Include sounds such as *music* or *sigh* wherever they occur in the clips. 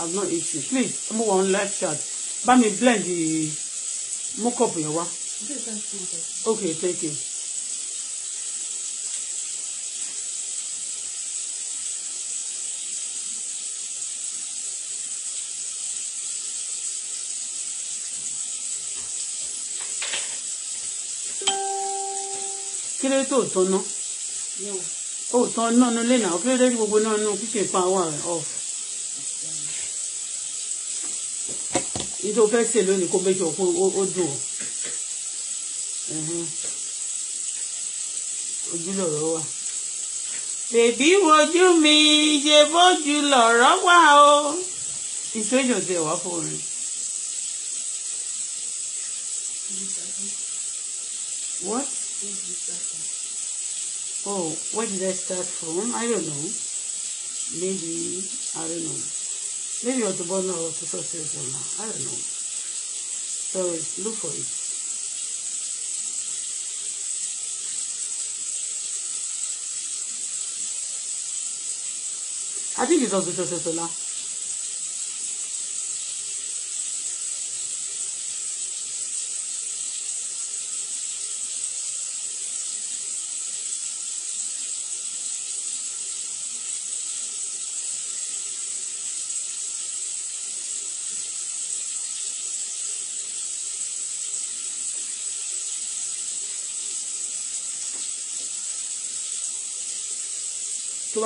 I've not eaten please I'm on left side. Let me blend the up yẹn wá okay thank you. kí ló tó tán ná ó tán náà nílé náà kí ló dé gbogbo náà nù kíkè pa àwọn ọ̀f ní tó fẹ́ sè lónìí kó méjì òkú ó dùn ojú lọ̀rọ̀ wà. bèbí wojú mi ṣe bójú lọ̀rọ̀ wà o ìṣèjọ tẹ wá fòrin. What? Oh, where did I start from? I don't know. Maybe, I don't know. Maybe Auto Bono or Auto Success or now. I don't know. So look for it. I think it's Auto Success or now.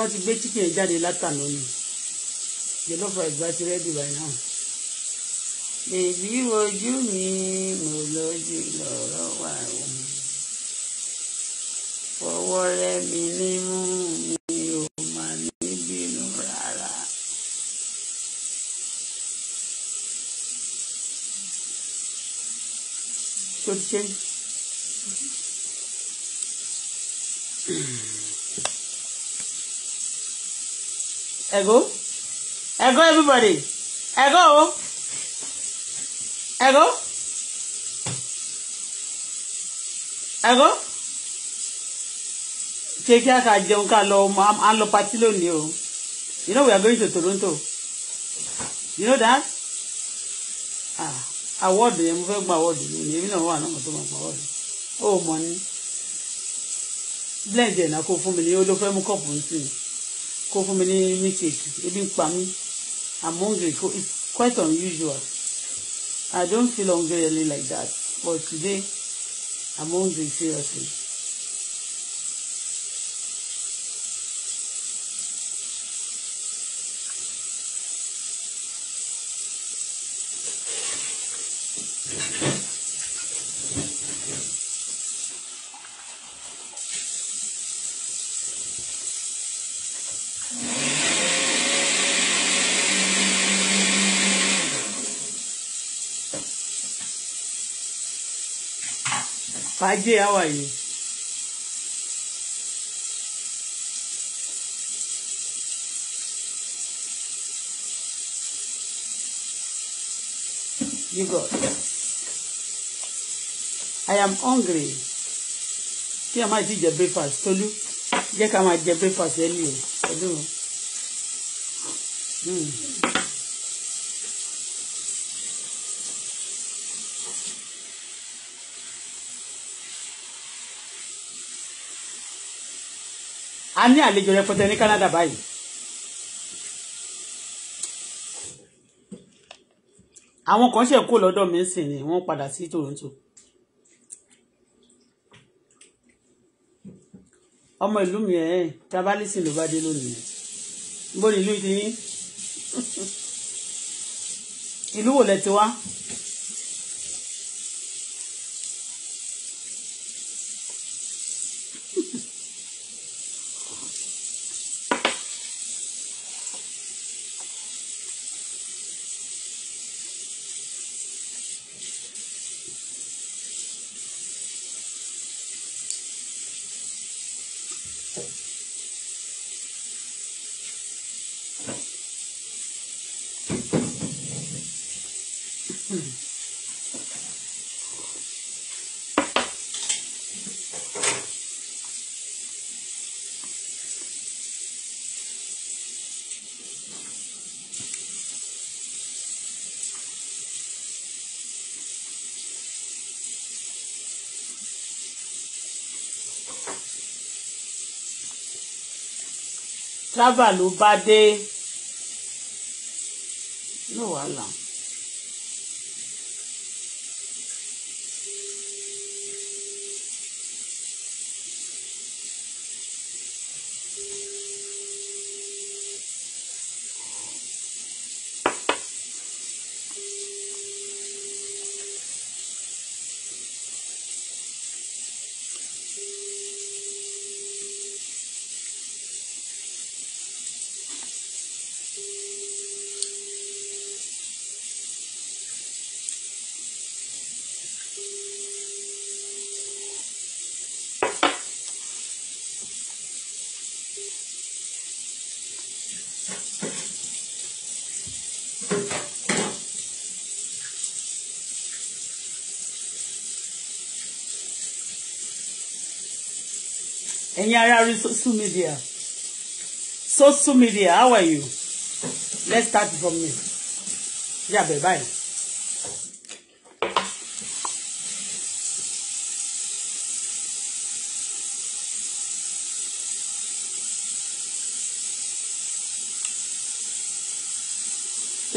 wá ti gbé chicken jáde látàná ni jollof rice bá ti rẹ́dì by now. bèbí ojú mi mo lójú lọ́rọ̀ wà ó fọwọ́ rẹ mi nímú mi ò mà ní rárá. tó ti ṣe. Ego. Ego, everybody. Ego. Ego. Ego. Take care, a kà jẹun ká lọ ọmọ à ń lọ You know we are going to Toronto. You know that? Ah, award yẹn mo fẹ́ gba award You know náà wà náà mo Oh máa gba award. Ó mọ̀ ní. Blend yẹn náà kó fún mi ní ó ló fẹ́ mú kọ́ọ̀pù ń kó fún mi ní mistake ebi ń pa mí i'm hungry it's quite unusual i don't feel hungry really like that but today i'm hungry seriously. Ajay, how are you? You got. I am hungry. Kí a máa ti jẹ breakfast Tolú jẹ́ ká máa jẹ breakfast early o. Tolú. Mm. a ní àlejò rẹpẹtẹ ní Canada báyìí àwọn kan ṣe kó lọ́dọ̀ mi sìn ni wọ́n padà sí Toronto ọmọ ìlú mi ẹ̀ tábálísì ló bá dé lónìí bó ni ìlú ti yín *laughs* ìlú wo lẹ ti wá. travel ló bá dé no wàhálà. ẹ̀yin ará rí social media social media how are you let's start from me yàbẹ̀ báyìí.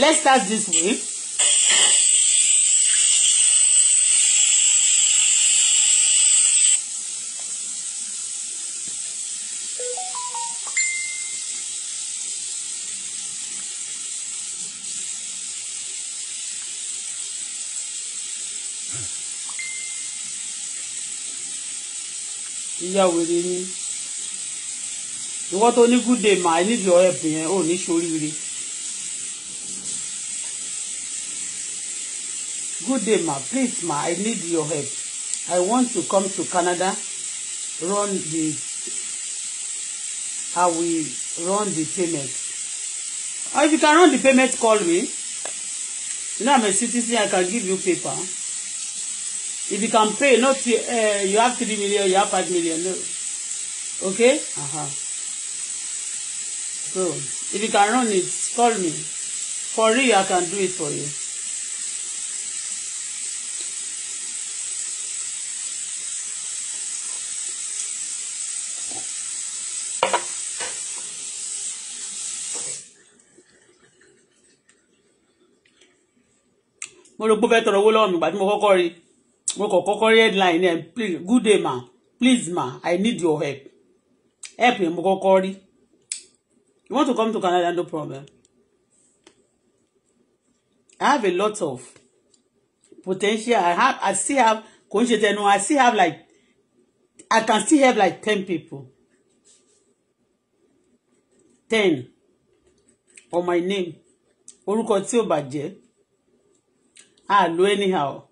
Let's start this way. ya wèrè ni ìwọ́n tó ní good day ma i need your help yẹn ò ní ṣoríire good day ma please ma i need your help i want to come to Canada run the i will run the payment or if you can run the payment call me you know i'm a citizen i can give you paper. If you can pay, not uh, you have three million, you have five million. No. Okay? Uh-huh. So, if you can run it, call me. For real, I can do it for you. mo rò pé ó tọrọ owó lọ́wọ́ mi ìgbà mo kọ́kọ́ rí i mo kàn kọ́kọ́ rí headline please good day ma please ma i need your help help ni mo kọ́kọ́ rí you want to come to Canada no problem i have a lot of potential i have i still have kò ń ṣe tẹnu i still have like i can still help like ten people ten on my name orúkọ tí ò bàjẹ́ lo ah, anyhow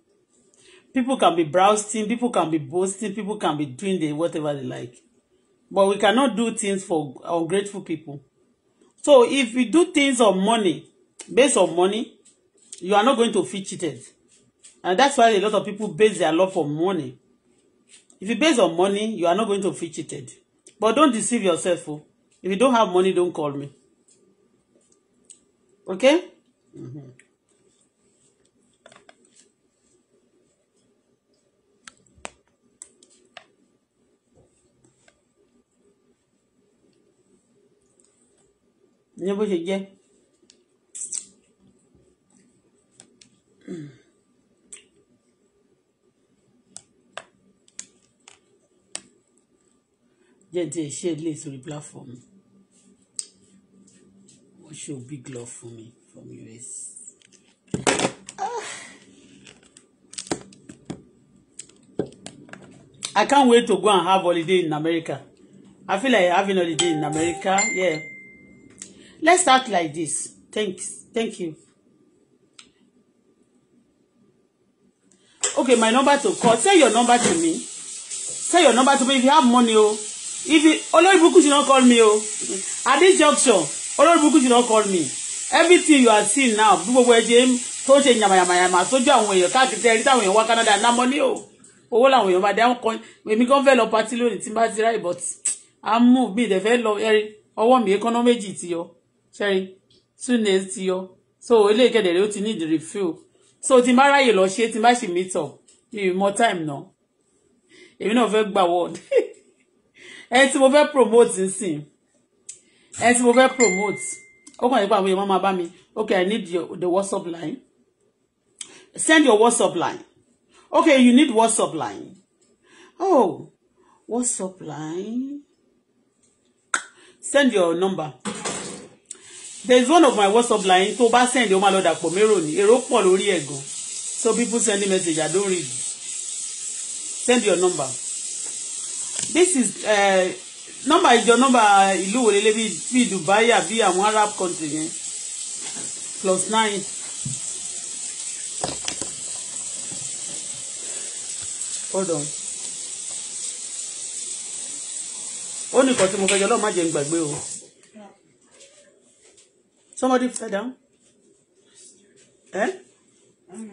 people can be browsing, people can be boasting, people can be doing the whatever they like. But we cannot do things for ungrateful people. So if we do things on money, based on money, you are not going to feel cheated. And that's why a lot of people base their love for money. If you base on money, you are not going to feel cheated. But don't deceive yourself. Oh. If you don't have money, don't call me. Okay? Mm-hmm. ní bó ṣe jẹ́ jẹ́ ti ẹ̀ ṣe ilé sórí platform wọ́n show big love for me from US. I can't wait to go and have holiday in America. I feel like having holiday in America. Yeah let's start like this thanks thank you okay my number to call Say your number to me Say your number to me if you have money o oh. if you olórí should not call me o oh. at this junction olórí burúkú should not call me everything you are seeing now gbogbo ẹjẹ tó ṣe yàmàyàmàyàmà sójú àwọn èèyàn káàkiri tẹ ẹrí táwọn èèyàn wá Canada ná mọ́lẹ́ o oh. owó làwọn èèyàn máa dé àwọn kan èmi kan fẹ́ lọ patí lónìí tí n bá ti ráì bọ́tì àmú bíi ìdẹ̀fẹ́ lọ ẹrí ọwọ́ mi èkánná méjì ti yọ Cherry, two nails ti yọ so ilé ìkẹ́dẹ̀ rẹ̀ ó ti need refill so tí n bá ráyè lọ ṣe tí n ṣì meet up mi ì mọ time náà èmi náà fẹ́ gba word *laughs* ẹni tí mo fẹ́ promote nsìn ẹni tí mo fẹ́ promote ó kàn nípa àwọn èèyàn máa bá mi okay i need your, the whatsapp line send your whatsapp line okay you need whatsapp line oh whatsapp line send your number there is one of my whatsapp line tó bá send ó máa lọ dàpọ̀ mérò ní èrò pọ̀ lórí ẹ̀ gan so people send me message i don't read send your number this is uh, number your number ìlú wo lélẹ́ bíi bíi dubai àbí àwọn arab country yẹn plus nine. hold on ó ní nǹkan tí mo fẹ́ jọ lọ́ọ́ má jẹ́ ń gbàgbé o. Somebody fell down. Eh? I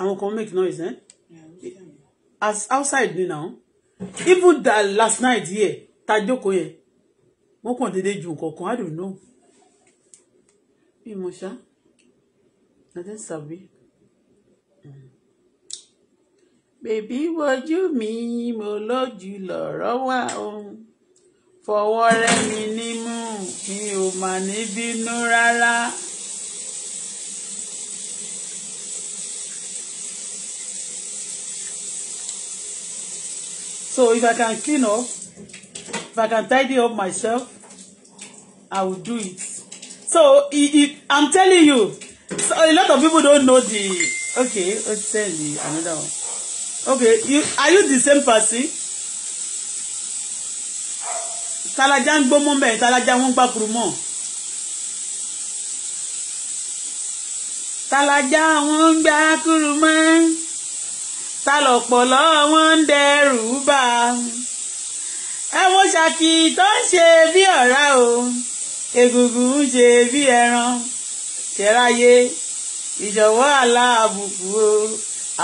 Àwọn come make noise, eh? Yeah, As outside me now. Even that last night here, tajoko yẹn. Wọ́n kàn dédé ju nǹkan kan, I don't know. Bí mo ṣá, I didn't sabi. Bèbí wojú mi, mo lójú lọ̀rọ̀ wà For what rẹ́ mi nímú mi ò mà ní bínú rárá. So if I can clean up, if I can tidy up myself, I will do it. So if, if I'm telling you, so a lot of people don't know the okay, let's tell the another one. Okay, you are you the same person? tálájà ń gbó mọ́ bẹ́ẹ̀ tálájà wọ́n gbà kúrú mọ́ tálájà wọ́n gbà kúrú mọ́ tálọ̀pọ̀lọ́ wọ́n ń dẹrù bá ẹ wo ṣàkì tó ń ṣe bí ọ̀rá o egungun ń ṣe bí ẹran ṣẹ̀ráyé ìjọ̀wọ́ aláàbùkù o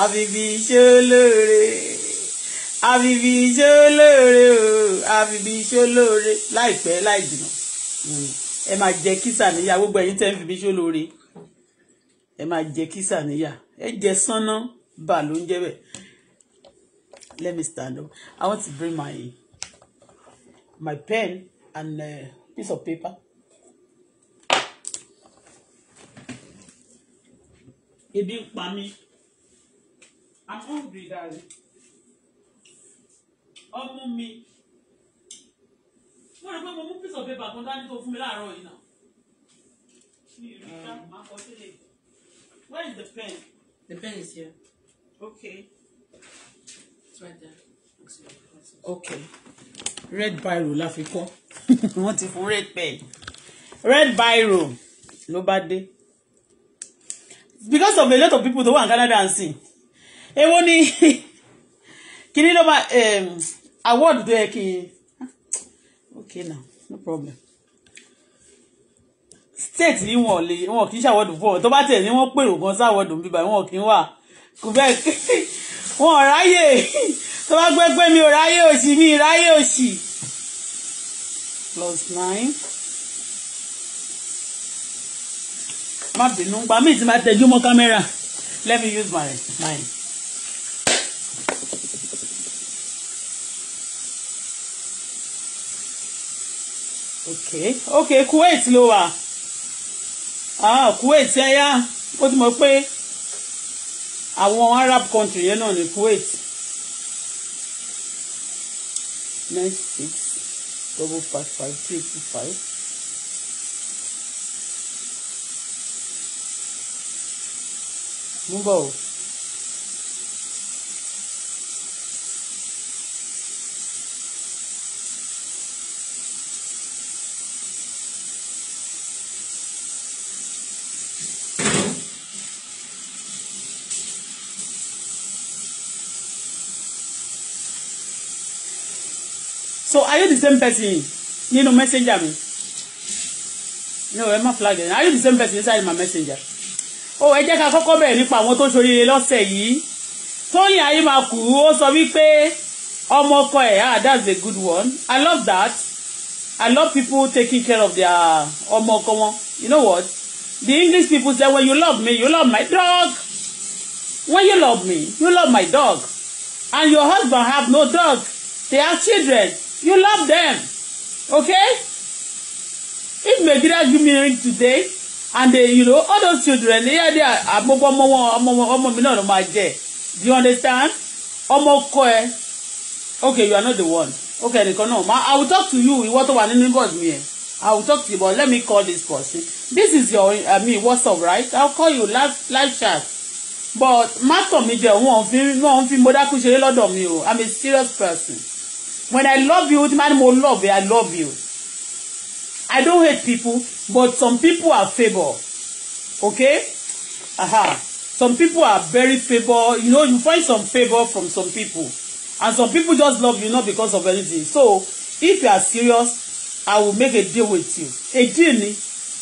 àbíbí ṣe olóore àbìbì iṣẹ́ olóore o àbìbì iṣẹ́ olóore láìpẹ́ láì jìnnà hmm. ẹ máa jẹ kísà níyà gbogbo ẹ̀yin tẹ́ ń fi bí iṣẹ́ olóore ẹ máa jẹ kísà níyà ẹ jẹ sánná bà ló ń jẹ bẹ́ẹ̀ let me stand up i want to bring my my pen and uh, piece of paper. ebi ń pa mí i'm hungry daddy ọmú mi mo rò pé mo mú piece of paper kan dání tó fún mi láàárọ̀ yìí náà mi ì rí ká máa kọ sílẹ̀ where is the pen. the pen is here. okay. it's right there. okay red biro la fi kọ́ *laughs* wọ́n ti fún red pen red biro ló bá dé because of a lot of people tó wà ní Canada and sin èwo ni *laughs* kí ni ló bá. Um, award tó yẹ kí n okay now no problem state ni wọn lè wọn kì í ṣàwọ́dù fún ọ tó bá tẹ̀ ní wọ́n pèrò gan sáwọ́dù bíbá wọn kì í wà kò bẹ́ẹ̀ *laughs* wọn ò ráyè *laughs* tó bá gbẹ́gbẹ́ mi ò ráyè òsì mi ì ráyè òsì plus nine. má bínú gbà mí ti máa tẹjú mọ́ kámẹ́rà let me use my mind. okay okay Kuwait ló wà ah Kuwait ẹ̀yà ó ti mọ̀ pé àwọn Arab country yẹn náà ní Kuwait nine six double five five three two five. move on. so are you the same person nínú messenger mi no ẹ má flag ẹ are you the same person inside my messenger o oh, ẹ jẹ́ ká kọ́kọ́ bẹ̀rẹ̀ nípa àwọn tó ṣoríire lọ́sẹ̀ yìí Tóyìn Ayémakù ó sọ wípé ọmọ ọkọ ẹ̀ ah that's a good one I love that I love people taking care of their ọmọ ọkọ wọn you know what the English people say when you love me you love my dog when you love me you love my dog and your husband have no dog they have children You love them. Okay? If Nigeria give me ring today, and they, you know, all those children, they are there, ah, àgbogbo ọmọ wọn, ọmọ wọn, ọmọ Do you understand? Ọmọ ọkọ Okay, you are not the one. Okay, I will talk to you. Ìwọ tó wà nínú I will talk to you, but let me call this person. This is your, I mean, up, right? I'll call you live, live chat. But má tàn mí jẹ, wọn ò fi, wọn ò fi mo dákú ṣeré lọ́dọ̀ mi I'm a serious person when I love you tí máa ní love you I love you I don't hate people but some people are favour okay aha some people are very favour you know you find some favour from some people and some people just love you not because of anything so if you are serious I will make a deal with you a deal ni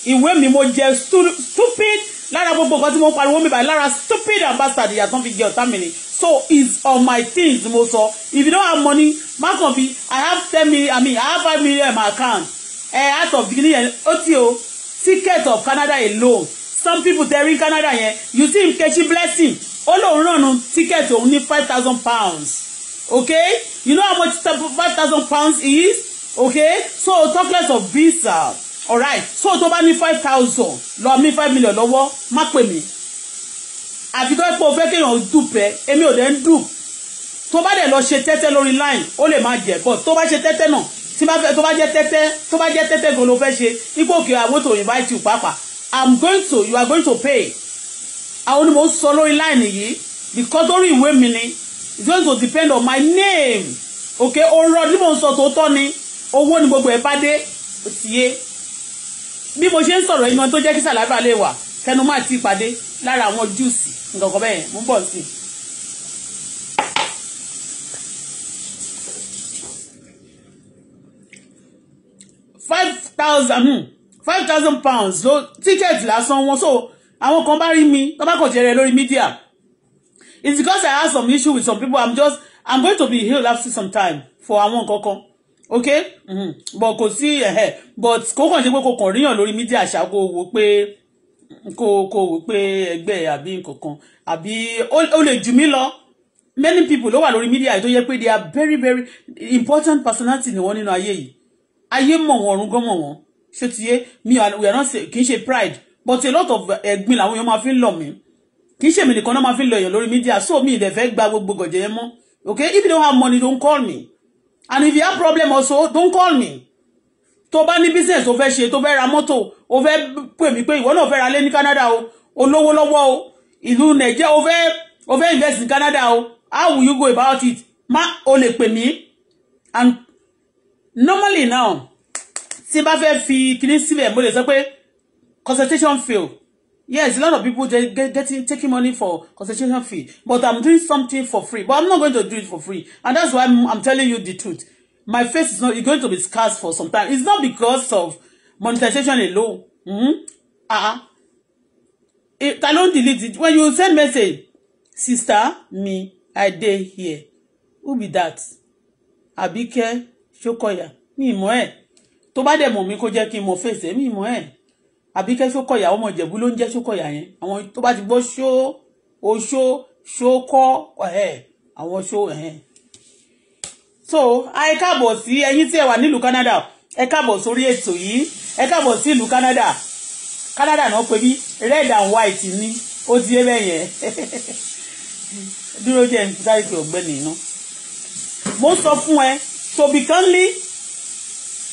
ìwé mi mo jẹ stupid lára gbogbo nǹkan tí mo ń pariwo mi báyìí lára stupid ambassador yàtọ̀ fi jẹ ọ̀tá mi ni so it's on my things mo sọ if you don't have money má kàn fi i have ten million i mean i have five million in my account ẹ out of guinea yẹn ó ti o ticket of Canada alone some people tẹ rí Canada yẹn you see Nkechi blessing ó lóun rànnù ticket òun ní five thousand pounds okay you know how much five thousand pounds is okay so talk less of visa alright so tó bá ní five thousand lọ mí five million lọ́wọ́ má pè mí àfi tó pé o fẹ́ kéèyàn dùpẹ́ èmi ò dẹ̀ ń dùp tó bá dẹ̀ lọ ṣe tẹ́tẹ́ lórí line ó lè má jẹ́ but tó bá ṣe tẹ́tẹ́ náà tí bá fẹ́ tó bá jẹ́ tẹ́tẹ́ tó bá jẹ́ tẹ́tẹ́ gan ló fẹ́ ṣe ipò òkè àwọn invite you pàápàá i'm going to you are going to pay àwọn onímọ̀ ń sọ lórí line yìí because lórí ìwé mi ni it's going to depend on my name okay ọ̀rọ̀ tí mò ń sọ tòótọ́ ni owó ni gbogbo ẹ̀ bá dé ó yé bí mo ṣe ń sọ̀rọ̀ ìmọ̀ tó jẹ́ kí sàlábà lè wà tẹnu máa ti pàdé lára àwọn júùsì nǹkan bẹ́ẹ̀ mú bọ̀ sí i. five thousand hmm, five thousand pounds ló tíkẹ́ẹ̀tì lásán wọn so àwọn kan bá rí mi tó bá kò jẹrẹ lórí mídíà it's because I have some issue with some people I'm just I'm going to be healed after some time for àwọn nǹkan kan ok mm-hmm. but kò sí ẹ̀hẹ̀ eh, but kò kàn ṣe pé kò kàn ríyàn lórí mídíà àṣà kò wò pé kò kò wò pé ẹgbẹ́ àbí nkankan àbí ó lè jù mí lọ many people ló wà lórí mídíà yìí tó yẹ pé they are very very important personality ni wọ́n nínú ayé yìí ayé mọ̀ wọ́n ọ̀run gan mọ̀ wọ́n ṣé ti yé mi we are not kì í ṣe pride but a lot of ẹ̀gbin làwọn èèyàn máa fi ń lọ̀ mí kì í ṣe èmi nìkan náà máa fi ń lọ èèyàn lórí mídíà so mi ìdẹ̀fẹ́ gba gbogbo gọ̀jẹ̀ yẹn mọ́ okay if you don't have money don't call me and if you have problem also don't call me tó bá ní business o fẹ́ ṣe tó fẹ́ ra mọ́tò o fẹ́ pè mí pé ìwọ náà fẹ́ ra lé ní Canada o olówó lọ́wọ́ o ìlú Nàìjíríà o fẹ́ o fẹ́ invest in Canada o how will you go about it Ma, o lè pè mí and normally now tí n bá fẹ́ fi kíní sílẹ̀ mo lè sọ pé consultation fail Yes, a lot of people they get getting taking money for concession fee, but I'm doing something for free. But I'm not going to do it for free, and that's why I'm, I'm telling you the truth. My face is not it's going to be scarce for some time. It's not because of monetization alone. Mm-hmm. Uh-uh. It, I don't delete it. When you send message, sister, me, I dey here. Who be that? Abike Shokoya. Mi mọ̀ ẹ́. Tó bá dẹ̀ mo mi kó jẹ́ kí n face ẹ̀. Mi mọ̀ ẹ́ àbíkẹ́ ṣókọ̀yà ọmọ ìjẹ̀bú ló ń jẹ́ ṣókọ̀yà yẹn àwọn tó bá ti gbọ́ ṣó oṣó ṣókọ́ ẹ̀ àwọn ṣó ẹ̀ so ẹ káàbọ̀ sí ẹ̀yin tí ẹ wà nílùú Canada ẹ káàbọ̀ sórí ètò yìí ẹ káàbọ̀ sí ìlú Canada Canada náà pé bí red and white ni ó ti yé bẹ́ẹ̀ yẹn *laughs* dúró jẹ́ ìfúsáyìí pé ọ̀gbẹ́ni iná mo sọ fún ẹ tòbí kan lé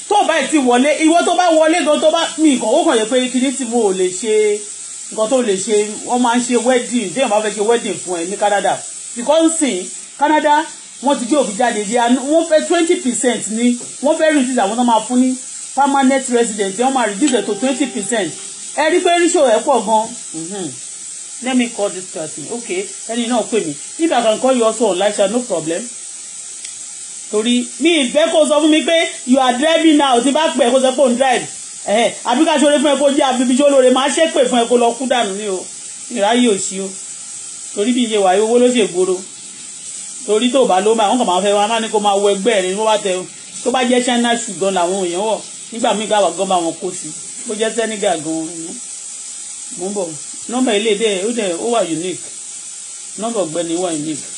tó bá ti wọlé ìwọ tó bá wọlé gan tó bá mi nǹkan ó kàn yẹ pé kíní tí mo ò lè ṣe nǹkan tó lè ṣe wọ́n máa ń ṣe wedding téèyàn bá fẹ́ ṣe wedding fún ẹ ní Canada because sin Canada wọ́n ti gbé òfin jáde yẹ wọ́n fẹ́ twenty percent ní wọ́n fẹ́ reduce àwọn tó máa fún ní permanent resident wọ́n máa reduce to twenty percent ẹ rí pé ríṣò ẹ pọ̀ gan mm-hmm. let me call this person okay ẹni náà pè mí if I can call you also online no problem torí mi ìfẹ́ kó sọ fún mi pé you are driving now tí bá pẹ̀ kó sọ pé òun drive ẹ̀hẹ́ àbíká ṣoore fún ẹ kó jẹ́ àbíbíjẹ́ olóore máa ṣe pè fún ẹ kó lọ kú dànù ní o ìráyè òsì o torí bí ìṣe wàyí owó ló ṣe gbòòrò torí tó bá ló máa wọn kàn máa fẹ́ wọn náà ni kó máa wọ ẹgbẹ́ rẹ ni wọ́n bá tẹ tó bá jẹ́ China ṣùgbọ́n làwọn èèyàn wọ̀ nígbà míì gbà wà gan bá wọn kó sí bó jẹ́ Senegal gan mú bọ̀ nọ́mbà ilé dẹ́ ó dẹ̀ ó wà unique nọ́mbà ọ̀gbẹ́ni wà unique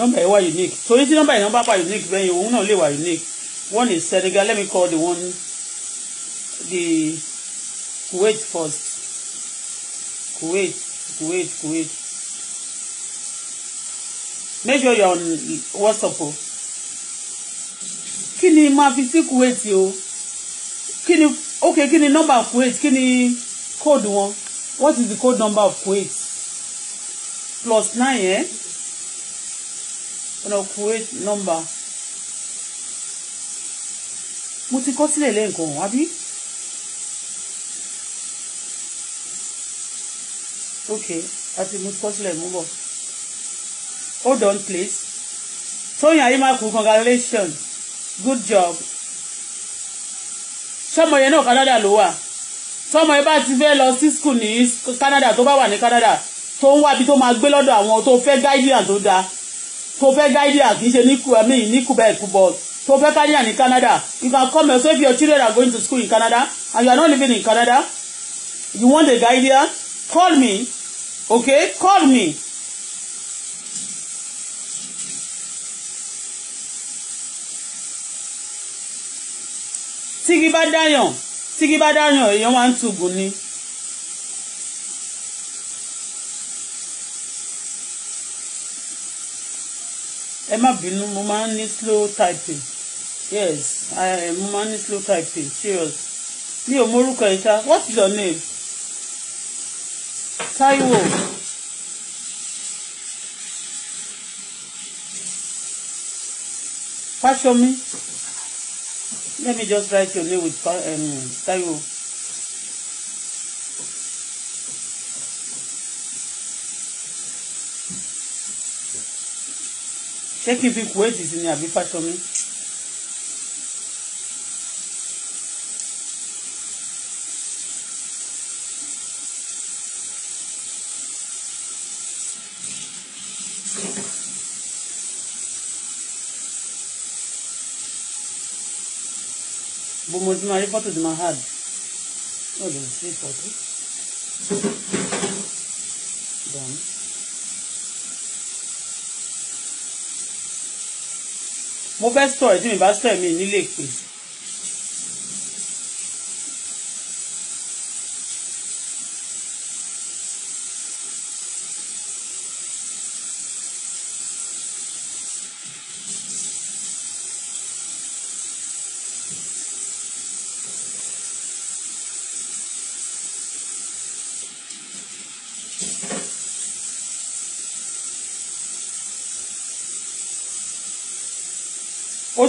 Number ẹ̀ wá unique torí tí nọ́mbà ìyàn bá pa unique bẹ́yìn òun náà lè wà unique one is Senegal let me call the one the Kuwait first Kuwait Kuwait Kuwait make sure you are on WhatsApp o kí ni máa fi sí Kuwait o kí ni ok kí ni nọ́mbà Kuwait kí ni code wọn what is the code number of Kuwait plus nine eh ọ̀nà create number mo ti kọ́ sílẹ̀ lẹ́ǹkan àbí. okay àti mo ti kọ́ sílẹ̀ mú bọ̀ hold on please Tóyìn Ayémákù congratulations good job sọmọ yẹn náà Canada ló wà sọmọ yẹn bá ti fẹ́ lọ sí school ní Canada tó bá wà ní Canada tó ń wá bí tó máa gbé lọ́dọ̀ àwọn tó fẹ́ guidance tó dáa tó fẹ́ Nigeria kì í ṣe ní I mean ní Quebec but tó fẹ́ Canada ní Canada you can come here so if your children are going to school in Canada and you are not living in Canada you want a Nigeria call me okay call me Tigi bá dáyàn Tigi bá dáyàn èèyàn máa ń tugùn ni ẹ má bínú mo máa ń ní slow typing yes I, mo máa ń ní slow typing serious mi ò mórúkọ ẹ ṣá what's your name Taiwo Fashomi let me just write your name with um, Taiwo. ṣé kí n fi kúwèétì sí ni àbí fáṣọmí. mo ti máa rí fọ́tò tí máa hard ó lè sí fọ́tò. Done. mo fẹ́ sọ̀rọ̀ tí mi bá sọ̀rọ̀ mi nílé pè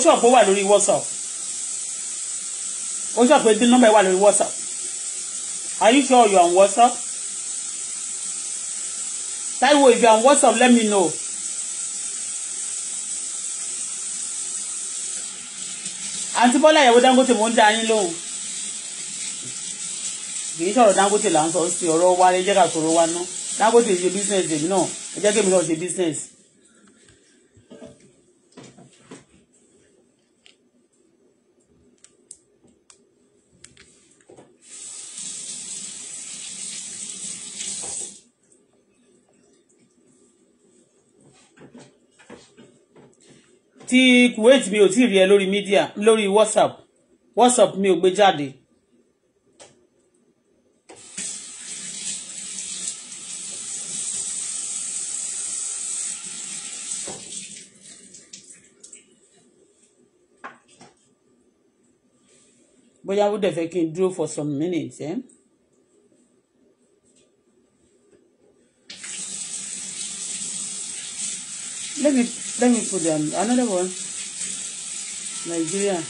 ṣọ̀pọ̀ wà lórí WhatsApp ó ṣọ̀pọ̀ bí nọ́mbà wà lórí WhatsApp are you sure you are on WhatsApp Taiwo if you are on WhatsApp let me know. àǹtí Bọ́lá ìyàwó Dangote mò ń dá yín lóhùn kì í sọ̀rọ̀ Dangote là ń sọ sí ọ̀rọ̀ wa ẹ jẹ́ ká sọ̀rọ̀ wa ná Dangote ṣe business èmi náà ẹ jẹ́ kémi náà ṣe business. ti Kuwait mi ò tí rí ẹ lórí media lórí WhatsApp WhatsApp mi ò gbé jáde. bóyá ó dẹ̀ fẹ́ kí n dúró for some minutes. Eh? let me let me put them another one nigeria.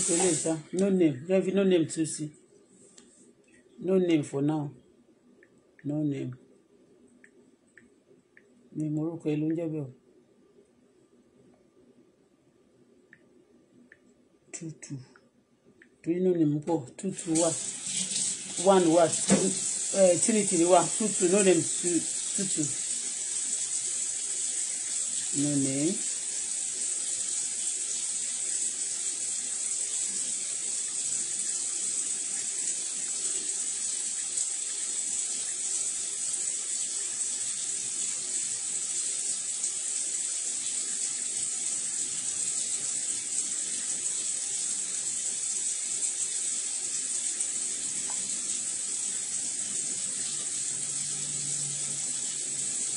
okay later no name there be no name too see no name for now no name mi mo orúkọ ẹ ló ń jẹ́ bẹ́ẹ̀ o tútù torí no name pọ̀ tútù wà one wà three eh, three wà tútù no name tútù no name.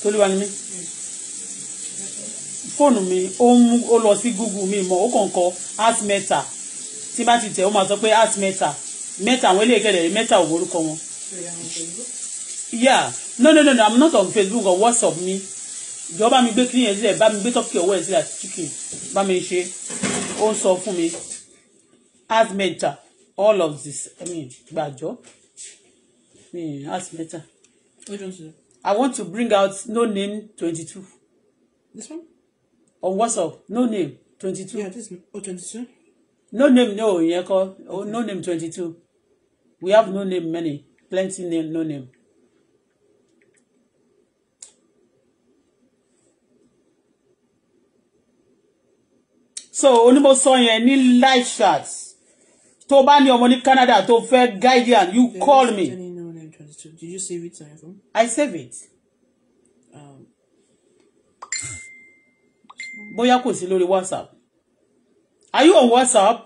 tolúwa ni mí fóònù mi ó ń mú ó lọ sí google mi mọ ó kàn kọ art mẹ́ta tí bá ti tẹ ó máa sọ pé art mẹ́ta mẹ́ta àwọn eléyìí kẹlẹ mẹ́ta ò orúkọ wọn. yeah no no no no i'm not on facebook or whatsapp mi jọ bá mi gbé kí yẹn sílẹ̀ bá mi gbé tọ́kì ọwọ́ yẹn sílẹ̀ àti chicken bá mi ṣe ó ń sọ fún mi art mẹ́ta all of this i mean gbàjọ́ mi art mẹ́ta. ó dùn sí i. I want to bring out no name 22. This one? On WhatsApp, no name 22. Yeah, this oh, 22. No name, no, Yeko. Okay. Oh, no name 22. We have no name many. Plenty name, no name. so onímọ̀sọ yẹn ní live chat tó bá ní ọmọ ní Canada to fair guardian you call me. 2022. Did you save it on your phone? I save it. Um, Bóyá kò sí lórí WhatsApp. Are you on WhatsApp?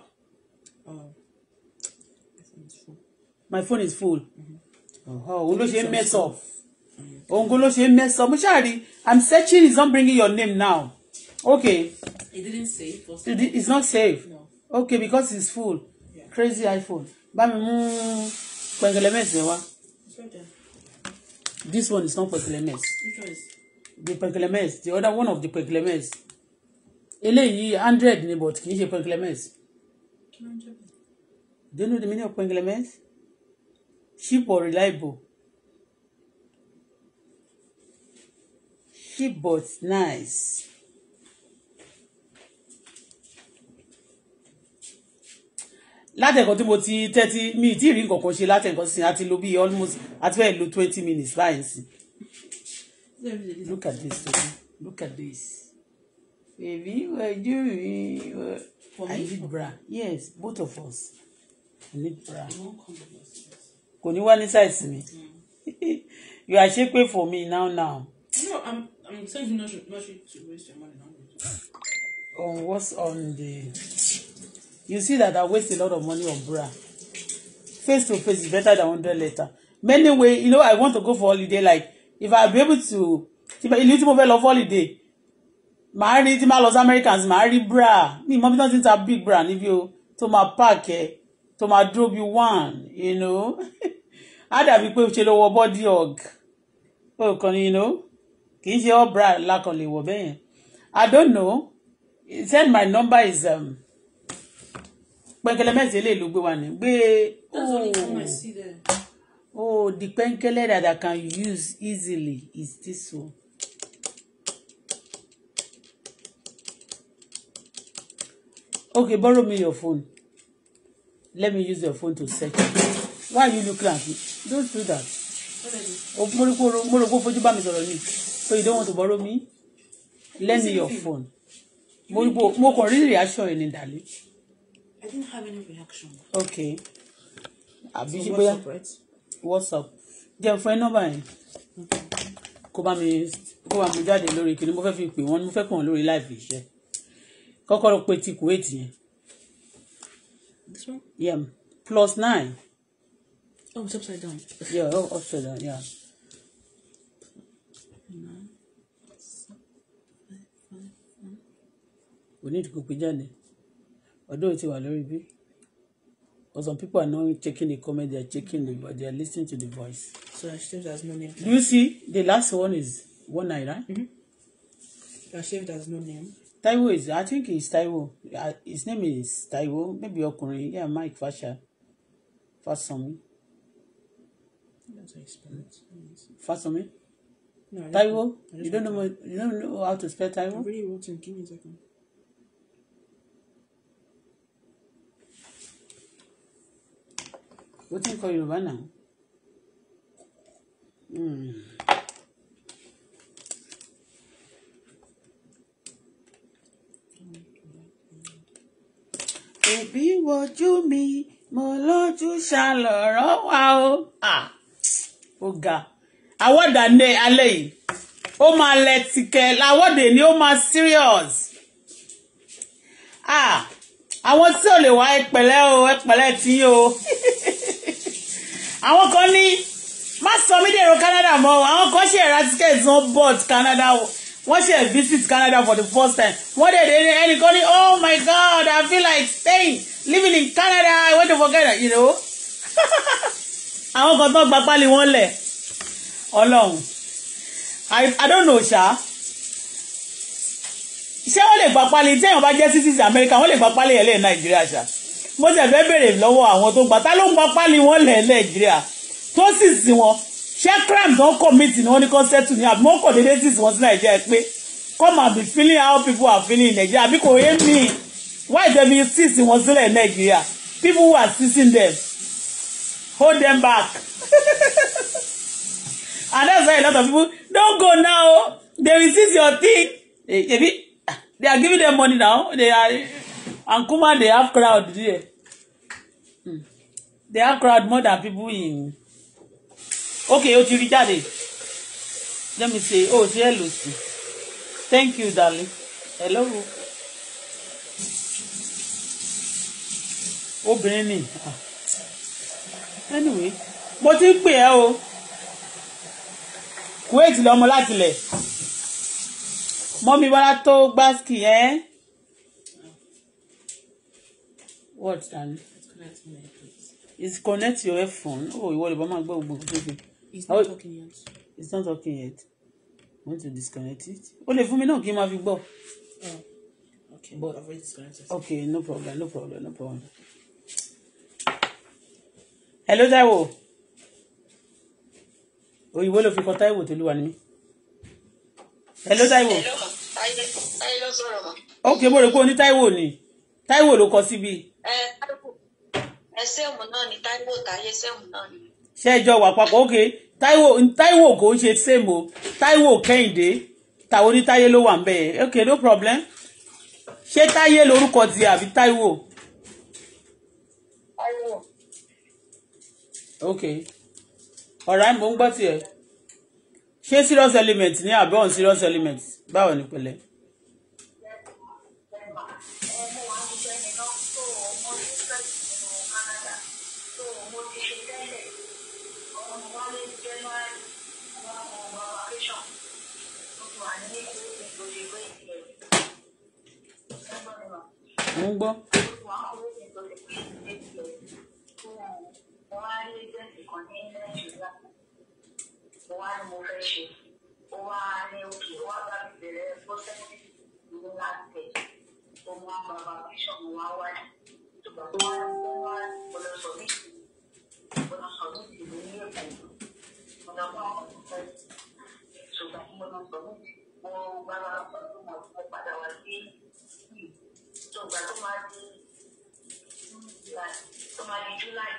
Uh, My phone is full. Mm-hmm. Òun ló ṣe mess up. Mm-hmm. Òun ló ṣe mess up. Mo ṣáàrí, I'm searching, it's not bringing your name now. Okay. It didn't save. It, it's not safe. No. Okay, because it's full. Yeah. Crazy iPhone. Bá mi mú pẹ̀ngẹ̀lẹ̀ mẹ́sẹ̀ wá. This one is not Perkelemes. Which The Perkelemes, the other one of the Perkelemes. Eléyìí hundred ni but kì í ṣe Perkelemes. Do you know the meaning of Perkelemes? Cheap or reliable? Cheap but nice. látẹ̀kọ́ tí mo ti tẹ́tí mi tí ìrìn kankan ṣe látẹ̀kọ́ sí àti lo bíi almost àti fẹ́ẹ́ lo twenty minutes báyìí sí. look at this baby look at this. baby were you uh, I need bra yes both of us I need bra. kò ní wá ní size mi mm. *laughs* you are ṣépè for me now now. no i'm i'm saying you not should not should to waste your money now. on oh, what's on the you see that I waste a lot of money on bra. Face to face is better than hundred letter. Many way, you know, I want to go for holiday. Like if I be able to, ìlú tí mo fẹ́ lọ for holiday, màá rí tí màá lọ Americans, màá rí bra. Mi mọ bí wọ́n ti ta big bra níbi o, to máa park ẹ, to máa dúró bí one, you know. *laughs* Á dàbí pé o ṣe lọ wọ body hug. O kàn you know, kì í ṣe all bra lákàn lè wọ̀ bẹ́yẹn. I don't know. Send my number is. Um, pẹ̀nkẹ́lẹ́ mẹ́sẹ̀ lè ló gbé wa ní gbé oh. oh the pẹ̀nkẹ́lẹ́ that I can use easily is this one. Okay, borrow me your phone. Let me use your phone to search. Why are you looking at me? Don't do that. Oh, mo rò pé fojú bá mi sọ̀rọ̀ ni. So you don't want to borrow me? Lend me your phone. Mo kàn rí ìrìn aṣọ ẹ̀ ní ìdálé. I didn't have any reaction. Okay. Àbí ṣe bóyá what's up? Jẹ́ fún ẹ nọ́mbà yẹn. Kó bá mi kó bá mi jáde lórí kí ni mo fẹ́ fi pè wọ́n ni mo fẹ́ pè wọ́n lórí láìpẹ́ iṣẹ́. Kọ́kọ́ lọ pe ti Kuwait yẹn. This one? Yeah. Plus nine. Oh, it's upside down. yeah, oh, upside down, yeah. We need to go pijane although it's was very big. But some people are not checking the comment, they are checking the but they are listening to the voice. So I Ashamed has no name. Do you see? The last one is one naira. Mm-hmm. Ashamed has no name. Taiwo is, I think it's Taiwo. Uh, his name is Taiwo. Maybe Ọkùnrin. Yeah, Mike Fasha. Fasomi. That's how you spell it. Fasomi. No, Taiwo. You don't know. You don't know how to spell Taiwo. I really want to give me a second. ó ti ń kọ yorùbá náà. Mm. òbí wojú mi mo lójú ṣàlọ̀rọ̀ wa o. ó ga àwọ̀dà ní alẹ́ yìí ó máa lẹ tìkẹ́ láwọ̀dè ni ó máa serious. àwọn tí ò lè wá ẹ pẹ̀lẹ́ o ẹ pẹ̀lẹ́ tí yín o. *laughs* àwọn kan ní má sọ mí dèrò Canada mọ́ àwọn kan ṣe ra ticket wọn board Canada wọ́n ṣe visit Canada for the first time wọ́n dẹ̀ dé ẹnìkan ní oh my God I feel like staying living in Canada I want to forget you know *laughs* àwọn kan tó gba pálí wọn lẹ̀ Ọlọ́run I I don't know ṣá ṣé wọ́n lè gba pálí tí èèyàn bá jẹ́ citizen America wọ́n lè gba pálí ẹ̀ lẹ́yìn Nàìjíríà ṣá mo tẹ̀ fẹ́ bèrè lọ́wọ́ àwọn tó gbà tá ló ń pa pálí wọn lẹ̀ nàìjíríà tó sì sí wọn ṣé crime don commit ni wọ́n ní kó settle ní àbí wọ́n kò déédéé sì sí wọn sí nàìjíríà pé come and be feeling how people are feeling in nàìjíríà àbí kò yé mi why dem be sì sí wọn sílẹ̀ nàìjíríà people who are seizing them hold them back *laughs* and that's why a lot of people don go now they will seize your thing eh, they are giving them money now they are and kuma they have crowd there they are crowd more than people in okay o ti rí jáde let me say oh say hello si thank you darling hello obìnrin ni ah. anyway mo ti ń pè ẹ́ o kuwait lọmọ láti lẹ̀ mọ́mi bọ́lá tó gbáskì ẹ́ what darling is connect your headphone oh ìwọ lè bá máa gbọ́ gbogbo gbogbo. it's not oh, talking yet. it's not talking yet. I want to disconnect it. o lè fún mi náà kí n máa fi gbọ́. Oh, okay but I've already disconnected. okay no problem no problem no problem. hello Taiwo òyìnbó oh, ló fi kọ Taiwo tó lù wá ní mi. hello Taiwo. hello Taiwo sọ̀rọ̀ mọ́. ok mo rò pé o ní Taiwo ni Taiwo ló kọ síbi. ẹ eh, ẹsẹ̀mù náà ni Táíwò táyé ẹsẹ̀mù náà ni. ṣé ẹjọ́ wà papọ̀ ókè Táíwò Táíwò kò ń ṣe sèmù Táíwò Kẹ́hìndé tàwọn onítáyé ló wà ń bẹ̀ yẹn no problem ṣé táyé lórúkọ ti àbí Táíwò. Táíwò. ókè ọ̀rá mo ń gbọ́ tiẹ̀ ṣé serious element ni àbí on serious element báwo ni pẹ̀lẹ́. mo ń gbọ́. wá mo gba ọdún mo mo padà wá sí yìí tó gbà tó máa di july tó máa di july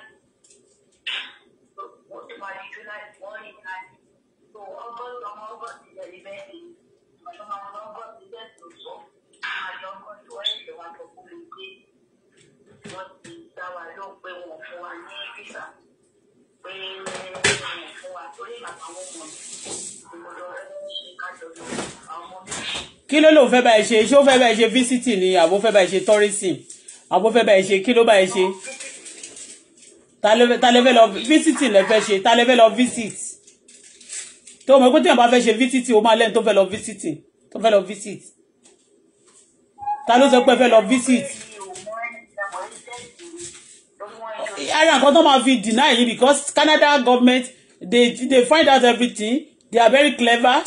tó máa di july wọ́n rí ká ní tó august ọmọ august ìjẹ̀lì bẹ́ẹ̀ ni ọmọ ọmọ august ìjẹ̀ tó sọ àjọ august wọ́n pé wọ́n mọ̀ fún wa torí ìlànà àwọn ọmọ mi ìmọ̀lọ́ ṣe kájọ lọ àwọn ọmọ mi. kí ló lóun fẹ́ bá ẹ ṣe ṣé ó fẹ́ bá ẹ ṣe físítì ni àbó fẹ́ bá ẹ ṣe tọ́rísìm àbó fẹ́ bá ẹ ṣe kí ló bá ẹ ṣe ta lè fẹ́ lọ físítì lè fẹ́ ṣe ta lè fẹ́ lọ físítì tó mọ̀ pé tí èèyàn bá fẹ́ ṣe físítì ó máa lẹ́nu tó fẹ́ lọ físítì tó fẹ́ lọ físítì ta ló sọ pé fẹ́ lọ físítì ara nǹkan tó máa fi deny yìí because Canada government they they find out everything they are very clever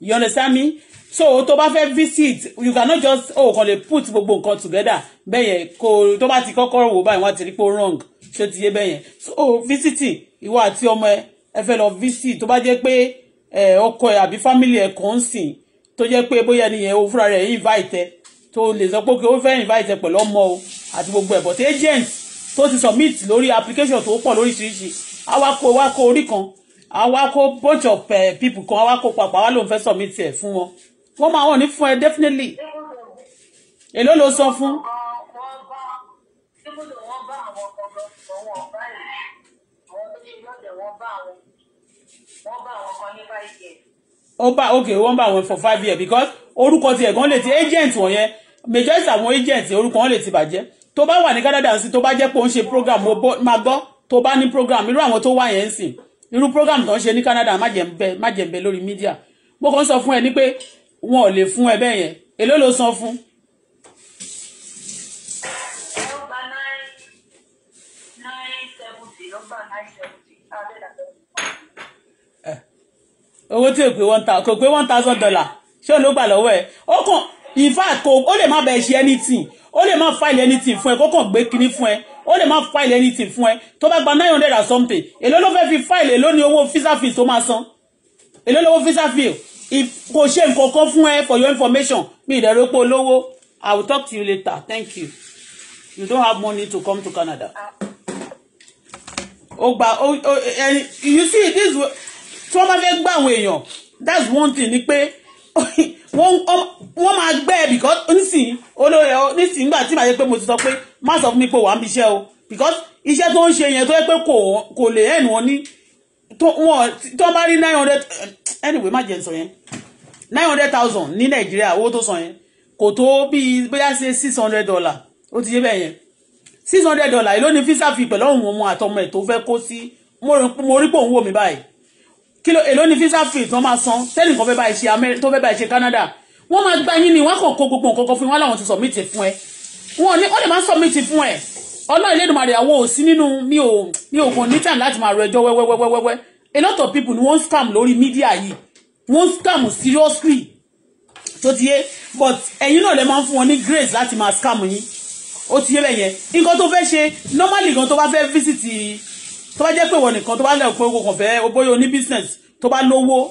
you understand me so tó bá fẹ́ visit you cannot just oh kàn lè put gbogbo nǹkan together bẹ́ẹ̀ yẹn kò tó bá ti kọ́kọ́ wò báyìí wọ́n ti rí pé ó wrong ṣé ti yé bẹ́ẹ̀ yẹn so oh, visiting ìwọ àti ọmọ ẹ ẹ fẹ́ lọ visit tó bá jẹ́ pé ẹ ọkọ ẹ àbí family ẹ kàn ń sìn tó jẹ́ pé bóyá nìyẹn o fúnra rẹ̀ invite ẹ tó lè sọ pé ó fẹ́ invite ẹ pẹ̀lú ọmọ o àti gbogbo ẹ̀ but agents tó ti submit lórí application tó pọ̀ lóríṣiríṣi awakọ̀ awakọ̀ orí kan awakọ̀ bunch of eh, people kan awakọ̀ papọ̀ awa ló ń fẹ́ submit ẹ̀ fún wọn wọ́n máa wọ̀ ní fún ẹ definitely èló ló sọ fún. ó bá okay wọ́n bá wọn for five years because orúkọ tiẹ̀ gan lè ti agent wọ̀nyẹn majority àwọn agent orúkọ wọn lè ti bàjẹ́ tó bá wà ní Canada sí tó bá jẹ́ pé ó ń ṣe program mo máa gbọ́ tó bá ní program irú àwọn tó wà yẹn ń sìn irú program tó ń ṣe ní Canada má jẹ́ ń bẹ má jẹ́ ń bẹ lórí media mo kàn sọ fún ẹ ní pé wọn ò lè fún ẹ bẹ́ẹ̀ yẹn èló ló san fún. Eh, owó tí ò pé one kò pé one thousand dollar ṣé o ló gbà lọ́wọ́ ẹ̀ ó kàn in fact kò ó lè má bẹ̀ ṣe anything ó lè má file anything fún ẹ kó kàn gbé kinní fún ẹ ó lè má file anything fún ẹ tó bá gba nine hundred and something èló ló fẹ́ fi file èló ni owó visa fee tó máa san èló lówó visa fee kò ṣe nǹkan kan fún ẹ for your information mi ìdẹ̀rọ pé olówó I will talk to you later thank you you don't have money to come to Canada. ó gba ó ó you see this tí wọ́n bá fẹ́ gbà àwọn èèyàn that's one thing ni pé. *laughs* wọ́n máa gbẹ́ ẹ because nísìn olóyè ọ nísìn nígbà tí màá yẹ pé mo ti sọ pé má sọ fún mi pé wà á mi iṣẹ́ o because iṣẹ́ tó ń ṣe yẹn tó yẹ pé kò lè ẹ̀nu wọn ní tó bá rí nine hundred anyway má jẹ́ sọ yẹn nine hundred thousand ní nàìjíríà owó tó sọ yẹn kò tó bíi bóyá ṣe six hundred dollar ó ti yé bẹ́ẹ̀ yẹn six hundred dollar ìlónìí fisa fi pẹ̀lú òun ọmọ àtọmọ ẹ̀ tó fẹ́ kó sí mo rí pé òun wò mí báyìí kí ló èló visa fee tí wọ́n máa san tẹ́lẹ̀ nǹkan fẹ́ báyìí ṣe amẹ́rẹ́ tó fẹ́ báyìí ṣe Canada wọ́n máa gba yín ni wọ́n kàn kó gbogbo nǹkan kan fún wọn láwọn ti submit fún ẹ wọn ní ó lè máa submit fún ẹ ọlọ́run Elédùmarè àwọn ò sí nínú mi ò mi ò kàn ní time láti máa rọ ẹjọ́ wẹ́wẹ́wẹ́wẹ́wẹ́ a lot of people ni wọ́n scam lórí media yìí wọ́n scam seriously tó ti yé but ẹ̀yin náà lè máa ń fún wọn ní grace láti máa scam yín ó ti yé bẹ́ẹ̀ yẹn nǹkan tó fẹ́ ṣe normally gan tó bá fẹ́ visit tó bá jẹ́ pé wọ́n nìkan tó bá lẹ́kọ̀ọ́ owó kọ̀fẹ́ bóyá oní business tó bá lówó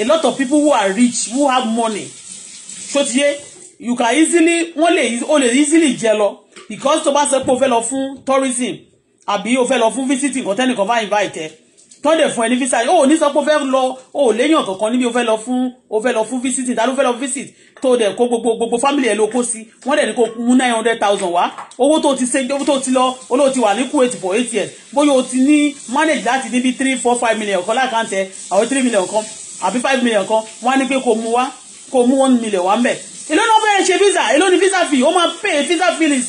a lot of people who are rich who have money ṣó ti you can easily wọ́n lè o lè easily jẹ lọ because tó bá sọ pé o fẹ́ lọ fún tourism àbí o fẹ́ lọ fún visiting kọ́tẹ́nìkan bá invite ẹ tọ́dẹ̀ fún ẹni visa ó ní sọ pé ó fẹ́ lọ ó léyàn kankan níbi ó fẹ́ lọ fún ó fẹ́ lọ fún visit ta ló fẹ́ lọ visit tó dẹ̀ kó gbogbo gbogbo family ẹ̀ ló kó sí wọ́n dẹ̀ ní kó mú nine hundred thousand wá owó tó ti ṣe owó tó ti lọ olóò ti wà ní kuwait for eight years bóyá o ti ní manage láti níbi three four five million kan láàkáǹtì ẹ àwọn three million kan àbí five million kan wọ́n á ní pé kó mú wá kó mú one million wá mbẹ̀ èló ni wọ́n fẹ́ ṣe visa èló ni visa fee ó máa pay visa fees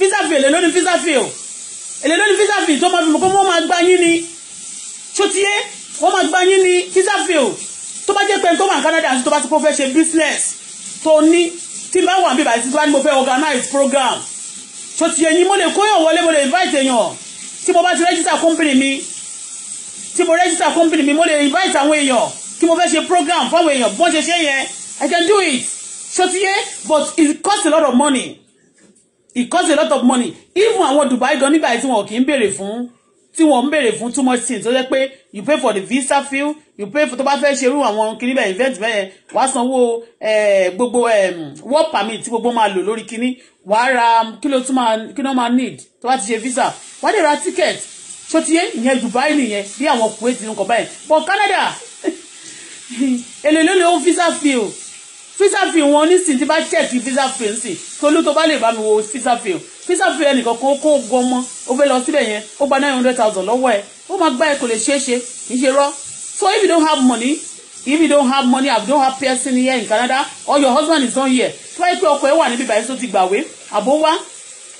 visa fee èló ni visa fee o èló ni visa fee tó máa fi mọ̀ kó wọ́n máa gbá yín ni ṣótiyé wọ́n máa gba yín ní visa fail tó bá jẹ́ pé tó wà Canada àti tó bá ti kó fẹ́ ṣe business tó ní tí bá wà bíbá tí bá ní mo fẹ́ organize program ṣótiyé yín mo lè kó yàn wọlé mo lè invite èèyàn tí mo bá ti register company mi tí mo register company mi mo lè invite àwọn èèyàn kí mo fẹ́ ṣe program fáwọn èèyàn bọ́n ṣe ṣe yẹn I can do it ṣótiyé but it cost a lot of money it cost a lot of money even àwọn Dubai gan nígbà tí wọn kì í béèrè fún tí wọ́n ń béèrè fún too much things tó jẹ́ pé you pay for the visa fee you pay for tó bá fẹ́ ṣerú àwọn kinní bẹ́ẹ̀ event bẹ́ẹ̀ wàá sanwó gbogbo work permit tí gbogbo máa lò lórí kinní wàá ra kí ló tún máa kí ló máa need tó bá ti ṣe visa wàá dẹ̀ ra ticket tó ti yé ìyẹn Dubai nìyẹn bí àwọn Kuwait nǹkan báyìí but Canada èlò ìlú ni ó visa fee o visa fee wọn nísìnyí tí bá check visa fee nísìnyí tolú tó bá lè bá mi wo visa fee o peter fi ẹnìkan kan kó gan mọ́ ó fẹ́ lọ síbẹ̀ yẹn ó gba nine hundred thousand lọ́wọ́ ẹ̀ ó máa gbá ẹ kò lè ṣeé kì í ṣe rọ́ so if you don't have money if you don't have money and don't have person here in Canada or your husband is not here tó wáyé pé ọkọ ẹ wà níbi ìbàyẹ̀ tó ti gbàwé àbó wá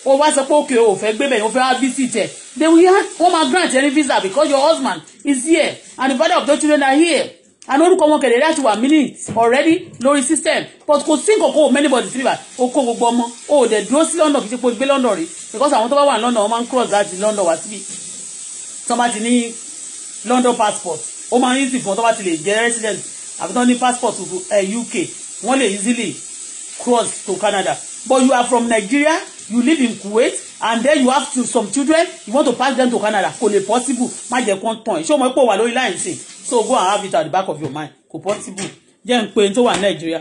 ó wá sọ pé òkè ò fẹ́ gbé bẹ̀yẹ̀ ó fẹ́ wá visit ẹ̀ then wọ́n máa grant any visa because your husband is here and the father of the children are here àná orúkọ wọn kẹ̀lẹ́ láti wà minute already lórí system but kò sí nǹkan kó o mẹ́nìbọ̀dì sílẹ̀ o kó gbogbo ọmọ o ò dẹ̀ dúró sí London kì í ṣe pé gbé London rí because àwọn tó bá wà ní London wọ́n máa ń cross that London wá síbi tó bá ti ní London passport ó máa ń easy fún ọ tó bá ti lè jẹ́ resident àbí tó ní passport eh, UK wọ́n lè easily cross to Canada but you are from Nigeria you live in Kuwait and then you have to some children you want to pass them to Canada kò lè possible má jẹ́ kán tán ẹ̀ ṣé o mọ̀ pé wà lórí láì sìn so go and have it at the back of your mind kò possible jẹ́ n pe n tó wà Nàìjíríà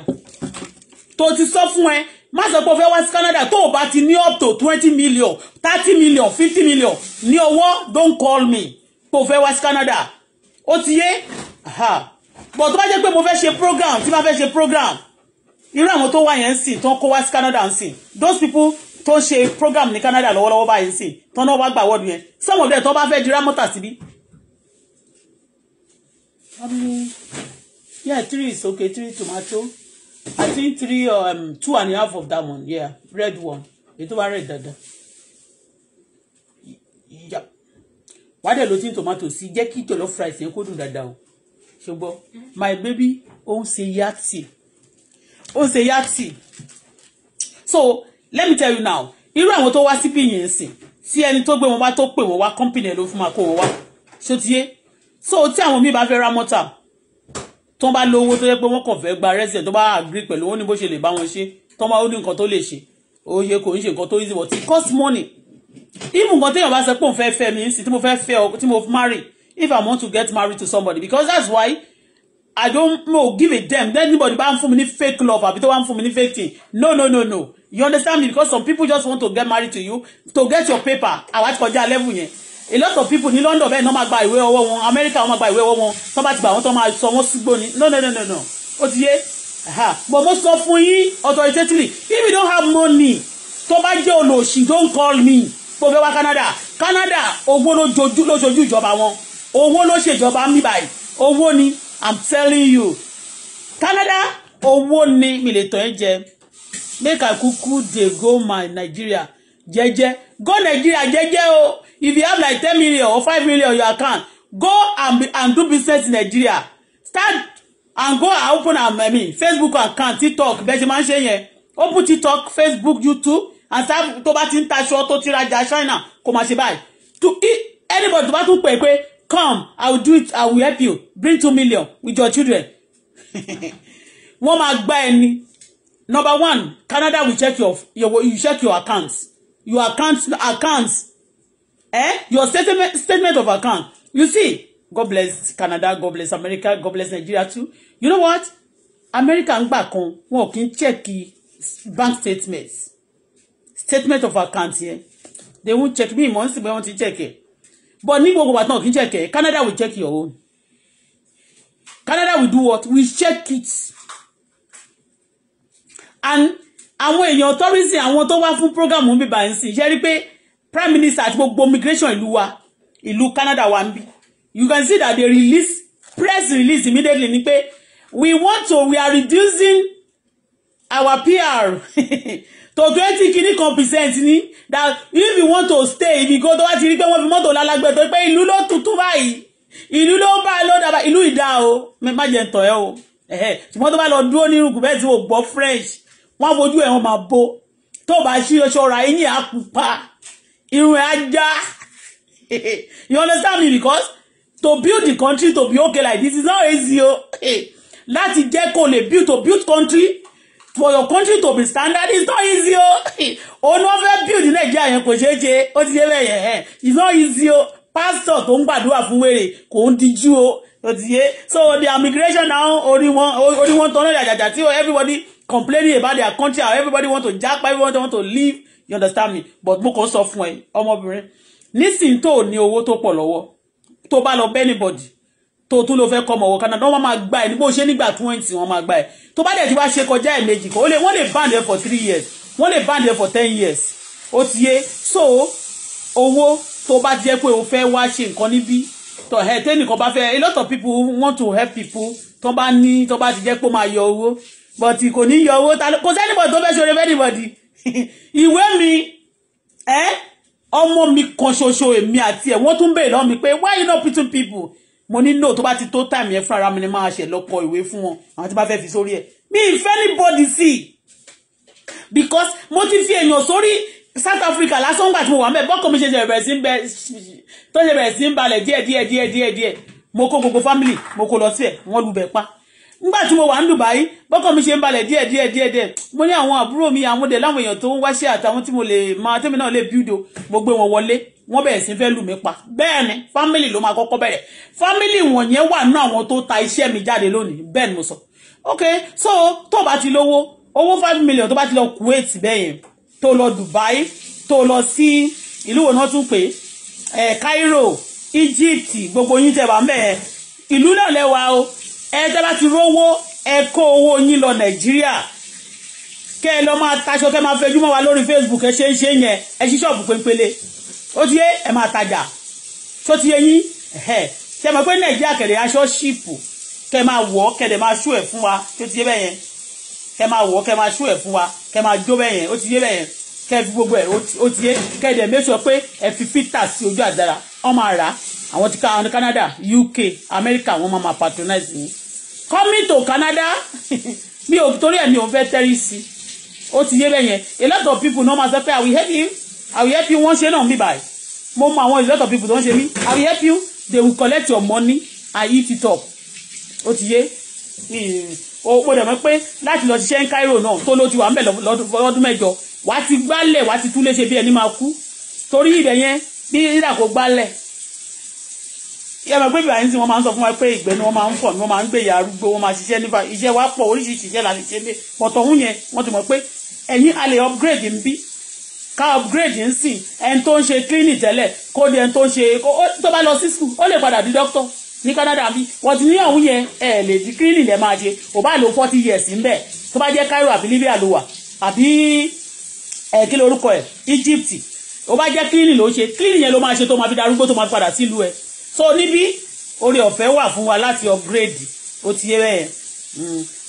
tó ti sọ fún ẹ má sọ pé o fẹ́ wá sí Canada tó o bá ti ní up to twenty million thirty million fifty million ní ọwọ́ don't call me pé o fẹ́ wá sí Canada ó ti yé but tó bá jẹ́ pé mo fẹ́ ṣe program tí má fẹ́ ṣe program irú àwọn tó wà yẹn ń sìn tó ń kó wá sí Canada ń sìn those people tó ń ṣe program ní Canada lọ́wọ́lọ́wọ́ báyìí ń sìn tó náà wá gbà wọ́ọ̀dù yẹn some of them tó bá fẹ́ di rámọ́tà síbí. yeah three is okay three tomato I think three um, two and a half of that one yeah red one ètò wa red dada yíyá wàá dẹ̀ ló ti ń tomato sí jẹ́ kí jollof fries. yẹn kó dùn dáadáa o ṣùgbọ́n my baby ó ń ṣe yàtì ó ṣe yàtì so let me tell you now irú àwọn tó wá síbí yẹn ń sìn tí ẹni tó gbé wọn wá tó pè wọn wá company ẹ ló fún ma kó wọn wá ṣó ti yé so tí àwọn míì bá fẹ́ ra mọ́tà tó bá lówó tó yẹ pé wọ́n kàn fẹ́ gba rẹ́sẹ̀ tó bá agree pẹ̀lú wọn ní bó ṣe lè bá wọn ṣe tó bá ó ní nǹkan tó lè ṣe òye kò ń ṣe nǹkan tó easy but it cost money if nǹkan téèyàn bá sọ pé òun fẹ́ fẹ́ mi ń tí mo fẹ́ fẹ́ ọ tí mo marry if I want to get married to somebody because that's why I don't know, give it them. Then anybody bá ń fún fake love àbí tó wá ń fún mi fake thing. No, no, no, no. You understand me? Because some people just want to get married to you to get your paper. I watch for kọjá level yẹn. A lot of people in London they náà máa gba ìwé ọwọ́ wọn. America wọ́n máa buy where, ọwọ́ wọn. Tọ́ bá ti gbà wọ́n tọ́ máa No, no, no, no, no. What's ti yé. But mo sọ fún yín authoritatively, if you don't have money, tó bá jẹ́ she don't call me. For the wá Canada. Canada owó lójoojú ìjọba wọn. Owó ló ṣèjọba me báyìí. oh ni i'm telling you canada owó ni mi lè tọ́ ẹ jẹ make i kuku dey go my nigeria jẹ́jẹ́ go nigeria jẹ́jẹ́ o if you have like ten million or five million your account go and, and do business in nigeria start and go and open am I mean, facebook account tiktok bẹ́ẹ̀ ṣe máa ń ṣe yẹn open tiktok facebook youtube and start tó bá ti ń taṣọ tó ti rajà china kò máa ṣe báyìí to e, anybody tó bá tún pè pé come i will do it i will help you bring two million with your children *laughs* wọ́n máa gbá ẹni number one canada will check your, your you check your accounts your accounts accounts eh your statement statement of account you see god bless canada god bless america god bless nigeria too you know what america ń gbà kan wọn ò kí check bank statements statement of account yẹn they won't check me ìmọ̀ ń sì pé wọ́n ti check it but ní gbogbo àtúnà kì í check ẹ Canada will check your own Canada will do what we check it and àwọn èèyàn tourism àwọn tó wá fún program ń bíbá ẹ̀ ń sìn ṣe rí pé prime minister àti gbogbo immigration ìlú wa ìlú Canada wa ń bí you can see that they release press release immediately ni pé we want to we are reducing our PR *laughs* to twenty kìíní kan percent ni that if you want to stay if ibi kó to bá ti rí pé wọ́n fi mọ́tò lálágbẹ́ tó pé ìlú ló tutù báyìí ìlú ló ń bá a ló dàbà ìlú ìdá o má jẹ́ ń tọ̀ ẹ́ o ṣùgbọ́n tó bá lọ dúró nínú kù bẹ́ẹ̀ tí o gbọ́ french wọ́n fojú ẹ̀ wọ́n máa bo tó bá ṣí ṣọ́ra eyín àpupa irun ẹ̀ á já *laughs* you understand me because to build the country to be okay like this is not easy o *laughs* láti jẹ́ kó lè build to build country for your country to be standard it's not easy o òun wọn fẹ́ build nàìjíríà yẹn kò ṣeé ṣe ó ti yé bẹ́ẹ̀ yẹn ẹ̀ eh. it's not easy o oh. pastor tó ń gbàdúrà fún wèrè kò ń dijú o oh. ó ti yé so the immigration now orí wọn orí wọn tọ́nà ìdàjàjà tí oh, everybody complaining about their country how everybody want to japa everybody want to live you understand me but mo kàn sọ fún ẹ ọmọbìnrin nísìnyí tó ní owó tó pọ̀ lọ́wọ́ tó bá lọ bẹ́ẹ̀ anybody tó tún ló fẹ́ kọ́ ọmọ wọ Canada wọ́n máa gba ẹ̀ ní bó ṣe nígbà twenty wọ́n máa gba ẹ̀ tó bá dẹ̀ ti wá ṣe kọjá ẹ̀ méjì kan wọ́n lè ban ẹ̀ for three years wọ́n lè ban ẹ̀ for ten years ó ti yé so owó tó bá jẹ́ pé o fẹ́ wá ṣe nǹkan níbí tó ẹ̀ tẹ́nìkan bá fẹ́ a lot of people want to help people tó bá ní tó bá ti jẹ́ pé ó máa yọ owó but kò ní yọ owó kò sẹ́nìbọ̀dì tó fẹ́ ṣe oore anybody *laughs* ìwé mi ọmọ mi kan ṣoṣo èmi àti ẹ̀ wọ́n tún bèèrè lọ́mi pé why you no pity people mo ní no tó bá ti tó time yẹn fúnra mi ni máa ṣe lọ kọ ìwé fún wọn àwọn tí bá fẹ́ fi sórí ẹ̀ mi ìfẹ́ ní bọ́dì sí because mo ti fi èèyàn sórí South Africa lásán gbà tí mo wà mẹ́ bọ́kọ̀ mi ṣe ṣe bẹ̀rẹ̀ sí ń bẹ tó ṣe bẹ̀rẹ̀ sí ń balẹ̀ díẹ̀ díẹ̀ díẹ̀ díẹ̀ mo kó gbogbo family mo kó lọ sí ẹ̀ wọ́n lù bẹ̀ pa nígbà tí mo wà ní Dubai bọ́kàn mi ṣe ń balẹ̀ díẹ̀ díẹ̀ díẹ̀ díẹ̀ mo ní àwọn àbúrò mi àwọn dẹ̀ láwọn èèyàn tó ń wáṣẹ́ àtàwọn tí mo lè máa tẹ́mi náà lè bíúdò mo gbé wọn wọlé wọ́n bẹ̀rẹ̀ sí fẹ́ lù mí pa bẹ́ẹ̀ ni fámìlì ló máa kọ́kọ́ bẹ̀rẹ̀ fámìlì wọ̀nyẹn wà ní àwọn tó ta iṣẹ́ mi jáde lónìí bẹ́ẹ̀ mo sọ ok so to ba ti lówó owo five million to ba ti lọ Kuwait bẹ́yẹn tó lọ Dubai tó lọ sí ìlú wo náà tún pé eh, Cairo Egypt gbogbo yín tẹ̀ wá mẹ́ẹ̀ ìlú náà lẹ́wàá o ẹ tẹ́ bá ti rówó ẹ kó owó yín lọ nàìjíríà kẹ́ ẹ lọ máa taṣọ kẹ́ máa fẹjú wa lórí facebook ẹ ṣe ń ṣe yẹn ẹ ṣí ṣọ́ọ̀bù péńpélé ó ti yé ẹ máa tajà tó ti yé yín ẹ ṣe mọ̀ pé nàìjíríà kẹ̀lẹ́ aṣọ ṣìpù kẹ́ máa wọ̀ kẹ̀lẹ́ máa ṣú ẹ̀ fún wa tó ti yé bẹ́ẹ̀ yẹn kẹ́ máa wọ̀ kẹ́ máa ṣú ẹ̀ fún wa kẹ́ máa jó bẹ́ẹ̀ yẹn ó ti yé bẹ́ẹ̀ yẹn kẹ́ fi gbogbo ẹ̀ ó ti yé kẹ́ dẹ̀ mẹ́sọ̀ pé ẹ fi fítà sí ojú àdára ọmọ àrà àwọn ti ká àwọn Canada UK America wọ́n máa máa patronize yín coming to Canada *laughs* mi ò torí ẹ̀ mi ò fẹ́ tẹ́rí sí ó ti yé bẹ́yẹn a lot of people náà máa sọ pé I will help you I will help you wọ́n ṣe náà mi báyìí mo mọ àwọn a lot of people tó ń ṣe mí I will help you they will collect your money I eat it up ó ti yé o gbọ́dọ̀ mọ̀ pé láti lọ ṣiṣẹ́ ní Cairo náà tó ló ti wà ń bẹ̀ lọ́dún mẹ́jọ wàá ti gbálẹ̀ wàá ti túlé ṣe bí ẹni máa kú torí ibẹ̀ yẹn bí ìdàkó gbálẹ̀ ìyá máa gbé bíbá yín sí wọ́n máa ń sọ fún wa pé ìgbẹ́ ni wọ́n máa ń fọ̀ ni wọ́n máa ń gbé ìyá arúgbó wọ́n máa ṣiṣẹ́ nípa iṣẹ́ wa pọ̀ oríṣiríṣi iṣẹ́ la lè ṣe lé pọ̀tọ̀ ń yẹn wọ́n ti mọ̀ pé ẹ̀yin a lè upgrade ń bí ká upgrade ń sìn ẹni tó ń ṣe clinic tẹ́lẹ̀ kó di ẹni tó ń ṣe tó bá lọ sí school ó lè padà di doctor ní Canada bí wọ́n ti ní àwọn yẹn ẹ̀ lè di clinic lẹ́ máa ṣe ò bá lo forty years ń bẹ̀ tó bá jẹ́ Cairo àbí Libya ló wà àbí ẹ̀ kí lorúkọ ẹ̀ Egypt ò bá jẹ́ clinic ló ṣe clinic yẹn ló máa ṣe tó máa fi darúgbó tó máa fi padà sílùú ẹ̀ so níbí orí ọ̀fẹ́ wà fún wa láti upgrade ó ti yé bẹ́ẹ̀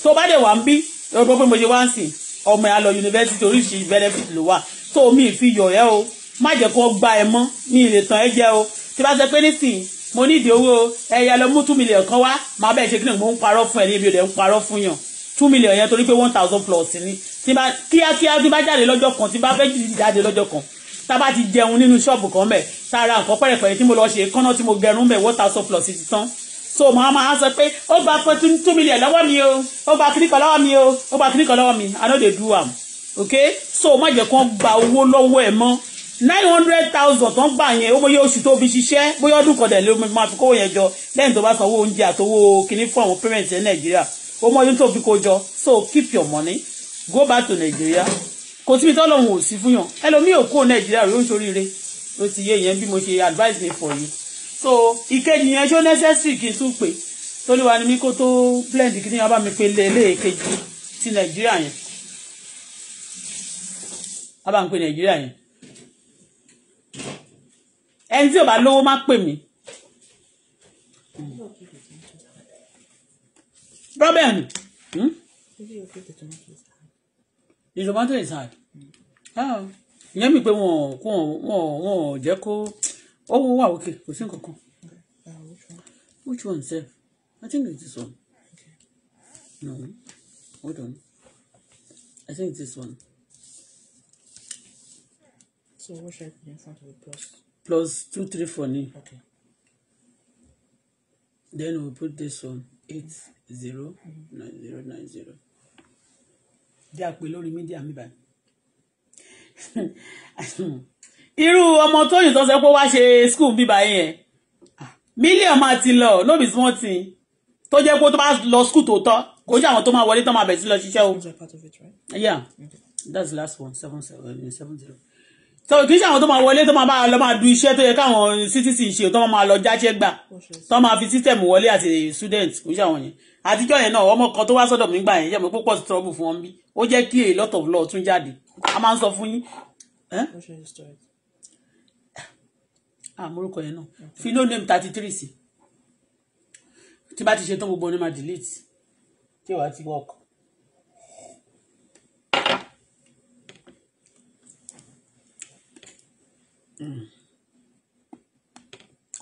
tó mm. bá dẹ̀ wà ń bí lọ́dún pé mo ṣe wá ń sìn ọmọ ẹ̀ á lọ yunifásitì oríṣi benefit ló wà tó mi fi yọ̀ ẹ́ o má jẹ́ kó gba ẹ̀ mọ́ ní ilé tán ẹ jẹ́ o tí bá ṣe pé nísìn mo ní ìdí owó ẹ̀yà lọ mú two million kan wá máa bẹ́ẹ̀ ṣe kí ni mo ń parọ́ fún ẹ̀ ní ibi ò dẹ̀ ń parọ́ fún yàn two million yẹn torí pé one thousand plus ni tí bá kíákíá tí bá jáde lọ́jọ́ kan tí bá fẹ́ jáde lọ́jọ́ kan tá bá ti jẹun nínú ṣọ́ọ̀bù kan bẹ̀ sára nǹkan pẹ̀rẹ̀pẹ̀rẹ̀ tí mo lọ ṣe kánná tí mo gẹrun bẹ̀ water surplus ti tán so màá máa sọ pé ó gba two million lọ́wọ́ mi o ó gba kíníkan lọ́wọ́ mi o ó gba kíníkan lọ́wọ́ mi i no dey do am okay so má jẹ́ kán gba owó lọ́wọ́ ẹ̀ mọ́ nine hundred thousand tó ń gbà yẹn ó bóyá oṣù tó fi ṣiṣẹ́ bóyá ọdún kan dẹ̀ ló máa fi kówó yẹn jọ lẹ́yìn tó bá sanwó oúnjẹ àtowó kíní fún àwọn parents ẹ̀ nàìjíríà ó mọ tó fi kó jọ so keep your money go back to Nigeria kò síbi tí ọlọ́run ò sí fún yàn ẹlòmíì ò kó nàìjíríà rẹ ó ṣoríire ló ti yé yẹn bí mo ṣe advice mi for you so ìkejì yẹn ṣó necessary kí n tún pè tóníwá ni mi kó tó blend kí ni wọn bá mi pe lẹ́ẹ̀kejì ti nàìjíríà yẹn wọn bá ń pe nàìjíríà yẹn ẹni tí ò bá lówó má pè mí. problem. Hmm? ní tomato is hard ìyẹn mi pé wọn wọn wọn wọn jẹ́ kó owó wà òkè kò sí nǹkan kan which one sef I think it's this one no hold on I think it's this one. So what should I put in front of the plus? Plus two three four me. Okay. Then we we'll put this one eight zero mm-hmm. nine zero nine zero dí àpè lórí mídíà mi báyìí *laughs* irú ọmọ tóyìn tó sọ pé wá ṣe skul bíbá yẹn ah, mílíọ̀n máa ti lọ lóbi tí wọ́n ti tó jẹ́ pé tó bá lọ skul tó tọ́ kò jẹ́ àwọn tó máa wọlé tó máa bẹ̀rẹ̀ sí lọ ṣiṣẹ́ o. yeah that's the last one seven seven seven zero. so kì í ṣe àwọn tó máa wọlé tó máa lọ máa du iṣẹ́ tó yẹ káwọn ctc ṣe tó máa lọ jáṣẹ́ gbà tó máa fi system wọlé àti student kò ṣe àwọn yẹn àtijọ́ yẹn náà ọmọ kan tó wá sọ́dọ̀ mi gbà yẹn yẹ ó jẹ́ kí a lot of law tún jáde a máa ń sọ fún yín àmúrúkọ ah, yẹn náà fi no name thirty three sí tí bá ti ṣe tán gbogbo ní máa delete tí wàá ti work.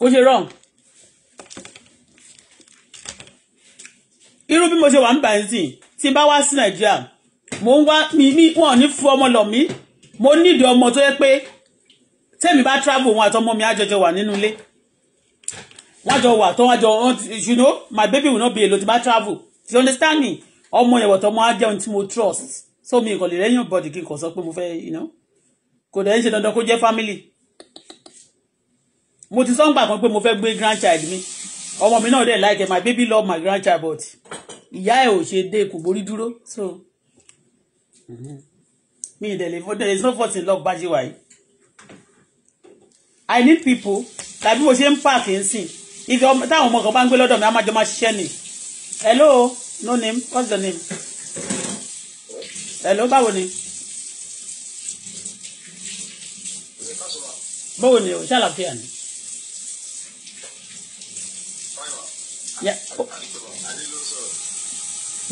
ó ṣe wrong irú bí mo ṣe wà ń bá ẹ̀ sìn tí n bá wá sí nàìjíríà mo ń wá mi mi wọn ní fún ọmọ lọ mí mo nídìí ọmọ tó yẹ pé tẹ́mi bá travel wọn àtọmọ mi àjọjọ wà nínú ilé wọ́n jọ wà tó wọ́n jọ you know my baby will not be alone tí bá travel you understand me ọmọ yẹn wọ̀tọ̀ mọ́ á jẹun tí mo trust so mi kò lè lẹ́yìn bọ̀dì kí n kò sọ pé mo fẹ́ you know kò dẹ̀ ń ṣe dandan kó jẹ́ family mo ti sọ́ngbà kan pé mo fẹ́ gbé grandchild mi ọmọ mi náà dẹ̀ like it my baby love my grandchild but ìyá ẹ̀ ò ṣe dé kò borí dúró so. Mm-hmm. Me ì dẹ̀lẹ̀ there is no fault in love Baji, ṣe i need people that mo ṣe ń pààkì ń if ife táwọn ọmọ kan bá go gbé lọ́dọ̀ mi á máa jọ máa hello no name what's the name hello báwo ni báwo ni o ṣe àlàáfíà ni.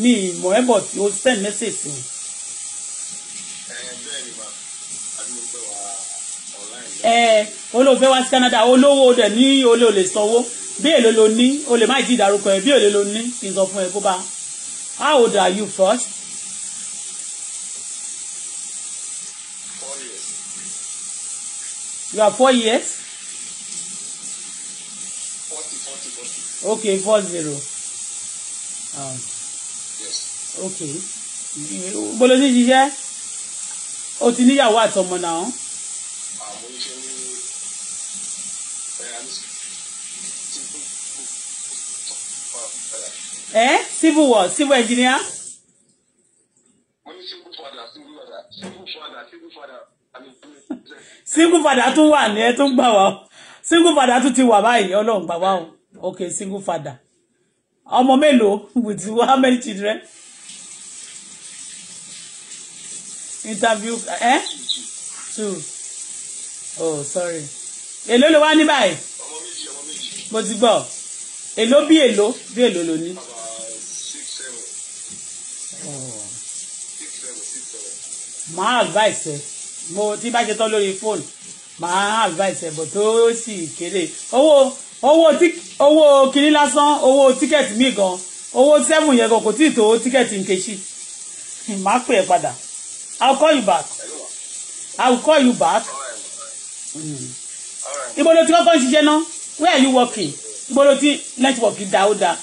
mi ì mọ̀ ẹ́ bọ̀ tí send messages. sí mi. olóòfẹ́ wá sí Canada olówó dẹ̀ ní olè olè sanwó bí èlò ló ní o má jí ìdárúkọ ẹ bí èlò ló ní kí n sọ fún ẹ bó bá how old are you first. four years. you are four years. forty forty forty. okay four zero. Um, yes. okay. bolo ti ṣiṣẹ́ o ti níyàwó àtọmọ náà. Eh? Civil war, civil engineer. Single father Single father, ní ẹ tún gbà wá single father tún ti wà báyìí Ọlọ́run gbà wá o okay single father ọmọ mélòó with how many children interview eh two oh sorry èló ló wá ní báyìí mo ti gbọ́ èló Hello, èló hello, èló hello, ní máa advice ẹ mo tí bá ṣe tán lórí fóònù máa advice ẹ bọ̀ tó sì kéré owó owó owó kìíní lásán owó tíkẹ́ẹ̀tì mi gan owó seven yẹn gan kò tí ì tó tíkẹ́ẹ̀tì nkechi máa pè é padà i call you back i will call you back ibo ló ti kọ́kọ́ ń ṣiṣẹ́ náà where are you working ibo ló ti network dáa ó dáa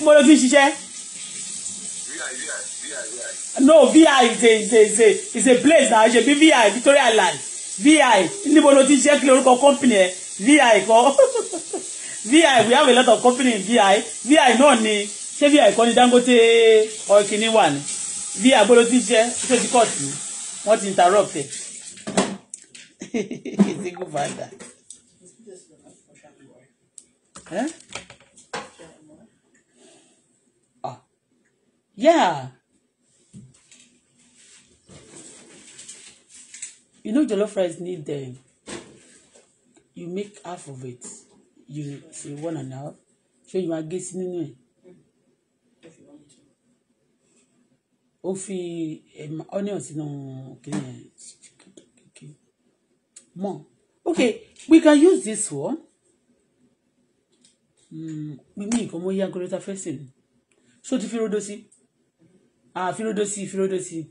ibo ló ti ń ṣiṣẹ́ no vi is a is a is a is a place na ṣe bí vi Victoria Island vi níbo ló ti ṣe kí lórúkọ company ẹ vi kọ *laughs* vi we have a lot of company in vi vi náà ni ṣé vi kọ́ ni Dangote ọ̀kìnní wà ní vi gbọ́dọ̀ ti ṣe ṣé ti court ni wọ́n ti interrupt ẹ̀ ṣe kò fàdà. Huh? Ah. Yeah. you know jollof rice need the you make half of it you say one and a half so you máa gé sí nínú ẹ̀ ó fi eh, onion sínú kìnìún more okay we can use this one mímí nǹkan mo yá gólótà fẹ́ sè ní ṣó ti fi rodo sí àfi ah, rodo sí fi rodo sí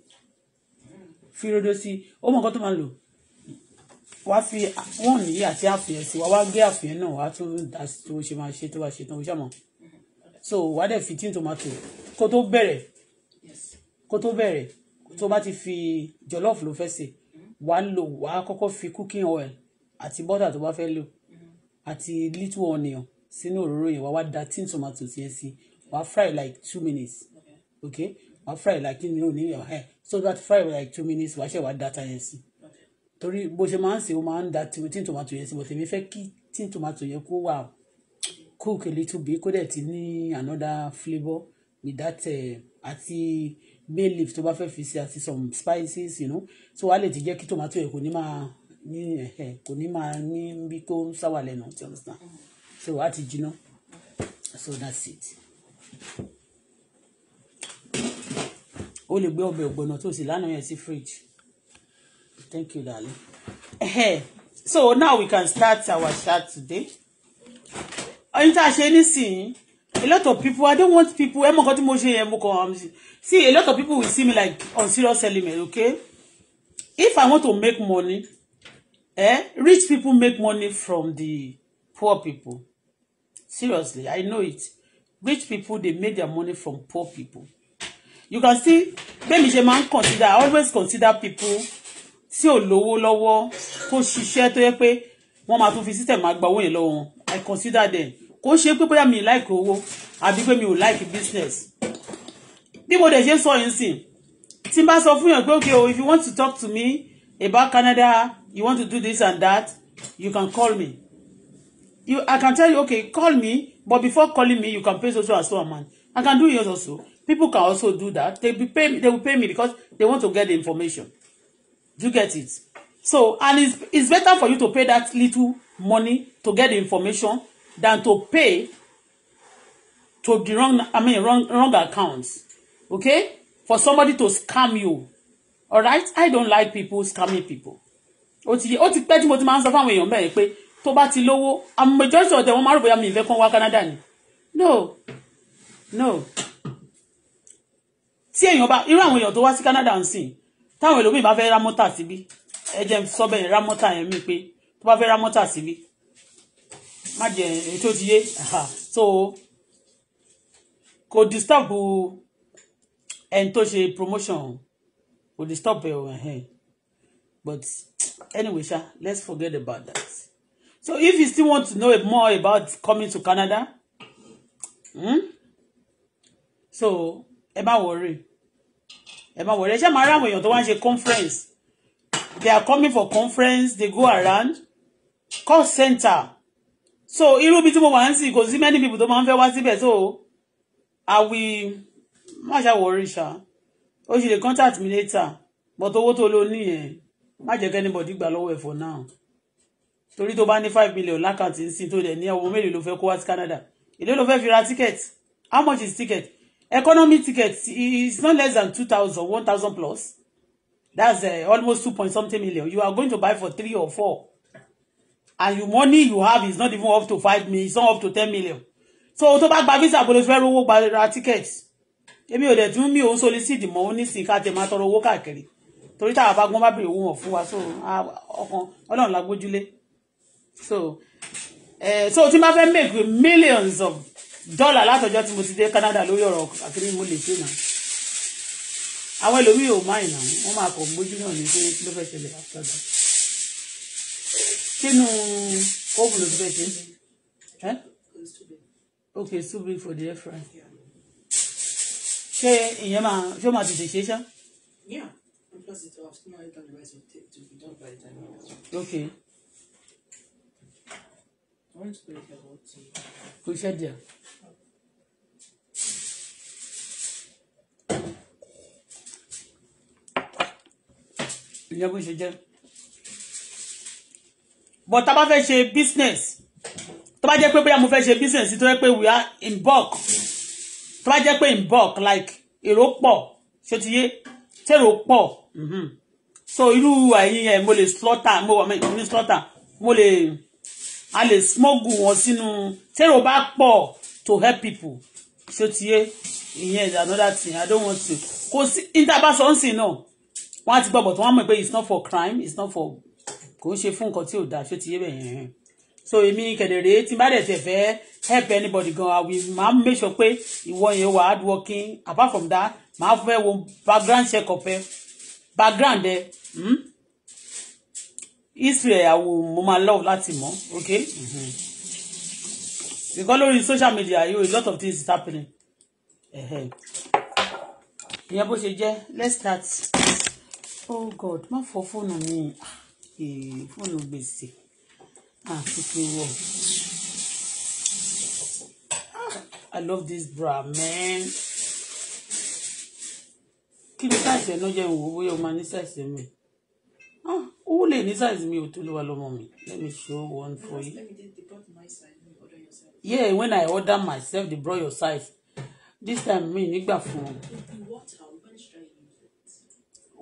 fi rodo sí ó mọ nǹkan tó máa lò wá fi wọ́n ní àti àfihàn sí wa wá gé àfihàn náà wá tún dá sí tó ṣe máa ṣe tó bá ṣe tán oṣù àmọ́ so wá dẹ̀ fi tin tomato kó tó bẹ̀rẹ̀ kó tó bẹ̀rẹ̀ tó bá ti fi jollof ló fẹ́ sè wá lò wá kọ́kọ́ fi cooking oil àti butter tó bá fẹ́ lò àti little onion sínú òróró yẹn wá wá da tin tomato yẹn sí wá fry like two minutes okay wá fry like two minutes ò ní so that five like two minutes wàá ṣe wàá data yẹn sí torí bó ṣe máa ń sè ó máa ń da tin tomato yẹn sí but èmi fẹ́ kí tin tomato yẹn kó wà cook a little bit kó dẹ̀ ti ní another flavour with that eh, àti bay leaf tó bá fẹ́ fi sí àti some spices you know so wàá lè ti jẹ́ kí tomato yẹn kò ní máa ní ẹ̀hẹ̀ eh, kò ní máa ní bí kó sáwà lẹ́nu you understand so wàá ti jiná so that's it o lè gbé ọbẹ̀ ògbóná tó sì lánàá yẹn sí fridge thank you darling so now we can start our chat today oyin tá a ṣe nísìnyí a lot of people i don't want people ẹ mọ nǹkan tí mo ṣe yẹn mo kàn am um, see a lot of people will see me like on serious element okay if i want to make money eh rich people make money from the poor people seriously i know it rich people they make their money from poor people you can see bẹ́ẹ̀mi ṣe máa ń consider I always consider people tí ò lówó lọ́wọ́ tó ṣiṣẹ́ tó yẹ pé wọ́n máa tún fi system máa gba owó yẹn lọ́wọ́ I consider them kò ṣe pé bóyá mi like owó àbí pé mi ò like business bí mo dẹ̀ ṣe sọ yín sìn tí n bá sọ fún yàn pé okay o if you want to talk to me about Canada you want to do this and that you can call me you I can tell you okay call me but before calling me you can pay so so and so amount I can do yours also People can also do that. They be pay they will pay me because they want to get the information. Do you get it? So and it's it's better for you to pay that little money to get the information than to pay to the wrong I mean wrong wrong accounts. Okay? For somebody to scam you. All right? I don't like people scamming people. Ó ti ó ti pẹ́ tí mo ti máa ń sọ fáwọn èèyàn bẹ́ẹ̀ pé tó bá ti lówó àmọ́ ìjọ́sọ̀ tẹ̀ wọ́n máa rò bóyá mi ìfẹ́ kan wá Canada ni. No. No tí èèyàn bá irú àwọn èèyàn tó wá sí Canada ń sìn táwọn èlòmíì bá fẹ́ ra mọ́tà síbí ẹ jẹ́ sọ bẹ́ẹ̀ ra mọ́tà yẹn mí pé tó bá fẹ́ ra mọ́tà síbí má jẹ èyí tó ti yé so kò disturb ẹni tó ṣe promotion kò disturb ẹ ọ̀hún but anyway sha let's forget about that so if you still want to know more about coming to Canada hmm? so am I worried? ẹ máa wọ̀rẹ́ ṣé máa rá àwọn èèyàn tó wá ń ṣe conference they are coming for conference they go around call center so irú bí tí mo wà ń sìn kò sí many people tó máa ń fẹ́ wá síbẹ̀ so àwì má ṣàwọ̀rí ṣá ó ṣe lè contact me later but owó tó ló ní yẹn má jẹ́ kí anybody gbà lọ́wọ́ ẹ̀ for now torí tó bá ní five million lákàtí ń sìn tó dẹ̀ ní ọmọ mélòó ló fẹ́ kó wá sí Canada èlé ló fẹ́ fi ra ticket how much is ticket economy ticket is not less than 2,000, 1,000 plus. That's uh, almost 2 point something million. You are going to buy for three or four, And your money you have is not even up to five million. It's not up to 10 million. So, to bá gba visa bolo fẹ́ rówó gba ra ticket. Èmi ò dẹ̀ tún mi ò ń solicit mọ́ onísìn ká tẹ̀ máa tọrọ owó káàkiri. Torí táwọn bá gbọ́n bá bèrè owó wọn fún wa so ọkàn ọlọ́run la gbójúlé. So, uh, so tí máa fẹ́ make millions of dọ́là látọjọ́ tí mo ti dé Canada lórí ọ̀rọ̀ àkíní mo lè ṣe náà àwọn ẹlòmíì ò máa ìnà wọn máa kọ mójú náà ní pé kí ló fẹ́ ṣẹlẹ̀ àtọ́jà sínú kóòbù ló fẹ́ ṣe ẹ́ okay too big for the air fry ṣé ìyẹn máa ṣé ó máa tètè ṣe ṣá. okay. Which area? ìyẹn bó ṣe jẹ́ but tá a bá fẹ́ ṣe business tó bá jẹ́ pé bóyá mo fẹ́ ṣe business tó jẹ́ pé we are in bulk tó bá jẹ́ pé in bulk like èrò pọ̀ ṣé ti yé tèrò pọ̀ mhm. so irú àyè yẹn mo lè slaughter mo wà ní slaughter mo lè a lè smuggle wọn sínú tèrò bá pọ̀ to help people ṣé ti yé ìyẹn is another thing i don't want to kò sí ní tá a bá sọ ń sìn náà wọ́n á ti gbọ́ bọ̀tún wọ́n á mọ̀ pé it's not for crime it's not for kò ń ṣe fún nǹkan tí ò dáa ṣó ti yé bẹ̀yẹn hàn so èmi kẹ̀dẹ̀rẹ́ tí bá dẹ̀ tẹ̀ fẹ́ help anybody gan i will máa make sure pé ìwọ yẹn wà hard working apart from that máa fẹ́ wo background check up background ẹ hmm? history ẹ mo máa love láti mọ̀ ok mm lórí social media yóò a lot of things is happening ìyẹn bó ṣe jẹ́ let's start oh god má fọ fóònù mi ah, eh, fóònù gbèsè àtúntò wọ ah, i love this bra man kí ni sáìsì ẹ̀ náà jẹ́ ìwò bóyá o máa ní sáìsì ah, mi ó lè ní sáìsì mi ò tó lè wà lọ́mọ mi let me show one for you yeah when i order myself they brought your size this time me nígbà fún ọ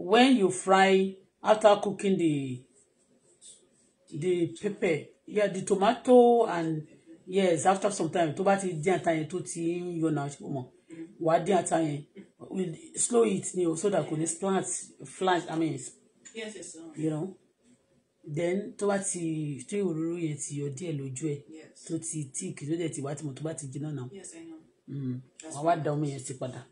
when you fry after cooking the the pepper yeah the tomato and yes after some time tó bá ti dín ata yẹn tó ti ń yọ náà ṣe mọ wàá dín ata yẹn slow it ni o so that kò ní slant flat i mean yes, yes, you know then tó bá ti tó òróró yẹn ti yọ díẹ̀ lójú ẹ tó ti tíìkì tó dẹ̀ ti wá tìmọ̀ tó bá ti jiná náà mm. wàá wá da omi yẹn sí padà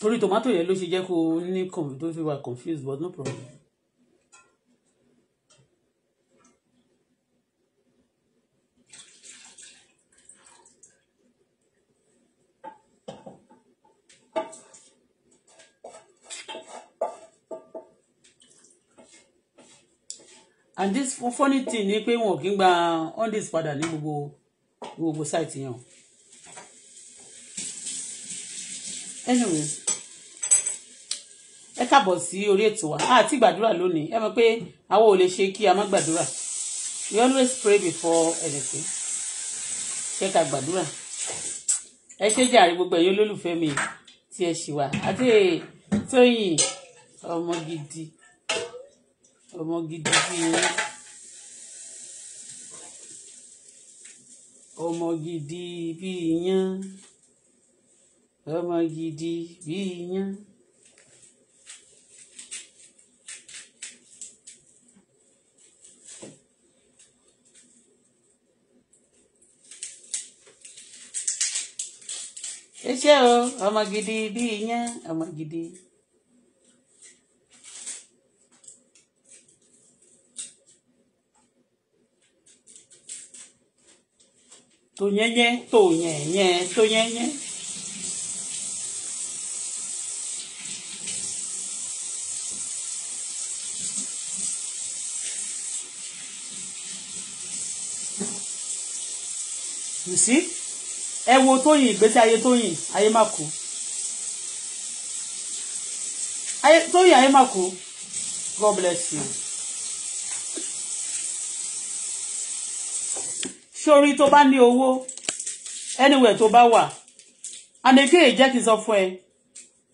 torí tomato yẹn ló ṣe jẹ́ kó ní tó fi wà confused but no problem. and this funny thing ni pé wọn kì í gba all this padà ní gbogbo gbogbo site yẹn o anyway ṣàbọ̀ sí orí ètò wa àti gbàdúrà lónìí ẹ mọ̀ pé àwọn ò lè ṣe kí a má gbàdúrà we always pray before anything ṣé ká gbàdúrà ẹ ṣe jàre gbogbo ẹ̀yin olólùfẹ́ mi tí ẹ ṣì wà àti Tóyìn ọmọ gidi ọmọ gidi bíi ọmọ gidi bíi yán ọmọ gidi bíi yán. ẹ ṣé o ọmọ gidi bí iyán ọmọ gidi. tò yẹnyẹ tò yẹnyẹ tò yẹnyẹ. You see? ẹ wo tóyìn ìgbésí ayé tóyìn ayé má kú tóyìn ayé má kú God bless you. sórí tó bá ní owó anywhere tó bá wà aneke jẹ́ kí n sọ fún ẹ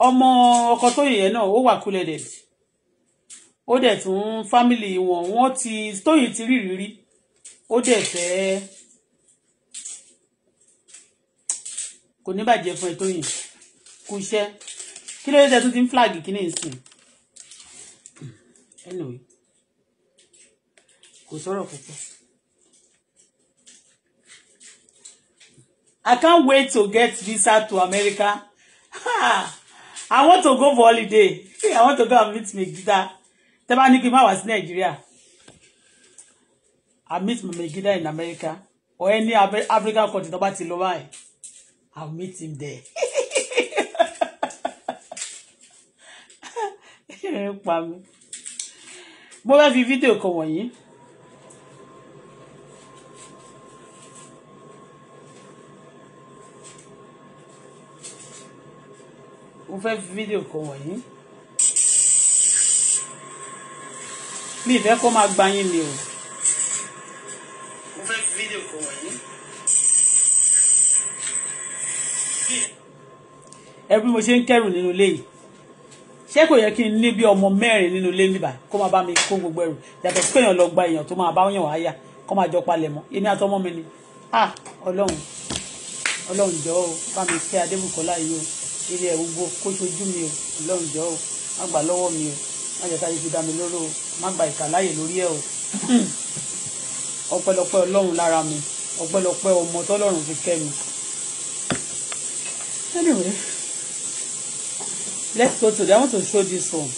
ọmọ ọkọ tóyìn yẹn náà ó wà kúlẹ̀ dẹ̀ ó dẹ̀ tún fámìlì wọn wọ́n ti tóyìn ti rí ìrírí ó dẹ̀ fẹ́ẹ́ kò ní bàjẹ́ fún ẹ tó yìn kú kí ló dé tún ti ń flag kí ní ìsìn anyway kò sọ̀rọ̀ púpọ̀. I can't wait to get visa to America. Ha! I want to go for holiday. I want to go and meet Megida. Tẹ́ bá ní kí n má wá sí Nàìjíríà. I meet Megida in America or any African continent, tó bá ti lọ báyìí. I'll meet him there. *laughs* pa mi mo fẹ́ fi fídíò kan wọ̀nyí. mo fẹ́ fi fídíò kan wọ̀nyí. mi ìfẹ́ kó máa gba yín mi o. mo fẹ́ fi fídíò kan wọ̀nyí ẹ bí mo ṣe ń kẹrù nínú ilé yìí ṣé kò yẹ kí n ní bí ọmọ mẹ́rin nínú ilé níbà kó máa bá mi kó gbogbo ẹrù yàtọ̀ sí kéèyàn lọ gba èèyàn tó máa bá yàn wáyà kó máa jọ palẹ̀ mọ́ èmi àtọmọ mi ni ah ọlọ́run ọlọ́run jọ̀ọ́ o bá mi kẹ́ adébùkọ́lá yìí o ilé ẹ̀ gbogbo kó ṣojú mi o ọlọ́run jọ̀ọ́ o má gbà lọ́wọ́ mi o má jẹ́ táyé fi dá mi lóró o má gba ìkàláyè lórí ẹ̀ o *clears throat* ọpẹ́lọpẹ́ ọlọ́run lára mi ọpẹ́lọpẹ́ ọmọ tọ́lọ́run fi kẹ́ mi anyway let's go to the i want to show this one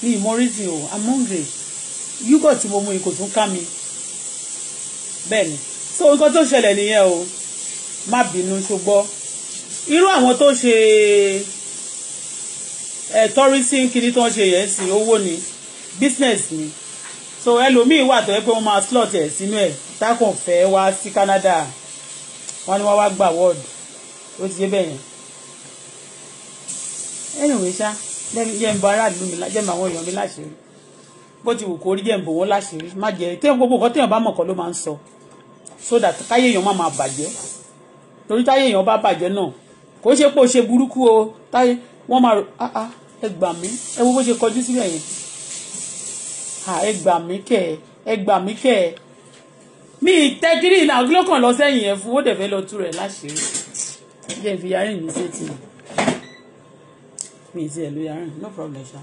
Me, ì mọ o i'm hungry yúgọ̀ tí mo mu ikò tún ká mi bẹ́ẹ̀ ni so nǹkan tó ṣẹlẹ̀ nìyẹn o má bínú ṣùgbọ́n irú àwọn tó ṣe ẹ tourism kiri tó ń ṣe yẹn sí owó ni business ni so ẹlòmíì wà tó yẹ pé wọ́n máa slot ẹ̀ sínú ẹ̀ tákàn fẹ́ wá sí Canada wọ́n ní wọ́n wá gbà wọ́ọ̀dù ó ti yé bẹ́ẹ̀ yẹn anyway ṣá jẹ́ ń bọ aráàlú mi jẹ́ ń bọ àwọn èèyàn mi láṣìírí bó ti wù kó rí jẹ́ ń bò wọ́n láṣìírí má jẹ́ téèyàn gbogbo nǹkan téèyàn bá mọ̀ kọ́ ló máa ń sọ so that káyé èèyàn má máa bàjẹ́ torí táyé èèyàn bá bàjẹ́ náà kò ṣe pé ó ṣe burúkú o táyé wọ́n máa ah ah ẹ gbà mí ẹ wo bó ṣe kọjú sílẹ̀ yẹn ah ẹ gbà mí kẹ́ ẹ gbà mí kẹ́ mi tẹ́gírì náà lọ́kàn lọ sẹ́yìn yẹn fún ó dẹ̀ fẹ́ lọ tú rẹ̀ láṣìírí jẹ́ fi yàrá mi sétí mi ti ẹ̀ ló yàrá no problem ṣá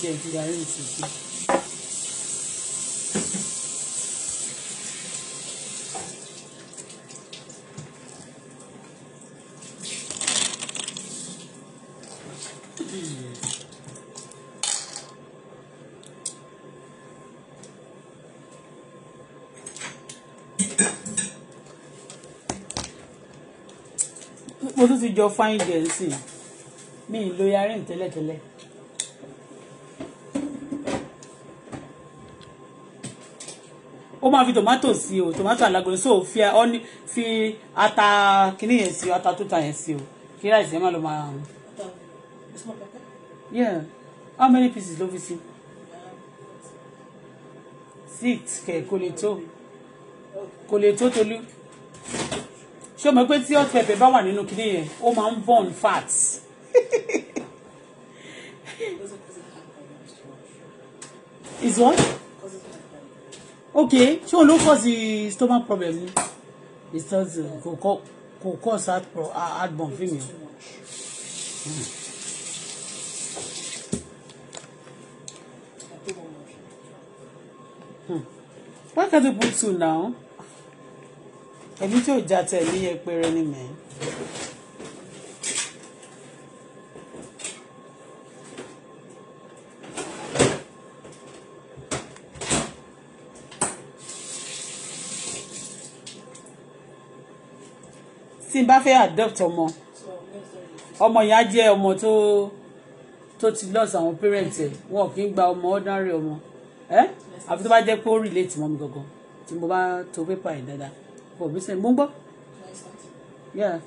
jẹ́ fi yàrá mi sétí. mo tún ti jọ fáyín jẹ nsìn mi ì lo yarin tẹ́lẹ̀tẹ́lẹ̀. ó máa fi tòmátò sí o tòmátò alágolo so fi ọ́nì fi ata kíní yẹn sí o ata tuta yẹn sí o kí láì sẹ́yìn máa lọ máa yeah how many pieces ló fi sí. six kẹ̀ kò lè tó kò lè tó Tolú ṣé o mọ̀ pé tí hot pepper bá wà nínú kinní yẹn ó máa ń burn fat. *laughs* is what? okay ṣé o ló cause stomach problem ni it does kò kò cause heart heart burn fún mi o. Hmm. hmm. Why can't you put two now? ẹbí tí ò já tẹ̀lé yẹpẹrẹ ni mẹ́. tí n bá fẹ́ adopt ọmọ ọmọ yẹn á jẹ́ ọmọ tó tó ti lost àwọn parents ẹ̀ wọn kì í gba ọmọ ordinary ọmọ ẹ́ àfi tó bá jẹ́ pé ó relate mọ́ mi gangan tí mo bá to paper ẹ̀ dáadáa kò bí mumba? Yeah.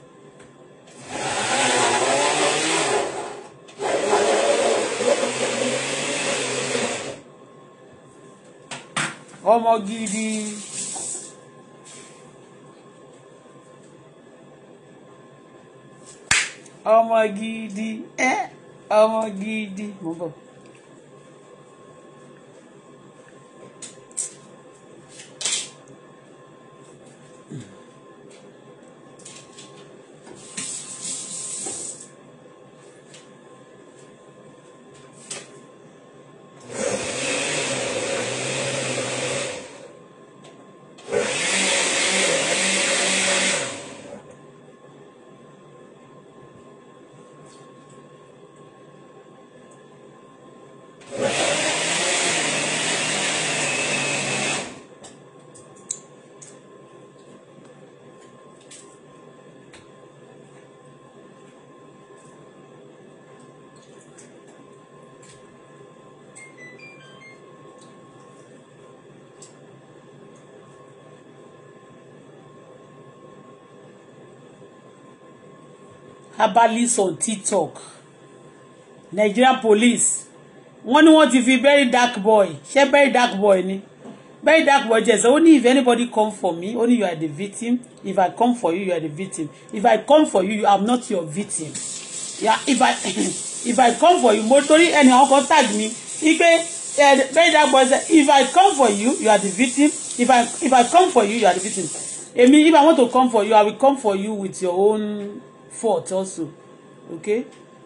ọmọ gidi. ọmọ gidi ẹ ọmọ gidi mo bọ̀. herbalist on tiktok nigerian police wọ́n ní wọ́n ti fi very dark boy ṣé very dark boy ni very dark boy jẹ́ sọ ó if anybody come for me Only you are the victim if i come for you you are the victim if i come for you you are not your victim yeah, if i *coughs* if i come for you mo torí ẹni àwọn kan tag mi wípé very dark boy say if i come for you you are the victim if i if i come for you you are the victim èmi if i want to come for you i will come for you with your own fault also okay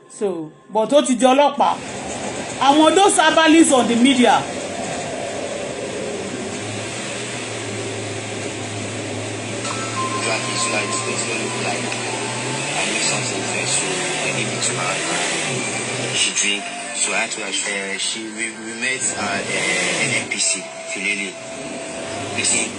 so but ó ti di ọlọ́pàá àwọn those abalis on the media She drink, so I to ask. Uh, she we, we met at uh, an NPC, Filele. Listen,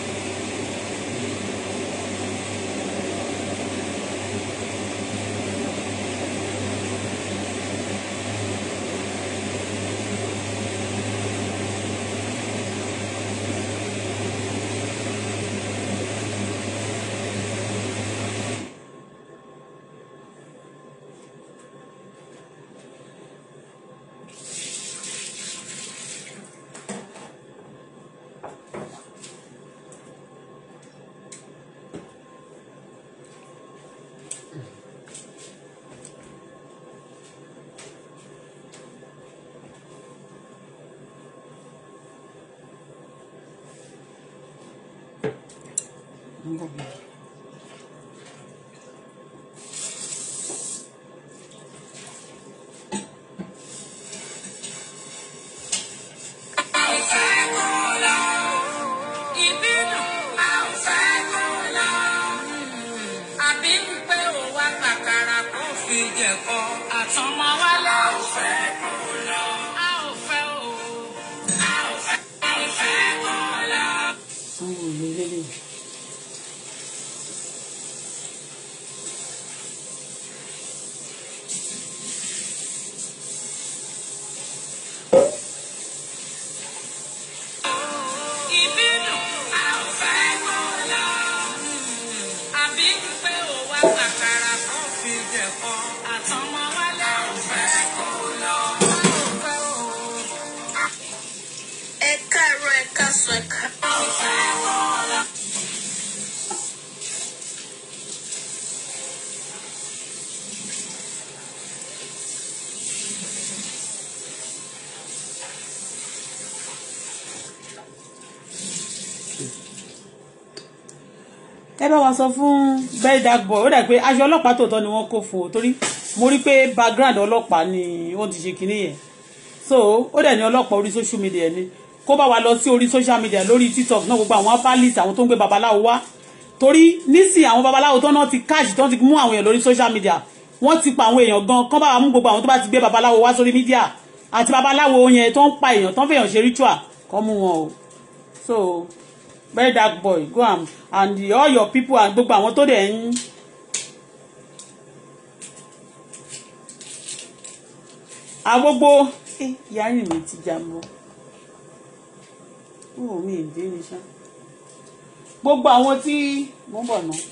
ẹ bá wa sọ fún bẹ́ẹ̀dà bọ̀ ó dà pé aṣọ ọlọ́pàá tòótọ́ ni wọ́n kó fún torí mo rí pé background ọlọ́pàá ni wọ́n ti ṣe kinní yẹn so ó dẹ̀ ní ọlọ́pàá orí social media ni kó bá wa lọ sí orí social media lórí tiktok náà gbogbo àwọn apalit àwọn tó ń gbé babaláwo wá torí nísìnyí àwọn babaláwo tó náà ti cash tó ti mú àwọn èèyàn lórí social media wọ́n ti pa àwọn èèyàn gan kán bá wa mú gbogbo àwọn tó bá ti gbé babaláwo wá sórí mídíà àti babaláwo yẹn tó ń pa èèyàn tó ń fèèyàn ṣe ritual kọ́ mú wọn o so very dark boy go am and the, all your people and gbogbo àwọn tó dẹ̀ ń. agbogbo eh, yàrá mi ti jà mọ́ ó mi ì dé ní sá gbogbo àwọn tí mo bọ̀ náà.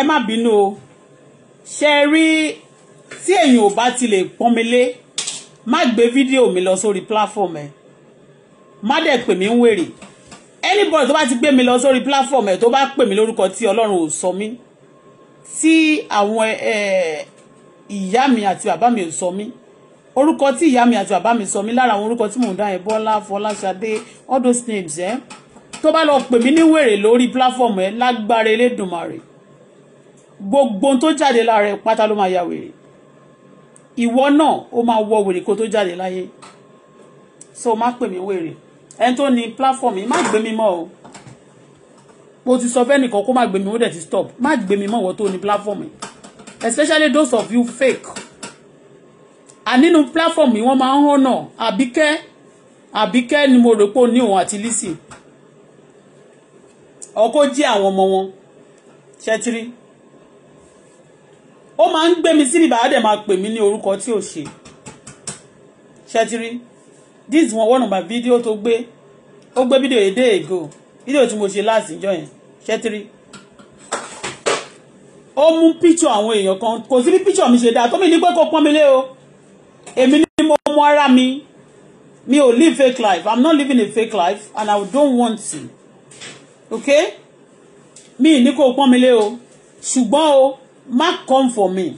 ẹ má bínú o ṣe rí tí èyàn ò bá ti lè pọ́n mi lé má gbé fídíò mi lọ sórí platform ẹ má dẹ̀ pè mí ń wèrè anybody tó bá ti gbé mi lọ sórí platform ẹ tó bá pè mí lórúkọ tí ọlọ́run ò sọ mí tí àwọn ìyá mi àti bàbá mi ò sọ mí orúkọ tí ìyá mi àti bàbá mi sọ mí lára àwọn orúkọ tí mò ń dá yẹn Bọ́lá Fọláṣadé all those names ẹ tó bá lọ pè mí ní wèrè lórí platform ẹ lágbára Elédùmarè gbogbo tó jáde lára ẹ̀ pátá ló máa ya wèrè ìwọ náà ó máa wọ wèrè kó tó jáde láyé so má pè mí wèrè ẹni tó ní platform yìí má gbé mi mọ́ o mo ti sọ bẹ́ẹ̀ nìkan kó má gbé mi ó dẹ̀ ti stop má gbé mi mọ́ wọ́n tó ní platform yìí especially those of you fake and nínú platform yìí wọ́n máa ń hànà àbíkẹ́ àbíkẹ́ ni mo rò pé ó ní òun àti Lizzy ọkọ jí àwọn ọmọ wọn ṣẹtiri ó máa ń gbé mi sí ibà á dẹ̀ máa pè mí ní orúkọ tí ò ṣe ṣẹtiri this one one of my video tó gbé ó gbé video yìí day ago. Video tí mo ṣe láti ìjọ yẹn ṣẹtiri ó mú píṣọ àwọn èèyàn kan kò sí bí píṣọ mi ṣe dáa tó mi ní pé kó pọ́n mi lé o èmi ni mo mú ara mi mi ò live fake life i'm not living a fake life and i don't want to okay mi ní kó pọ́n mi lé o ṣùgbọ́n o má come for me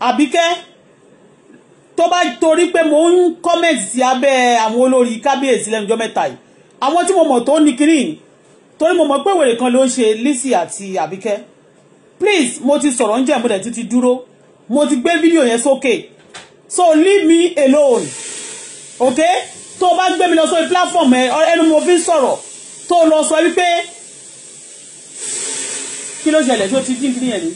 Àbíkẹ́ tó bá torí pé mo ń comment sí abẹ́ àwọn olórí kábíyèsí lẹ́nu ọjọ́ mẹ́ta yìí àwọn tí mo mọ̀ tó ní kiri torí mo mọ̀ pé wèrè kan ló ń ṣe Lizzy àti Àbíkẹ́ please mo ti sọ̀rọ̀ ń jẹ́ mo dẹ̀ tún ti dúró mo ti gbé fídíò yẹn sókè so leave me alone okay tó o bá gbé mi lọ sórí platform ẹ ẹnu mo fi ń sọ̀rọ̀ tó o lọ sọ wípé kí ló ṣẹlẹ̀ tó ti dín kí nìyẹn ni.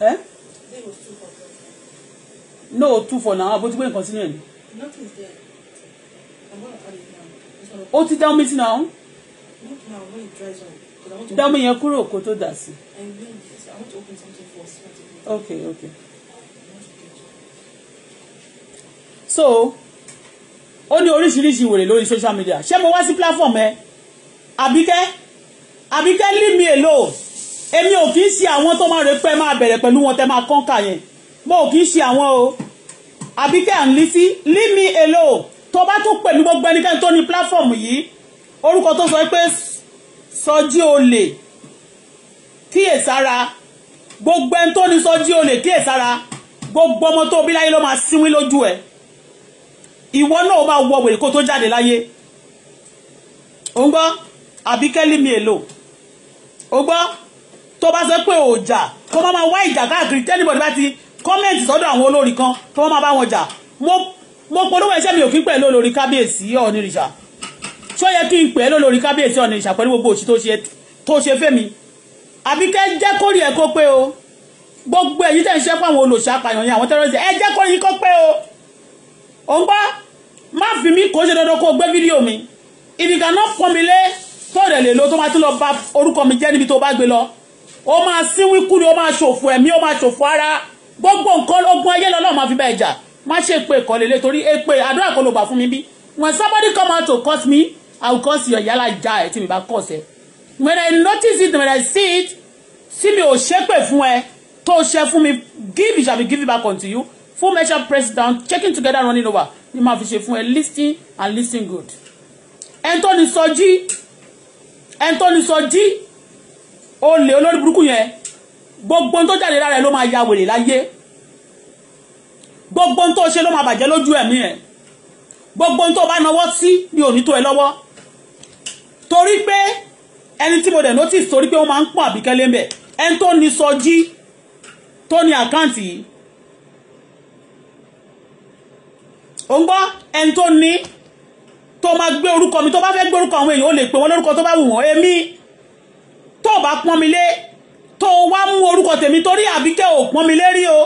ẹ. Eh? no two for now abo ti gbé nǹkan sínú ẹ. o ti dá mi sí náà. dá mi yẹn kúrò kó tó dà sí. okay okay. so ó ní oríṣiríṣi wèrè lórí social media ṣé mo wá sí platform ẹ àbíkẹ́ àbíkẹ́ leave me alone èmi ò kì í ṣe àwọn tó máa rè pé máa bẹ̀rẹ̀ pẹ̀lú wọn tẹ́ máa kọ́ńkà yẹn mo ò kì í ṣe àwọn o àbíkẹ́ à ń lí sí leave me alone tó bá tún pẹ̀lú gbogbo ẹnikẹ́ni tó ní platform yìí orúkọ tó sọ pé sọjí olè kíyèsára gbogbo ẹni tó ní sọjí olè kíyèsára gbogbo ọmọ tó bí láyé ló máa sínwín lójú ẹ ìwọ náà máa wọ wèrè kó tó jáde láyé ó ń gbọ́ àbíkẹ́ leave me alone ó gbọ́ tó bá sọ pé òòjà kó má máa wá ìjà káàkiri tẹ́nibọ̀dì bá ti kọ́mẹ̀ntì sọ́dọ̀ àwọn olórí kan tó má máa bá wọn jà mo polówó iṣẹ́ mi ò kí ń pè lólórí kábíyèsí ọ̀nìrìṣà tó yẹ kí n pè lólórí kábíyèsí ọ̀nìrìṣà pẹ̀lú gbogbo òṣì tó ṣe fẹ́mi àbíkẹ́ jẹ́ kórìí ẹ̀ kó pé o gbogbo èyí tẹ̀ ń ṣe fún àwọn olòṣà apàyàn yẹn àwọn tẹ́rọ̀sì ẹ jẹ́ kó yín kó pé o ò ń gbọ́ má fi mí kó ṣe dandan kó gbé fídíò mi ìdìgànnà pọ́nmi lé tó rẹ̀ lè lo tó máa tún lọ bà orúkọ mi jẹ́ níbi tó bá gbé lọ ó máa sínwí kú ni ó máa ṣòfò ẹ̀mí ó máa ṣòfò ara gbogbo nǹkan ogun ayé lọ́lọ́run máa fi bá ẹjà má ṣe pé ìkọlélé torí èpè àdúrà kò ló gbà fún mi bí when somebody come out to curse me i will curse your yàrá ja ẹ tí mi bá curse ẹ when i notice it when i see it tí mi ò ṣépè fún ẹ tó ṣe fún mi give it shall be given back unto you full measure press down checking together running over ni máa fi ṣe fún ẹ listening and listening good ẹni tó ní sọjí ẹni tó ní sọjí olè olórí burúkú yẹn gbogbo tó jáde lára ẹ ló máa ya wèrè láyé gbogbo tó ṣe ló máa bàjẹ́ lójú ẹ̀mí ẹ̀ gbogbo tó bá nawọ́ sí ni ò ní tó ẹ lọ́wọ́ torí pé ẹni tí mo dẹ̀ notice torí pé wọ́n máa ń pọ̀ àbíkẹ́ lẹ́mbẹ̀ ẹni tó ní sọjí tó ní àkáǹtì yìí ò ń gbọ́ ẹni tó ní tó máa gbé orúkọ mi tó bá fẹ́ gbé orúkọ àwọn èèyàn ó lè pè wọ́n lórúkọ tó bá wù wọ́n èmi tó o bá pọ́n mi lé tó o wá mú orúkọ tèmi torí àbíkẹ́ ò pọ́n mi lérí o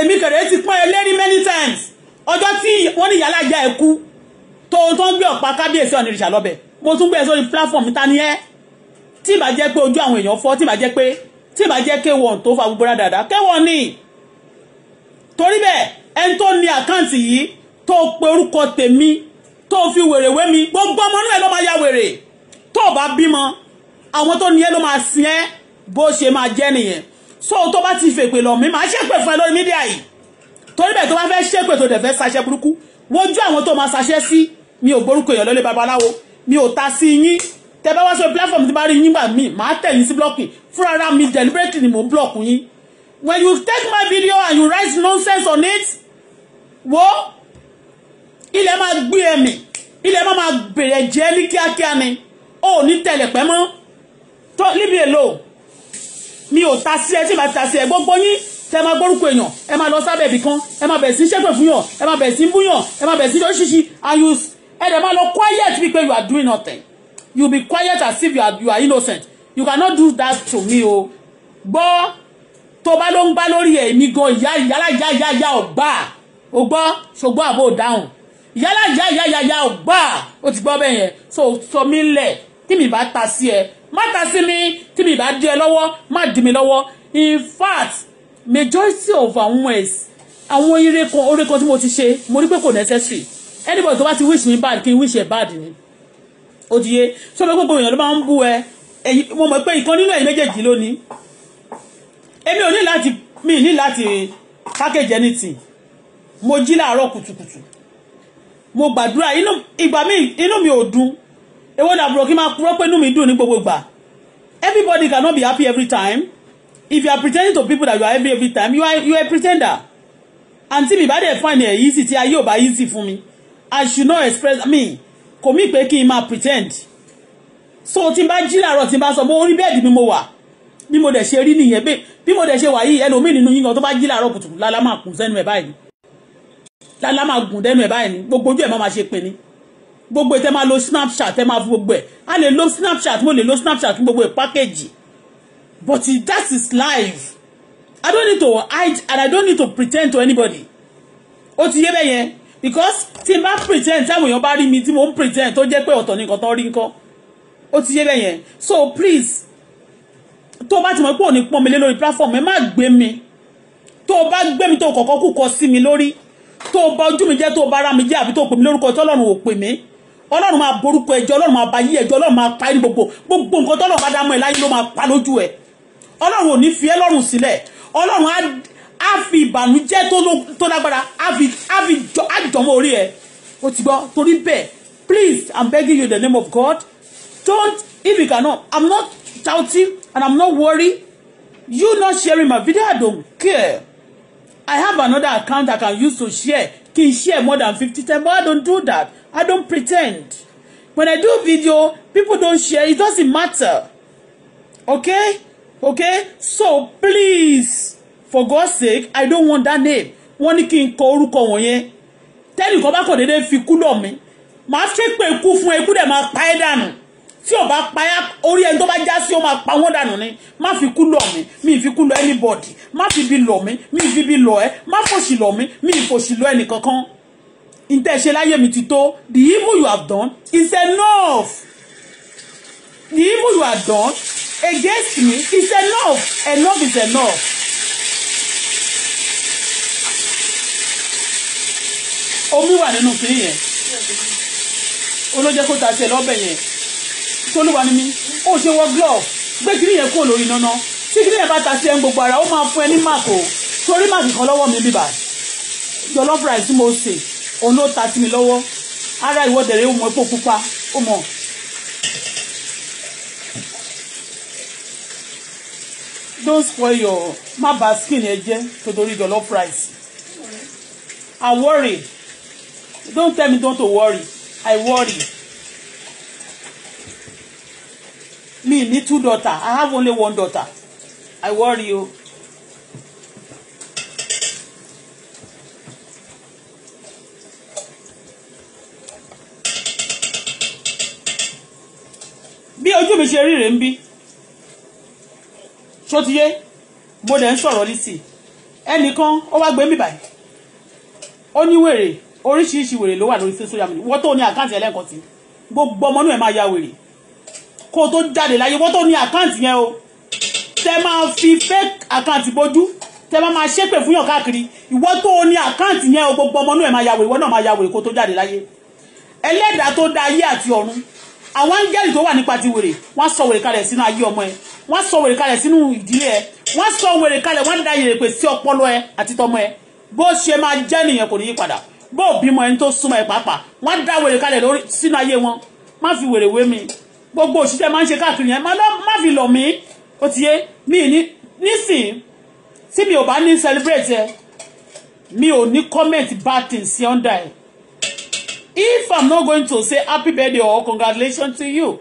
èmi kẹ̀rẹ́ ti pọ́n ẹ lérí many times ọjọ́ tí wọ́n ní ìyálà ìyá ẹ̀ kú tó o tó ń gbé ọ̀pá kábíyèsí ọ̀nà ìrìṣà lọ́bẹ̀ mo tún gbé ẹ sórí platform ta ni ẹ́ tí ìbá jẹ́ pé ojú àwọn èèyàn fọ́ tí ìbá jẹ́ pé tí ìbá jẹ́ kéwọ̀n tó fa gbogbo dáadáa kéwọ̀n ni torí bẹ́ẹ̀ ẹni tó ní àkáǹtì yìí tó pe orúkọ tèmi tó fi wèrè wé mi gbogbo ọmọ náà ló máa ya wèrè tó bá bímọ àwọn tó ní ẹ ló máa sin ẹ bó ṣe máa jẹ́ nìyẹn so tó bá ti fèpè lọ mi máa ṣépè fún ẹ lórí mídíà yìí torí bẹ́ẹ̀ tó bá fẹ́ ṣépè tó dẹ̀ fẹ́ ṣaṣẹ́ burúkú wojú àwọn tó máa ṣaṣẹ́ sí mi ò gbórúkọ èèyàn lọ́lé babaláwo mi ò ta sí yín tẹ bá wá sórí platform tí bá rí yín gbà mí màá tẹ̀ yín sí blọ́ọ̀kì fúnra mi deliberately ni mò ń yín when you take my video and you write nonsense on it wo ilẹ̀ máa gbé ẹ̀mí ilẹ̀ máa máa bèrè jẹ́ ní kíákíá ni ó ní tẹ̀lẹ̀pẹ́ mọ́ tó leave me alone mi ò ta sí ẹ tí màá ti ta sí ẹ gbogbo yín tẹ máa gbórúkọ èèyàn ẹ máa lọ sábẹ́ ibì kan ẹ máa bẹ̀rẹ̀ sí ṣépè fún yàn ẹ máa bẹ̀rẹ̀ sí búyàn ẹ máa bẹ̀rẹ̀ sí lóṣìṣì and you ẹ dẹ̀ máa lọ quiet bí pé you are doing nothing you be quiet as if you are, you are innocent you cannot do that to me o gbọ́ tó bá ló ń bá lórí èmi gan ìyá ìyálà ìyá ìyá ìyá ọ̀gbà o gbọ́ ṣògbọ́n àbò dáhùn ìyálà ìyá ìyá ìyá ọ̀gbà o ti gbọ́ bẹ́ẹ̀ yẹn so sọ mí lẹ̀ tí mi bá ta sí ẹ má ta sí mi tí mi bá dí ẹ lọ́wọ́ má dí mi lọ́wọ́ in fact majority of our ẹ̀s àwọn ire kan oore kan tí mo ti ṣe mo rí pé kò necessary anybody tó bá ti wish me bad kí n wish ẹ bad ni ó ti yé sọ pé gbogbo èèyàn ló máa ń bú ẹ mo mọ̀ pé ìkan nínú ẹ̀yin méjèèjì lónìí èmi ò ní láti mi ní láti package anything mo jí láàárọ̀ kùtùkùtù mo gbàdúrà inú ìgbà mi inú mi ò dùn èwo làbúrò kí n máa purọ́ pé inú mi dùn ní gbogbo gbà everybody cannot be happy every time if you are pretending to people that you are happy every time you are you are a pretender And àǹtí mi bá dẹ̀ find it easy tí ayé ò bá easy fún mi I should not express me kò mí pé kí n máa pretend so tí n bá jí làárọ̀ tí n bá sọ mo orí bẹ́ẹ̀dì mi mo wà bí mo dẹ̀ ṣe rí nìyẹn bí mo dẹ̀ ṣe wà yìí ẹlòmíì nínú yín gan tó bá jí làárọ̀ kùtùkù ma máa kùn sẹ́nu ẹ̀ báyìí lálá máa gùn dẹ́nu ẹ̀ báyìí gbogbo ojú ẹ̀ máa ma ṣe pè ní gbogbo ẹ̀ tẹ́ máa lo snapchat tẹ́ máa fi gbogbo ẹ̀ a lè lo snapchat mo lè lo snapchat gbogbo ẹ̀ package but that is life i don't need to hide and i don't need to pretend to anybody ó ti yé bẹ́ẹ̀ yẹn because tí n bá pretend táwọn èèyàn bá rí mi tí mo ń pretend tó jẹ́ pé ọ̀tọ̀ nìkan tán rí nǹkan ó ti yé bẹ́ẹ̀ yẹn so please tó o bá ti mọ̀ pé òní pọ́n mi lé lórí platform ẹ má gbé mi tó o bá gbé mi tó o kọ̀ọ̀kan kúkọ sí mi lórí tó o bá ojú mi jẹ́ tó o bá ara mi jẹ́ àbí tó o pè mí lórúkọ tọ́lọ́run ò pè mí ọlọ́run máa borúkọ ẹjọ́ ọlọ́run máa ba yí ẹjọ́ ọlọ́run máa pa ẹni gbogbo gbogbo nǹkan tọ́lọ́run bá dá mọ́ ẹ láyé ló máa pa lójú ẹ ọlọ́run ò ní fi ẹ́ lọ́rùn sílẹ̀ ọlọ́run á fi ìbànújẹ́ tó lágbára á fi jọmọ orí ẹ o ti gbọ́ torí bẹ́ẹ̀ please i'm begging you in the name of god don't if you cannot i'm not shouting and i'm not worried you not sharing my video i don't care i have another account i can use to share Can share more than fifty times but I don't do that I don't pretend when I do video people don't share it doesn't matter okay okay so please for God's sake I don't want that name wọ́n ní kí n kọ orúkọ wọ̀nyẹn tẹ́lifọ̀ bá kọ̀ déédéé fi kú lọ̀ mi màá ṣépè ikú fún ẹ ikú dẹ̀ máa pa ẹ́ dànù tí ò bá payá orí ẹni tó bá já sí ó máa pa wọ́n dànù ni má fi kú lọ mí mi fi kú lọ anybody má fi bi lọ mí mi fi bi lọ ẹ má fòṣì lọ mí mi fòṣì lọ ẹnì kankan ntẹ ṣe láyé mi ti tó the evil you have done is enough the evil you have done against me is enough enough is enough. omi wà nínú kiri yẹn olójẹ́ kó ta sí ẹ lọ́bẹ̀ yẹn tolúwa ni mí ó ṣe wọ glove gbé kiri yẹn kúrò lórí náná tí kiri yẹn bá ta sí ẹ gbogbo ara ó máa fún ẹ ní máàkì o torí máàkì kan lọ́wọ́ mi bíbà jollof rice tí mo sè òun ló ta sí mi lọ́wọ́ ara ìwọ́dẹ̀rẹ̀ ó mọ epo pupa ó mọ. don't spoil your má bà skin ẹ jẹ́ torí jollof rice i worry don't tell me don't to worry i worry. me ní two daughter I have only one daughter I worry o. bí ojú mi ṣe ríre ń bí ṣó ti yé mo dẹ̀ ń sọ̀rọ̀ lísì ẹnìkan ó wá gbé mi báyìí ó ní wèrè oríṣiríṣi wèrè ló wà lórí social media wọ́n tó ní àkáǹtì ẹlẹ́ǹkan tí gbogbo ọmọ náà ẹ̀ máa ya wèrè kó tó jáde láyé wọ́n tó ní àkáǹtì yẹn o tẹ máa fi fake àkáǹtì bójú tẹ máa máa ṣépè fún yàn káàkiri ìwọ tó ní àkáǹtì yẹn o gbogbo ọmọ náà ẹ̀ máa yàwó ìwọ náà máa yàwó kó tó jáde láyé ẹlẹ́dàá tó dá ayé àti ọ̀run àwọn áńgẹ́lì tó wà nípa ti wèrè wọ́n sọ wèrè kalẹ̀ sínú ayé ọmọ ẹ wọ́n sọ wèrè kalẹ̀ sínú ìdílé ẹ wọ́n sọ wèrè kalẹ̀ wọ́n da ìrèpè sí ọpọlọ ẹ àti tọmọ ẹ bó ṣe máa jẹ́ nìyẹn kò ní yí padà bó bímọ ẹni tó súnmọ́ ẹ pàápàá wọ́n da wèrè kalẹ̀ sínú ayé wọn má fi wèrè wé mi gbogbo òṣìṣẹ́ máa ń ṣe káàkiri yẹn má fi lọ̀ mí ó ti yé mi ní nísìn tí mi ò bá ní celebrate ẹ mi ò ní comment bad things sí under ẹ if i'm not going to say happy birthday or congratulations to you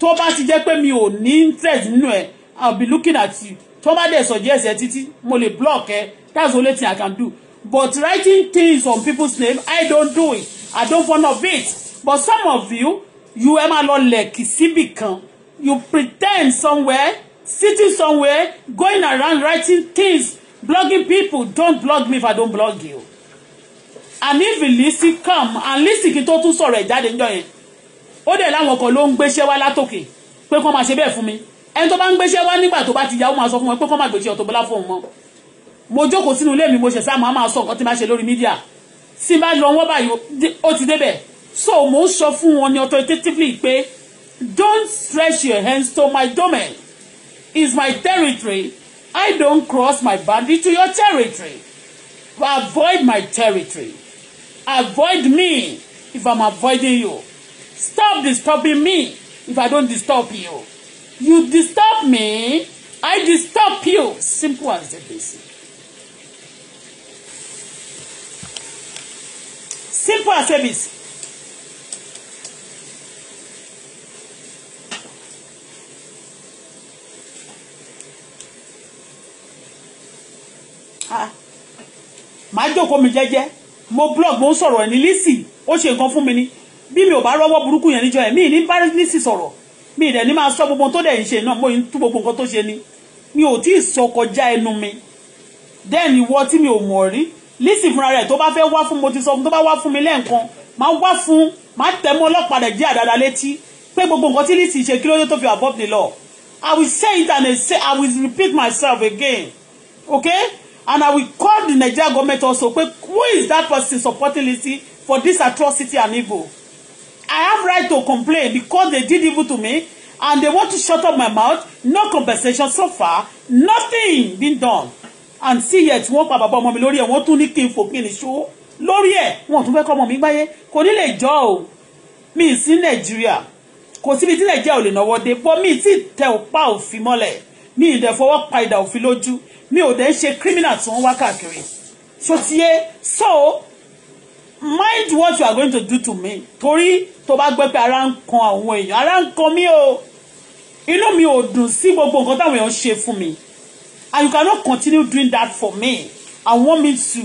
tó bá ti jẹ́ pé mi ò ní interest nínú ẹ i'll be looking at you tó bá dẹ̀ suggest ẹ títí mo lè block ẹ that's the only thing i can do but writing things on people's name i don't do it i don't fun of it but some of you you ẹ máa lọ lẹ̀kì síbì kan you pretend somewhere sitting somewhere going around writing things blogging people don't blog me if I don't blog you and if Lizzy come and Lizzy kí tó tún sọ̀rọ̀ ẹ̀ jáde níjọ́ yẹn ó dẹ̀ láwọn kan ló ń gbéṣẹ́ wá látòkè pé kó máa ṣe bẹ́ẹ̀ fún mi ẹni tó bá ń gbéṣẹ́ wá nígbà tó bá ti yá ó máa sọ fún wọn pé kó máa gbéṣẹ́ Auto Bola fóun mọ́ mo jókòó sínú ilé mi mo ṣẹ̀ sáà mo máa sọ nǹkan tí máa ṣe lórí mídíà tí bá lọ wọ́n báyìí ó ti débẹ̀ so mo ń sọ fún wọn ní authoritatively pé don't stretch your hands to my domain Is my territory I don't cross my boundary to your territory avoid my territory avoid me if I'm avoiding you stop disturbing me if I don't disturb you you disturb me I disturb you simple as the basic simple as the basic. màá jókòó mi jẹ́jẹ́ mo blog mo ń sọ̀rọ̀ ẹ̀ ní Lizzy ó ṣe nǹkan fún mi ni bí mi ò bá rọ́wọ́ burúkú yẹn níjọ ẹ̀ mí ní bá Lizzy sọ̀rọ̀ mi ì ní máa sọ gbogbo tó dẹ̀ ń ṣe náà mo ń tú gbogbo nǹkan tó ṣe ni mi ò tí ì sọ kọjá ẹnu mi then ìwọ tí mi ò mọ̀ rí Lizzy fúnra rẹ̀ tó bá fẹ́ wá fún mo ti sọ tó bá wá fún mi lẹ́ǹkan máa wá fún máa tẹ̀ mọ́ ọlọ́pàá rẹ̀ jẹ́ àdáda létí pé gbogbo nǹkan tí Lizzy ṣe kí tó fi above the law I will say it and I, say, I will repeat myself again okay and I will call the Nigerian government also pé who is that person supporting Lizzy for this atrocity and evil I have right to complain because they did evil to me and they want to shut up my mouth no compensation so far nothing been done and see yet wọ́n pa bàbá ọmọ mi lórí ẹ̀ wọ́n tún ní kí n fòpin ìṣó lórí ẹ̀ wọ́n tún fẹ́ kọ́ ọmọ mi gbáyé kò ní lè jọ o mi sí nàìjíríà kò síbi tí nàìjíríà ò lè náwó dé bọ́ mi ti tẹ ọ̀pá òfin mọ́lẹ̀ mi ì dẹ̀ fọwọ́ pa ìdà òfin lójú mi ò dẹ̀ ń ṣe criminal tí wọ́n wá káàkiri so ti yé so mind what you are going to do to me torí tó bá gbẹ́ pé ara ń kan àwọn èèyàn ara ń kan mí o inú mi ò dùn sí gbogbo nǹkan táwọn èèyàn ṣe fún mi and you cannot continue doing that for me I want me to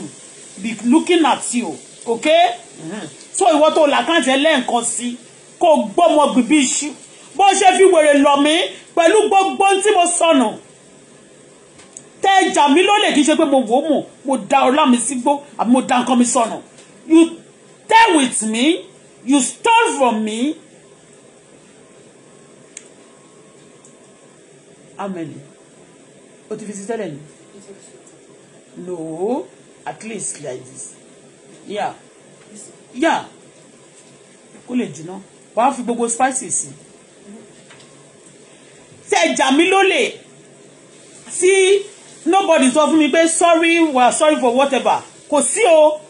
be looking at you okay mm-hmm. so ìwọ tó làkàntì ẹlẹ́ǹkan sí kó gbọ́mọ gbìbí iṣu bó ṣe fi wèrè lọ mí pẹ̀lú gbogbo tí mo sọnù tẹ́ jà mí lólè kì í ṣe pé mo wò ó mọ̀ mo da ọlá mi sígbó àbí mo da nǹkan mi sọnù you tell with me you stole from me how many o ti fi ṣiṣẹ́ lẹ́nu no at least like this yeah yeah kó lè jìnnà wàá fi gbogbo spices sí tẹ́ jà mí lólè sí. Si, nobody sọ fún mi pé sorry we are sorry for whatever kò sí o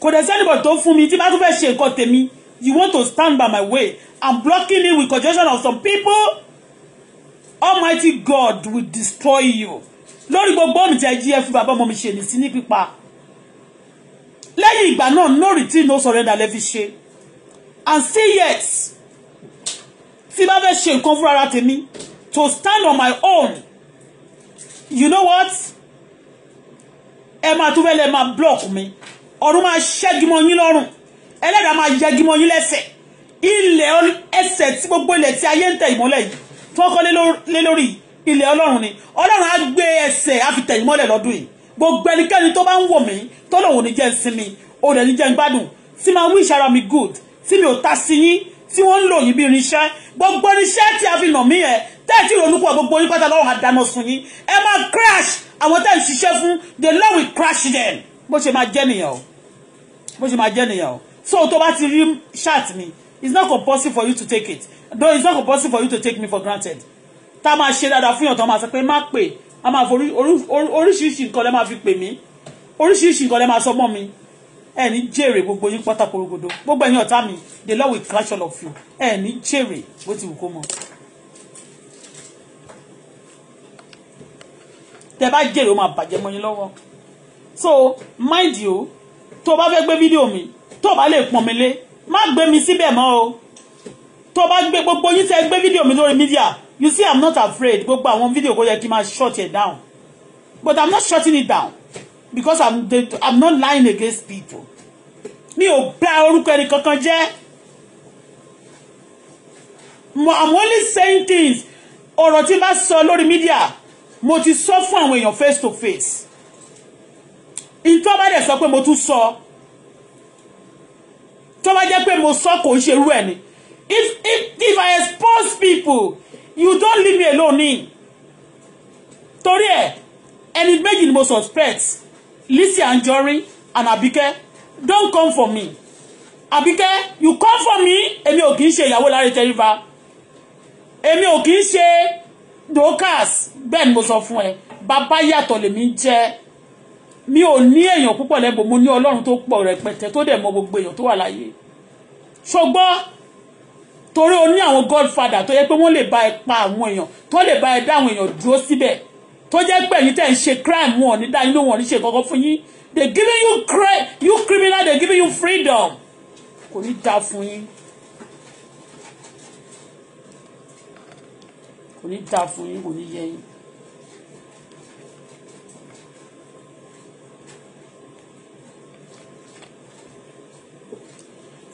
kò dẹ̀ sí anybody tó fún mi tí bá tún fẹ́ ṣe nǹkan tèmi you want to stand by my way I'm blocking it with conjunction of some people Almighty God will destroy you lórí gbogbo mi tí ẹ jí ẹ fi bàbá ọmọ mi ṣe ní sí ní pípa lẹ́yìn ìgbà náà no retreat no surrender lẹ́ fi ṣe and say yes tí bá fẹ́ ṣe nǹkan fúnra ara tèmi to stand on my own you know what ẹ máa tún fẹ́lẹ̀ máa block mi ọ̀run máa ṣẹ́gimọ̀ yín lọ́rùn ẹlẹ́dàá máa yẹgimọ̀ yín lẹ́sẹ̀ ilẹ̀ ẹsẹ̀ tí gbogbo ilẹ̀ tí ayé ń tẹ̀ ìmọ́lẹ̀ yìí tí wọ́n kọ́ lé lórí ilẹ̀ ọlọ́run ni ọlọ́run á gbé ẹsẹ̀ á fi tẹ̀ ìmọ́lẹ̀ lọ́dún yìí gbogbo ẹnikẹ́ni tó bá ń wò mí tọ́lọ̀wò ní jẹ́ ìsinmi òun ẹni jẹ́ ìgbádùn tí máa wí ìṣara mi good tí mi ò ta sí yín tí wọ́n ń lò yín bí irinṣẹ́ gbogbo irinṣẹ́ tí a fi nà mí yẹn tẹ́ẹ̀tì ronúpọ̀ gbogbo yín pátá lọ́wọ́ àdáná fún yín ẹ máa crash àwọn tẹ́ẹ̀ ń ṣiṣẹ́ fún the law will crash them bó ṣe máa jẹ́ nìyẹn o bó ṣe máa jẹ́ o so tó bá ti rí ṣáàt mi it's not compulsory for you to take it no it's not compulsory for you to take me for granted tá a máa ṣe dáadáa fún yàn tó máa sọ pé má pè a máa forí oríṣiríṣi nǹkan lẹ́ máa fi pè mí oríṣiríṣi nǹkan lẹ́ máa sọ mọ́ mi ẹ ní jèrè gbogbo yín pátákó rogodo gbogbo ẹ̀yin ọ̀tá mi the law will crash all of you ẹ ní jèrè bó ti wù kó mọ. tẹ bá jèrè ó máa bàjẹ́ mọ́ lọ́wọ́ so mind you tó o bá fẹ́ gbé fídíò mi tó o bá lè pọ́n mi lé má gbé mi síbẹ̀ mọ́ o tó o bá gbé gbogbo yín tẹ gbé fídíò mi lórí mídíà you see i'm not afraid gbogbo àwọn fídíò kó yẹ kí n máa shut it down but i'm not shutting it down because i'm the, i'm not lying against people mi ò bà orúkọ ẹni kankan jẹ́ i'm only saying things ọ̀rọ̀ tí n bá sọ lórí mídíà mo ti sọ fún àwọn èèyàn face to face ìtọ́ bá dẹ̀ sọ pé mo tún sọ tó bá jẹ́ pé mo sọ kò ń ṣerú ẹ̀ ni if if if I expose people you don't leave me alone ni torí ẹ ẹni méjì ni mo suspect Lizzy Anjorin and Abike don't come for me Abike you come for me èmi ò kì í ṣe ìyàwó Lare Teriba èmi ò kì í ṣe. Dorcas bẹ́ẹ̀ ni mo sọ fún ẹ bàbá yàtọ̀ lèmi jẹ́ mi ò ní èèyàn púpọ̀ lẹ́bù mo ní ọlọ́run tó pọ̀ rẹpẹtẹ tó dẹ̀ mọ gbogbo èèyàn tó wà láyé ṣùgbọ́n torí o ní àwọn godfather tó yẹ pé wọ́n lè bá ẹ pa àwọn èèyàn tó lè bá ẹ dá àwọn èèyàn dúró síbẹ̀ tó jẹ́ pé ẹ̀yin tẹ̀ ń ṣe crime wọn ò ní dá inú wọn ò ní ṣe kankan fún yín they giving you you criminal they giving you freedom kò ní dá fún yín kò ní dáa fún yín kò ní yẹ yín.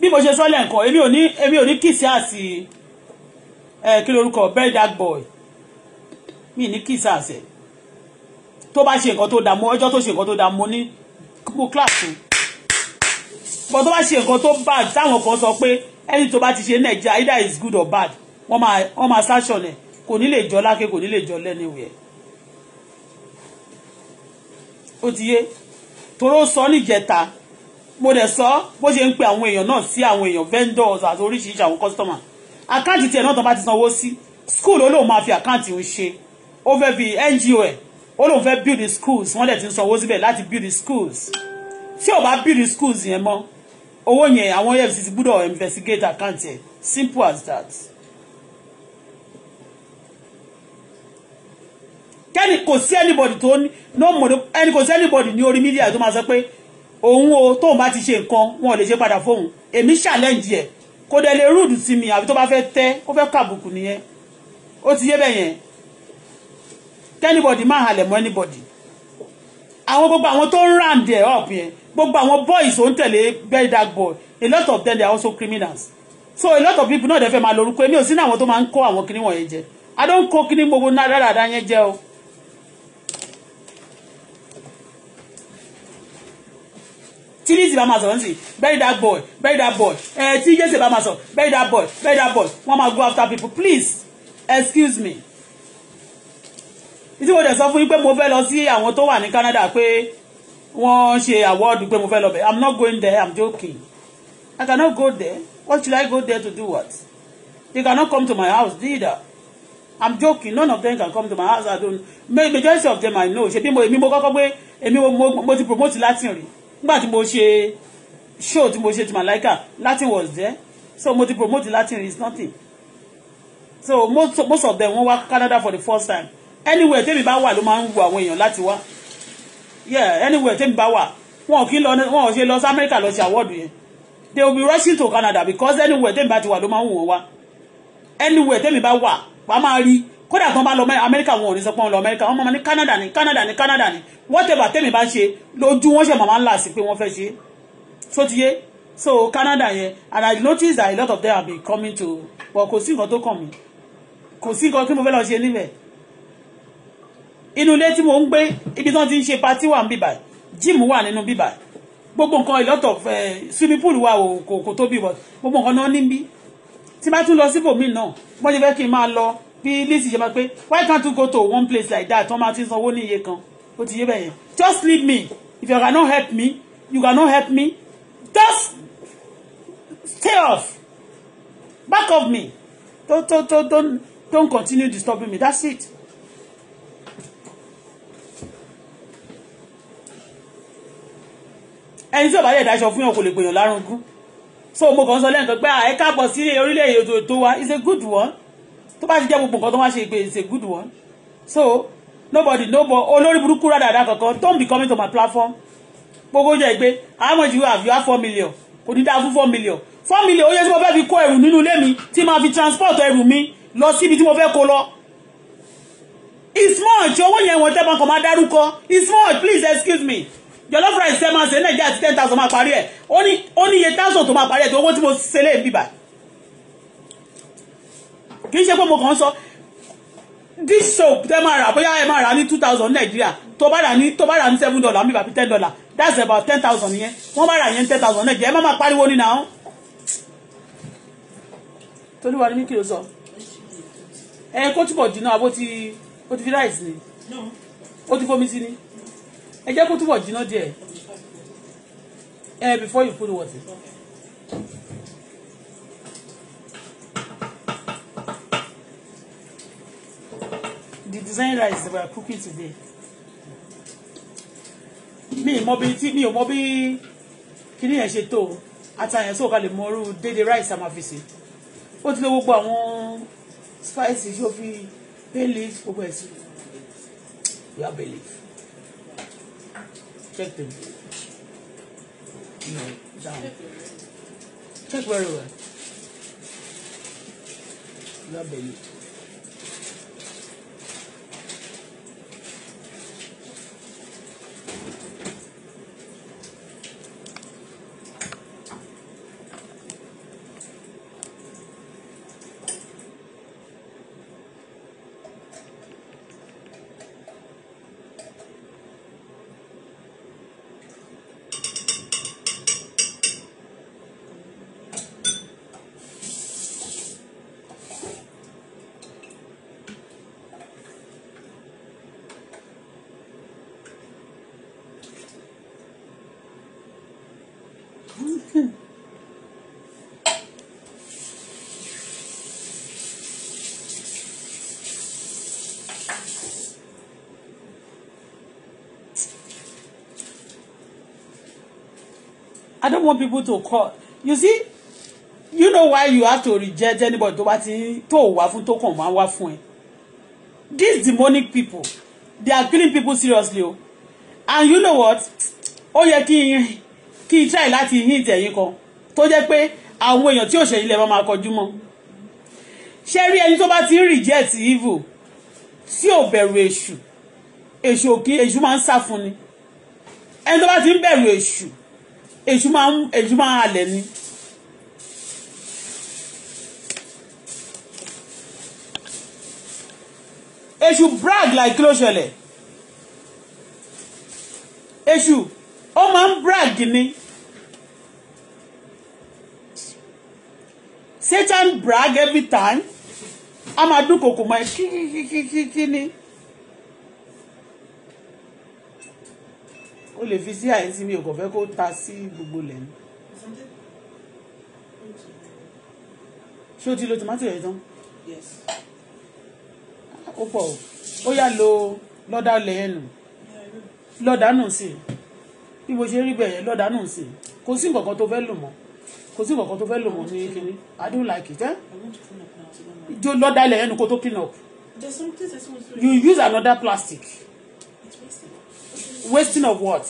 bí mo ṣe sọ lẹ́ǹkan èmi ò ní èmi ò ní kìsì àsì ẹ kí lorúkọ very dark boy mi ní kìsì àsì tó bá ṣe nǹkan tó dààmú ọjọ́ tó ṣe nǹkan tó dààmú ní mo kíláàsì bọ́ tó bá ṣe nǹkan tó bad táwọn kan sọ pé ẹni tó bá ti ṣe nàìjíríà either is good or bad wọ́n máa wọ́n máa ṣáṣọ̀ kò ní lè jọ láké kò ní lè jọ lẹ́niwẹ̀ ó ti yé toró sọ níjẹta mo dẹ̀ sọ bó ṣe ń pe àwọn èèyàn náà sí àwọn èèyàn vendors àti oríṣiríṣi àwọn customer àkáǹtì tiẹ̀ náà tó bá ti sanwó sí school ó lóun máa fi àkáǹtì ń ṣe ó fẹ́ fi NGO ẹ̀ ó lóun fẹ́ build schools wọ́n dẹ̀ ti ń sanwó síbẹ̀ láti build schools tí ò bá build schools yẹn mọ́ owó yẹn àwọn EFCC gbúdọ̀ investigate àkáǹtì ẹ̀ simple as that. kẹ́ni kò sí anybody tó ní no mọ̀dọ́ ẹni kò sí anybody ní orí mídíà tó máa sọ pé òun o tóun bá ti ṣe nǹkan wọn ò lè ṣe padà fóun èmi challenge ẹ̀ kò dẹ̀ lè rúdù sí mi àbí tó bá fẹ́ tẹ́ ó fẹ́ kàbùkù nìyẹn ó ti yé bẹ́ẹ̀ yẹn kẹ́nibọ̀dì máa halẹ̀ mọ́ anybody àwọn gbogbo àwọn tó ń round ẹ̀ up yẹn gbogbo àwọn boys ò ń tẹ̀lé very dark boy a lot of them they are also criminals so a lot of people náà dẹ̀ fẹ́ máa lórúkọ èmi ò sí ní àwọn tó máa ń kó àwọn kinní wọ̀nyẹn jẹ I don't kó kinní gbogbo náírà dáadáa yẹn jẹ o. tí Lizzy bá máa sọ̀rọ̀ ní sí bury that boy bury that boy ẹ eh, tí Jesse bá máa sọ bury that boy bury that boy wọ́n máa go after people please excuse me. ìtí mo dẹ̀ sọ fún yín pé mo fẹ́ lọ sí àwọn tó wà ní Canada pé wọ́n ṣe award pé mo fẹ́ lọ bẹ̀ I'm not going there I'm joking I cannot go there what should I go there to do what they cannot come to my house either I'm joking none of them can come to my house I don't majority of them I know ṣe bí mo èmi mo kọ́kọ́ pé èmi mo ti promote Latin rí nígbà tí mo ṣe show tí mo ṣe ti Malaika Latin was there so mo ti promote Latin is nothing so most, most of them wọ́n wá Canada for the first time anywhere tẹ́mi bá wà ló máa ń wu àwọn èèyàn láti wá yeah anywhere tẹ́mi bá wà wọn ò kí lọ wọn ò ṣe lọ sí America lọ ṣe awọ́ọ̀dù yẹn they will be rushing to Canada because anywhere tẹ́mi bá ti wà ló máa ń wù wọ́n wá anywhere tẹ́mi bá wà wàá máa rí kódà tán bá lọ amẹ́ríkà wọn ò ní sọ pé wọn lọ amẹ́ríkà wọn máa ní canada ní canada ní canada ní whatever tèmi bá ṣe lójú wọn ṣe màmá ńlá sí pé wọ́n fẹ́ ṣe so ti yé so canada yẹn and i notice that a lot of them have been coming to but kò sí nǹkan tó kàn mí kò sí nǹkan kí mo fẹ́ lọ ṣe níbẹ̀ inú ilé tí mo ń gbé ibi tí wọ́n ti ń ṣe patí wà ní bíbà jíìmù wà nínú bíbà gbogbo nǹkan a lot of eh, swimming pool wà kò tóbi but gbogbo nǹkan náà níbí tí bá tún lọ síbòmíì náà wọ́n ṣe fẹ́ kí n máa lọ bí lizzy ṣe máa pé why can't you go to one place like that wọ́n máa ti sanwó ní iye kan ó ti yé bẹ́ẹ̀ yẹn just leave me if you cannot help me you cannot help me just stay off back of me don't don't don't don't, don't continue disturbing me that's it. ẹni tí ọba yẹ ìdájọ fún yàn kò lè gbèyàn lárugún so mo kàn ń sọ lẹ́nkàn pé àyíká ah, pọ̀ sí orílẹ̀-èdè tó wa is a good one tó bá ti jẹ́ gbogbo nǹkan tó wá ṣe pé it's a good one so nobody nobody olórí burúkú rádà àdá kankan don't be coming to my platform gbogbo jẹ́ pé how much you have you have four million kò ní dáa fún four million four million ó yẹ tí mo fẹ́ fi kó ẹrù nínú ilé mi tí màá fi transport ẹrù mi lọ síbi tí mo fẹ́ kó lọ it's much owó yẹn wọ́n tẹ́gbọ́n kan máa dárúkọ it's much please excuse me jollof rice tẹ́ máa ṣe nàìjíríà ti ten thousand máa parí ẹ̀ ó ní iye thousand tó máa parí ẹ̀ tó owó tí mo ṣe lé bíbá kì í ṣe pé mo kàn sọ this soap tẹ́ máa rà bóyá ẹ máa rà ní two thousand nàìjíríà tó bá rà ní tó bá rà ní seven dollar mi bàbí ten dollar that's about ten thousand yẹn wọ́n bá rà yẹn ten thousand nàìjíríà ẹ má máa pariwo ní náà. tolúwa ni mí kí ló sọ ẹ kó túbọ̀ jìnnà àbó ti ó ti fi rice ni ó ti fomi sí ni ẹ jẹ́ kó túbọ̀ jìnnà díẹ̀ ẹ eh, before you put water. the design rice we are cooking today Me, mọ bí me mi ò mọ bí kíní yẹn ṣe tó àtàyàn sóò ká lè mọ irú déédéé rice àmàfìsì ó ti lé gbogbo àwọn spices yóò fi bay leaf gbogbo ẹ̀ sí we have bay leaf check them no down check very well we have bay leaf. I don't want people to call you see you know why you have to reject anybody tó bá ti tó wá fún tó kàn máa these demonic people they are killing people seriously o and you know what Oh, yẹ kí n kí n try láti hint ẹ̀yin kan tó jẹ́ pé àwọn èèyàn tí ò ṣẹ̀yìn lẹ́ẹ̀ máa kọjú mọ́ ṣe rí ẹni tó bá ti ń reject evil tí ò bẹ̀rù èṣù èṣù òkè èṣù máa ń sá fún ni ẹni tó bá ti ń bẹ̀rù èṣù máa ń èṣù máa ń halẹ̀ ni. èṣù brag like kí ló ṣẹlẹ̀ èṣù ó máa ń brag ni Satan brag every time a máa dún kòkò mọ́ ẹ kíkíkíkí ni. lè fi sí àyẹ̀sí mi ò kàn fẹ́ kó ta sí gbogbo lẹ́nu. ṣé o ti lo tomato yẹn tán. ó pọ̀ o ó yà lo lọ́dà lẹ́yìn nù lọ́dà nù sí bí mo ṣe rí bẹ̀rẹ̀ lọ́dà nù sí kò sí nǹkan kan tó fẹ́ lò mọ́ kò sí nǹkan kan tó fẹ́ lò mọ́ ní kiri I don't like it. Eh? jo lọ́dà lẹ́yìn nù kó tó clean up. you use another plastic wasting of what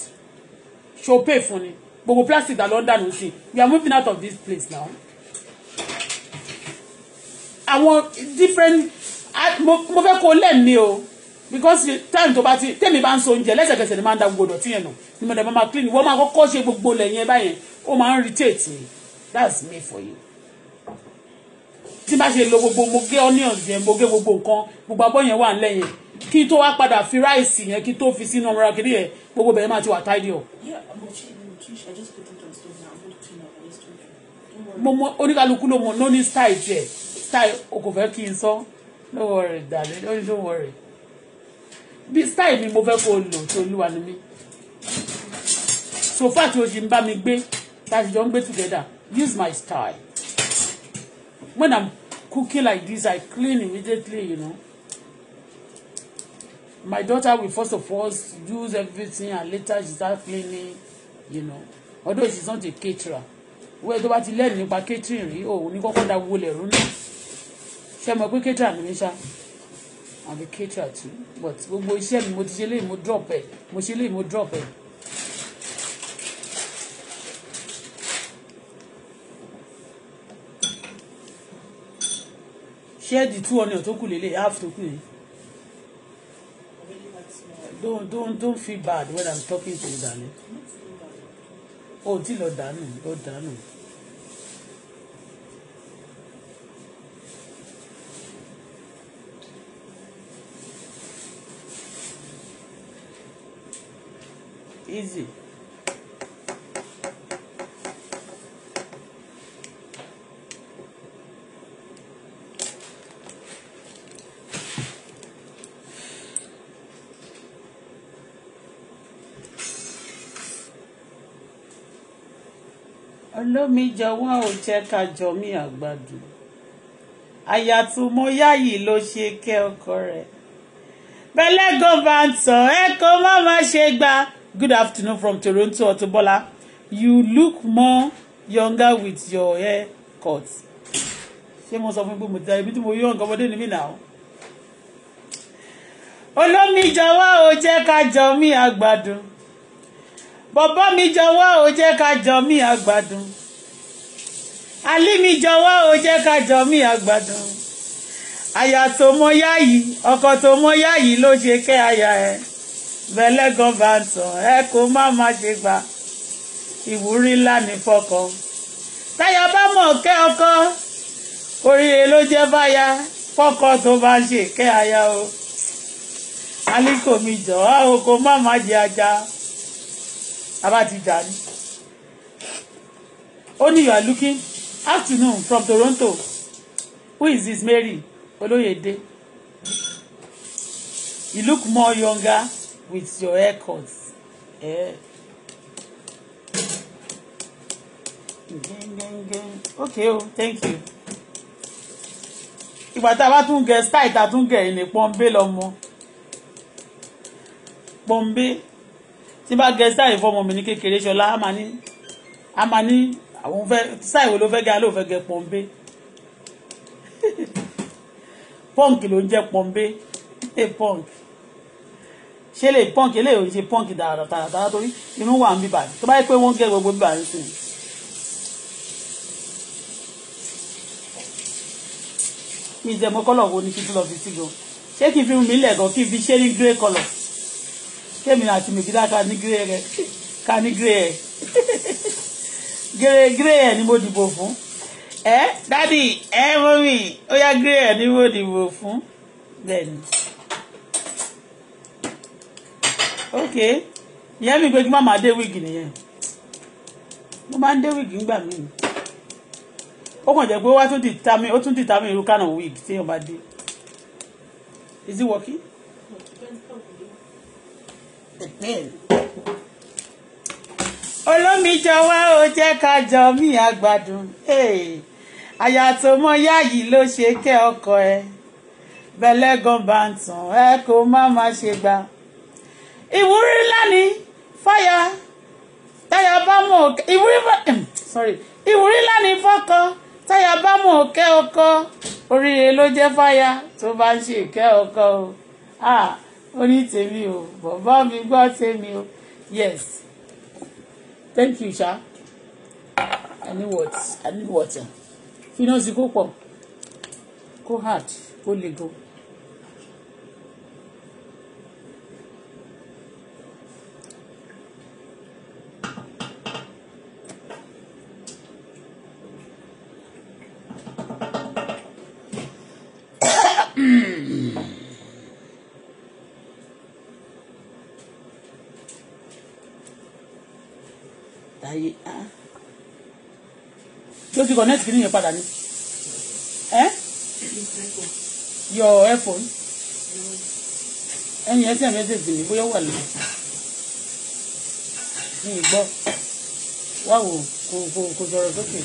ṣo pay fún ni gbogbo plastic da ló ń see. we are moving out of this place now àwọn different mo fẹ́ kó lẹ́ẹ̀ni o because time tó bá ti tẹ́mi bá ń so oúnjẹ lẹ́sẹ̀kẹsẹ̀ ni máa ń da gbogbo dọ̀tí yẹn nù ni mo dẹ̀ máa clean wọ́n máa kọ́kọ́ ṣe gbogbo lẹ̀ yẹn báyẹn ó máa ń irritate me that's me for you tí bá ṣe lo gbogbo mo gé onions yẹn mo gé gbogbo nǹkan gbogbo abọ́ yẹn wà ń lẹ́yìn kí tó wá padà fi ráìsì yẹn kí tó fi sínú ọmọ ra kiri yẹn gbogbo bẹ̀rẹ̀ máa ti wà tidy o. mo mọ oníkàlùkù ló mọ lóní style tiẹ̀ style o kò fẹ́ kí n sọ no worry darling don't, don't worry bí style mi mo fẹ́ kó o lò tó olúwa ni mí so far tí o ṣì ń bá mi gbé láti jọ ń gbé together use my style when i'm cooking like this i clean immediately you know my daughter will first of all use everything and later she start cleaning you know although she is not a caterer wẹ́ẹ́ tó bá ti lẹ́nu nípa catering rí òun ní kọ́kọ́ da gbogbo lẹ̀ rúnà ṣe mọ̀ pé caterer ni mi ṣá àbí caterer too but gbogbo iṣẹ́ mi mo ti ṣe léyìí mo drop ẹ̀ mo ṣe léyìí mo drop ẹ̀. Share the two hundred tó kù lélẹ̀ half tó kù yìí don't don't don't feel bad when i'm talking to you darling Oh, ti lọ dànù lọ dànù. easy. olómi jọ̀wọ́ ò jẹ́ ká jọ mí àgbàdo àyàtúmọ̀yá yìí ló ṣe kẹ́ ọkọ rẹ̀ bẹ́lẹ́gàn bá ń tàn ẹ́ kó má má ṣe gbà. Good afternoon from Toronto Auto you look more younger with your hair cut. ṣé mo sọ fún gbogbo ti ibi tí mo yọ nǹkan ọmọdé ni mí olómi jọ̀wọ́ ò jẹ́ ká jọ mí àgbàdo bọ̀bọ́ mi jọ̀wọ́ o jẹ́ ká jọ mí àgbàdùn alí mi jọ̀wọ́ o jẹ́ ká jọ mí àgbàdùn àyà tó mọ yá yìí ọkọ tó mọ yá yìí ló ṣe kẹ́ àyà ẹ̀ bẹ́lẹ́gàn bá ń tàn ẹ kó má má ṣe gbà ìwúrí ńlá ní fọkàn táyà bá mọ̀ kẹ́ ọkọ oríire ló jẹ́ báyà fọ́kọ tó bá ń ṣe kẹ́ àyà o alí kò mi jọ̀ọ́ o kó má má jẹ ajá abá ti jà ní. you are looking afternoon from Toronto who is this Mary Olóyèdè you look more younger with your haircut. Yeah. okay oh, thank you ìgbà tá a bá tún gẹ style tá a tún gẹ ìní pọ́ńbé lọ́mọ pọ́ńbé tí bá gẹ sáì fọmọ mi ní kékeré ṣọlá a máa ní a máa ní àwọn fẹ́ sáì wo ló fẹ́ gẹ alóò fẹ́ gẹ pọ́ńbé *laughs* pọ́ǹkì ló ń jẹ́ pọ́ńbé ẹ pọ́ǹkì ṣé lè pọ́ǹkì eléyìí ò ń ṣe pọ́ǹkì tààràtàrà torí inú wà ń bíbà tó bá yẹ pé wọ́n gẹ gbogbo bíbà ń sìn. mi jẹ́ mọ́ kọ́lọ̀ wo ni kí n tún lọ fi sí gan ṣé kí n fi mi lẹ̀ gan kí n fi ṣe ní grey colour kémi àti mègídá ká ní gírè rẹ ká ní gírè ẹ gírè gírè ẹ ni mo dìbò fún ẹ dádì ẹ mọ́mì ó yá gírè ẹ ni mo dìbò fún bẹ́ẹ̀ni ok ìyẹn mi pé kí má máa dé wíìgì nìyẹn mo máa ń dé wíìgì ńgbà míì ó kàn jẹ́ pé ó wá tún determine ó tún determine irú kánà wíìgì téèyàn bá dé is it working olómi jọ̀wọ́ ó jẹ́ ká jọ mí àgbàdùn àyà tó mọ yá yìí ló ṣe kẹ́ ọkọ ẹ bẹlẹ́gàn bá ń tàn ẹ kó má má ṣe gbà. ìwúrí ńlá ni fáyà táyà bá mọ̀ ìwúrí ehm, sorry ìwúrí ńlá ni fọ́kọ táyà bá mọ̀ òkè ọkọ oríire ló jẹ́ fáyà tó bá ń ṣe ìkẹ́ ọkọ o. Ah orí tèmi o bàbá mi gbọ́ tèmi o yes thank you ṣá i need water i need water fi náà sí kó pọ̀ kó hard kó le go. láyé ló fi connect kí nìyẹn padà ni your earphone ẹni ẹ sì ẹ mẹsẹsì mi bóyá wà lọ mi gbọ́ wá wò kò kò kò sókè.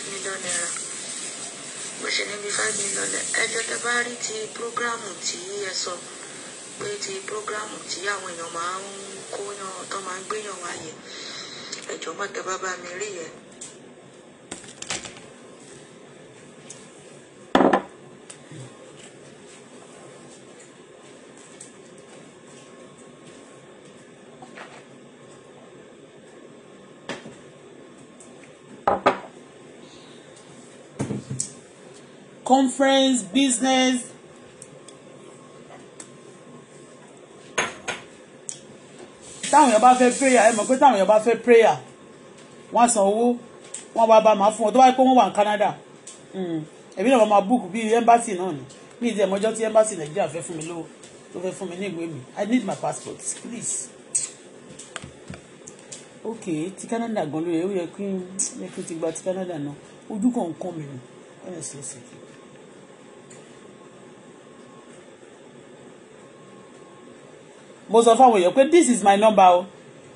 five million naira bó ṣe ní bí five million naira ẹjọ́ tẹ bá rí ti prógrámù tí ẹ sọ pé ti prógrámù tí àwọn èèyàn máa ń kóyan tó máa ń gbéyàn wáyé ẹjọ́ mọ́tẹ́ bá bá mi rí yẹn. conference business táwọn èèyàn bá fẹ́ prayer ẹ mọ̀ pé táwọn èèyàn bá fẹ́ prayer wọ́n á san owó wọ́n wá bá máa fún wọn tó bá yẹ pé wọ́n wà ní Canada hmm, èmi náà wọ́n máa book bíi embassy náà ni mi ìdí ẹ̀mọ́jọ́ tí embassy Nàìjíríà fẹ́ fún mi lówó tó fẹ́ fún mi ní ìwé mi I need my passport please ok ti Canada gan ló yẹ ó yẹ kí n ti gba ti Canada náà ojú kan ń kàn mí nù honestly speaking. mo sọ fáwọn èèyàn pé this is my number o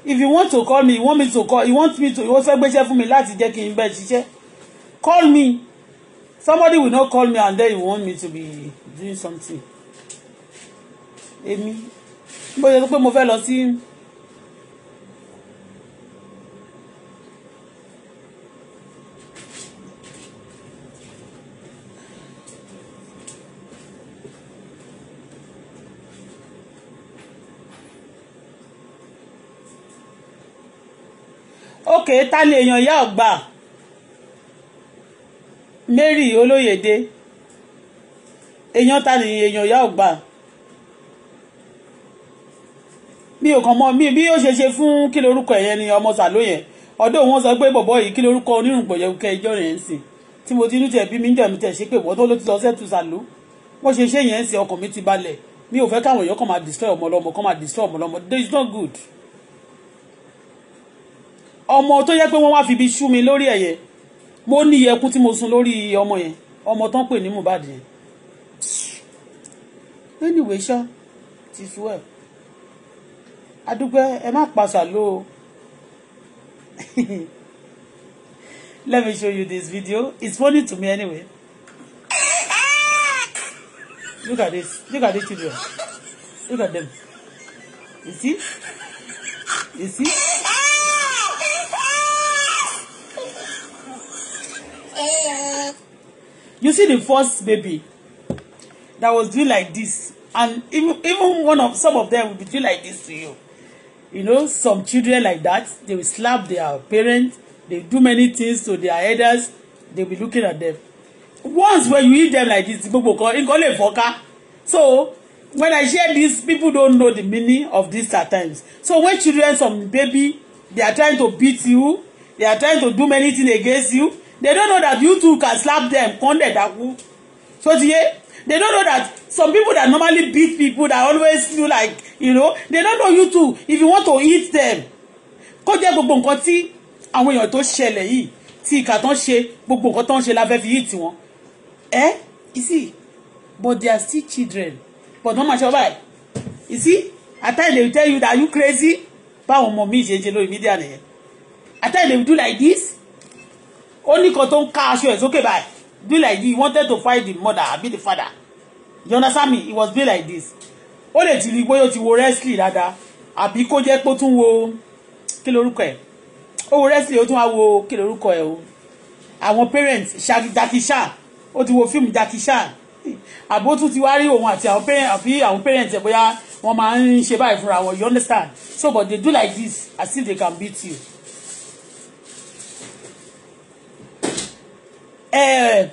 if you want to call me you want me to call you want me to You want fẹ́ gbéṣẹ́ fún mi láti jẹ́ kí n bẹ́ẹ̀ ṣiṣẹ́ call me somebody will not call me and then you want me to be doing something èmi bóyá pé mo fẹ́ lọ sí. Si, òkè ta ni èèyàn ìyá ọ̀gbà Mary Olóyèdé èèyàn ta ni èèyàn ìyá ọ̀gbà mi ò kàn mọ̀ mi bí ó ṣe ṣe fún kí lorúkọ ẹ̀yẹn ni ọmọ sàló yẹn ọ̀dọ̀ wọn sọ pé bọ̀bọ̀ yìí kí lorúkọ onírùngbọ̀yẹ kẹjọ rẹ̀ ń sìn tí mo ti inú tẹ̀ bí mi ń dẹ̀ mi tẹ̀ ṣe pé wọ́n tó ló ti lọ sẹ́tù sàló wọ́n ṣe ṣe yẹn ń sìn ọkàn mi ti balẹ̀ mi ò fẹ́ káwọn èèyàn kàn máa destroy ọmọ kàn máa destroy ọmọ this is not good ọmọ tó yẹ pé wọ́n wá fi ibi ṣú mi lórí ẹ̀yẹ mo ní ìyẹ̀kú tí mo sun lórí ọmọ yẹn ọmọ tán pè ní Mohbad yẹn anyway ṣá ti sú ẹ̀ adúgbẹ́ ẹ má pàṣà ló *laughs* let me show you this video it's funny to me anyway look at this look at this children look at them you see you see. you see the first baby that was doing like this and even even one of some of them will be doing like this to you you know some children like that they will slap their parents they do many things to their elders they be looking at them once when you hit them like this gbogbo kan nkan le fọka so when i share this people don't know the meaning of this at times so when children some baby they are trying to beat you they are trying to do many things against you they don't know that you two can slap them kàn dẹ̀ dákú so ti they don't know that some people that normally beat people that always do like you know they don't know you two. if you want to eat them kó jẹ́ gbogbo nǹkan tí àwọn èèyàn tó ṣẹlẹ̀ yìí tí ìkà tán ṣe gbogbo nǹkan tán ṣe la fẹ́ fi yìí tiwọn Eh? you see but they are still children but don't matter why. you see at times they will tell you that you crazy báwọn ọmọ mi ṣe ń ṣe lórí mídíà at times they will do like this Only ní kan tó ń ká aṣọ ẹ̀ sókè báyìí be like this he wanted to fight the mother àbí the father you understand me it was be like this ó lè ti rí bóyá ó ti wo wrestling dáadáa àbí kó jẹ́ pé ó tún wo kí lorúkọ ẹ̀ ó wo wrestling ó tún wá wo kí lorúkọ ẹ̀ o àwọn parents ṣáàkì Jackie Chan ó ti wo film Jackie Chan àbí ó tún ti wá rí òun àti àwọn parents àbí àwọn parents ẹ̀ bóyá wọ́n máa ń ṣe báyìí fúnra wọn you understand so but they do like this as if they can beat you Eh,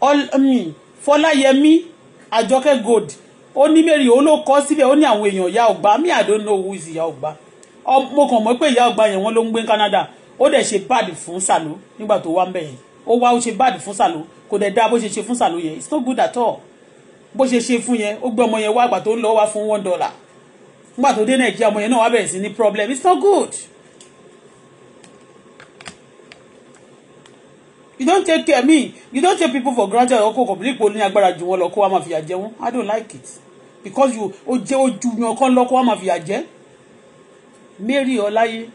um, fọláyẹmí àjọkẹ́ gold ó ní mary ó ló kọ́ síbẹ̀ ó ní àwọn èèyàn ìyá ọgbà mi i don't know who is ìyá ọgbà mo kàn mọ̀ pé ìyá ọgbà yẹn wọ́n ló ń gbé Canada ó dẹ̀ ṣe bad fún Sàló nígbà tó wá ń bẹ̀ yẹn ó wá ó ṣe bad fún Sàló kò dẹ̀ dáa bó ṣe ṣe fún Sàló yẹn it's not good at all bó ṣe ṣe fún yẹn ó gbé ọmọ yẹn wá àgbà tó ń lọ wá fún one dollar nígbà tó dé Nàìjíríà ọmọ yẹn náà wá bẹ̀rẹ̀ sí ní problem it's not good. you don't take care me you don't take people for granted ọkọ kọ̀bìlì ipò ní agbára jù wọn lọ kó wa máa fìyà jẹ wọn i don't like it because you o jẹ ojú yan kan lọ kó wa máa fìyà jẹ Mary Ọláyé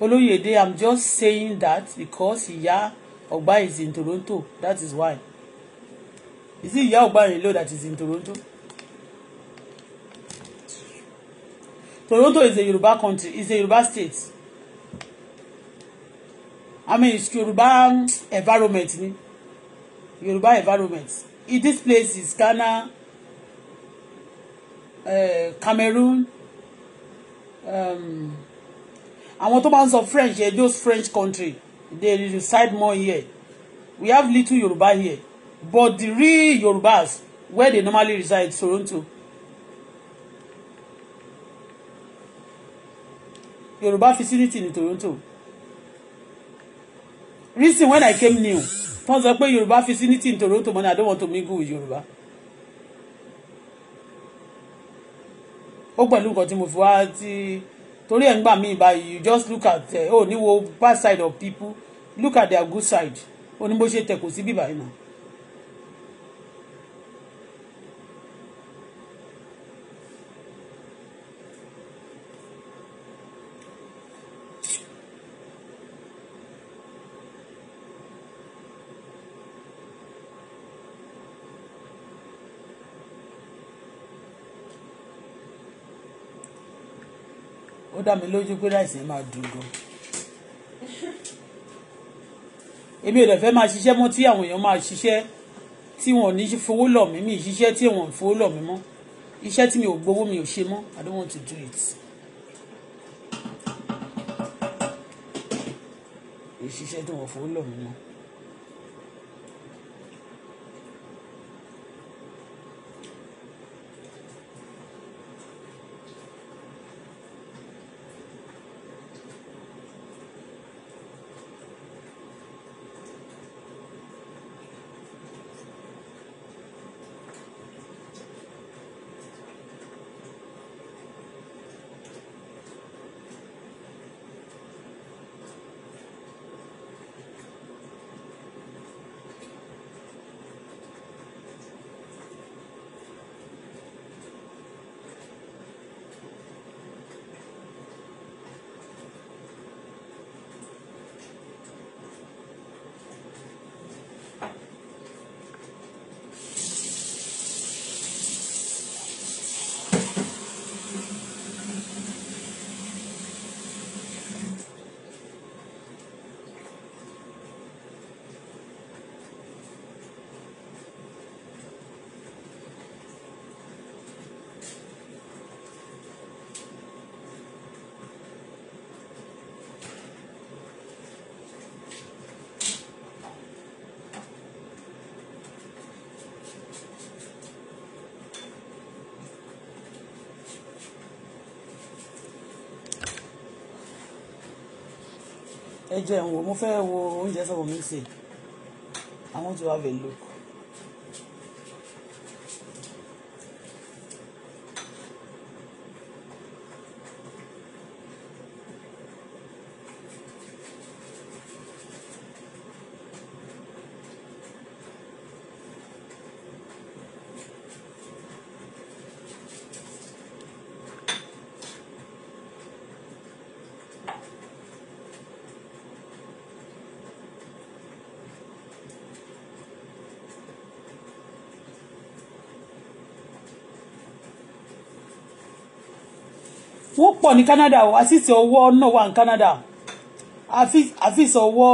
Olóyèdè i'm just saying that because ìyá ọgbà is in Toronto that is why is it ìyá ọgbà yẹn lo that is in Toronto Toronto is a Yoruba country is a Yoruba state I mean it's Yoruba environment ni Yoruba environment in this place is Ghana uh, Cameroon um, àwọn tó bá ń sọ French yẹn those French country they reside more here we have little Yoruba here but the real Yorubas where they normally reside Toronto Yoruba facility in Toronto reason when I came new wọ́n sọ pé Yorùbá facility in Toronto money I don't want to mingle with Yorùbá. ó pẹ̀lú nǹkan tí mo fi wá tí torí ẹ̀ ń gbà mí báyìí you just look at ẹ̀ eh, ò ní wo bad side of people look at their good side ó ní bó ṣe tẹ̀ kò sí bíbá náà. dá mi lójú pé ráìsì máa dùn gan èmi ò dẹ̀ máa ṣiṣẹ́ mọ́ tí àwọn èèyàn máa ṣiṣẹ́ tí wọn ní fowó lọ̀ mí mi ṣiṣẹ́ tí wọn fowó lọ̀ mí mọ́ iṣẹ́ tí mi ò gbowó mi ò ṣe mọ́ I don't want to do it. ìṣiṣẹ́ tí wọn fowó lọ̀ mí mọ́. ẹ jẹ́ n wò mo fẹ́ wo oúnjẹ sọ̀rọ̀ mi sè I want to have a look. pọ̀ ní Canada o àfíìsì ọwọ́ náà wà ní Canada àfíìsì ọwọ́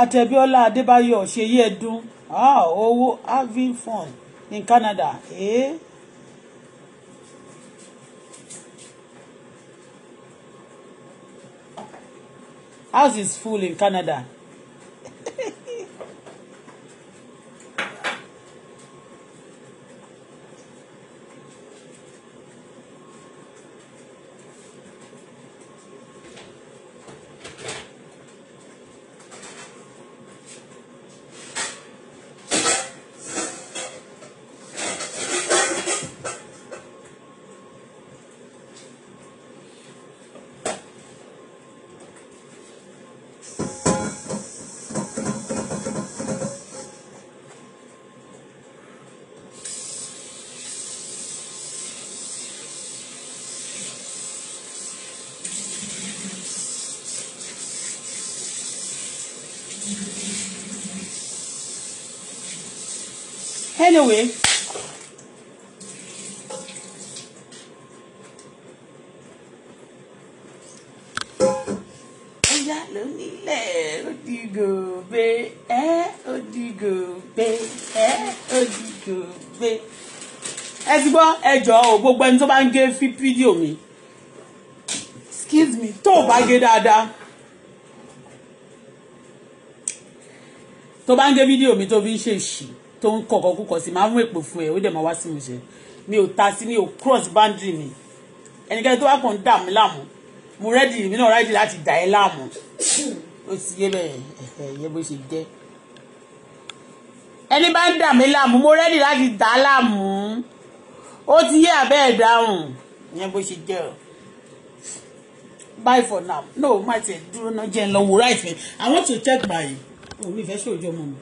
Àtẹ̀bíọ́lá Adébáyọ̀ Ṣèyí Ẹ̀dùn ah, owó having fun in Canada. Eh? House is full in Canada. anyway. Ọya lónílẹ̀ odigogbe ẹ́ odigogbe ẹ́ odigogbe. Ẹ ti gbọ́ ẹjọ́ o gbogbo ẹni tó bá ń gé fídíò mi. Excuse me tó o bá gé dáadáa. tó bá ń gé fídíò mi tó fi ń ṣèṣì tó ń kọ̀kọ́ kúkọ sí máa mú èpò fún ẹ ó dẹ̀ máa wá sí mi ṣe mi ò ta sí mi ò cross boundary mi ẹnikẹ́ni tó wá kàn ń dà mí láàmú mo rẹ́dì mi náà rẹ́dì láti dà ẹ́ láàmú ó sì yé bẹ́ẹ̀ ẹ̀yẹ bó ṣe jẹ́ ẹni bá ń dà mí láàmú mo rẹ́dì láti dà á láàmú ó ti yé abẹ́ ẹ̀ dáhùn ìyẹn bó ṣe jẹ́ bye for now no má tiẹ̀ dúró náà jẹ́ ń lọ wo right mi i want to check my orí oh, ìfẹ́ ṣòjọ́ mọ́ mi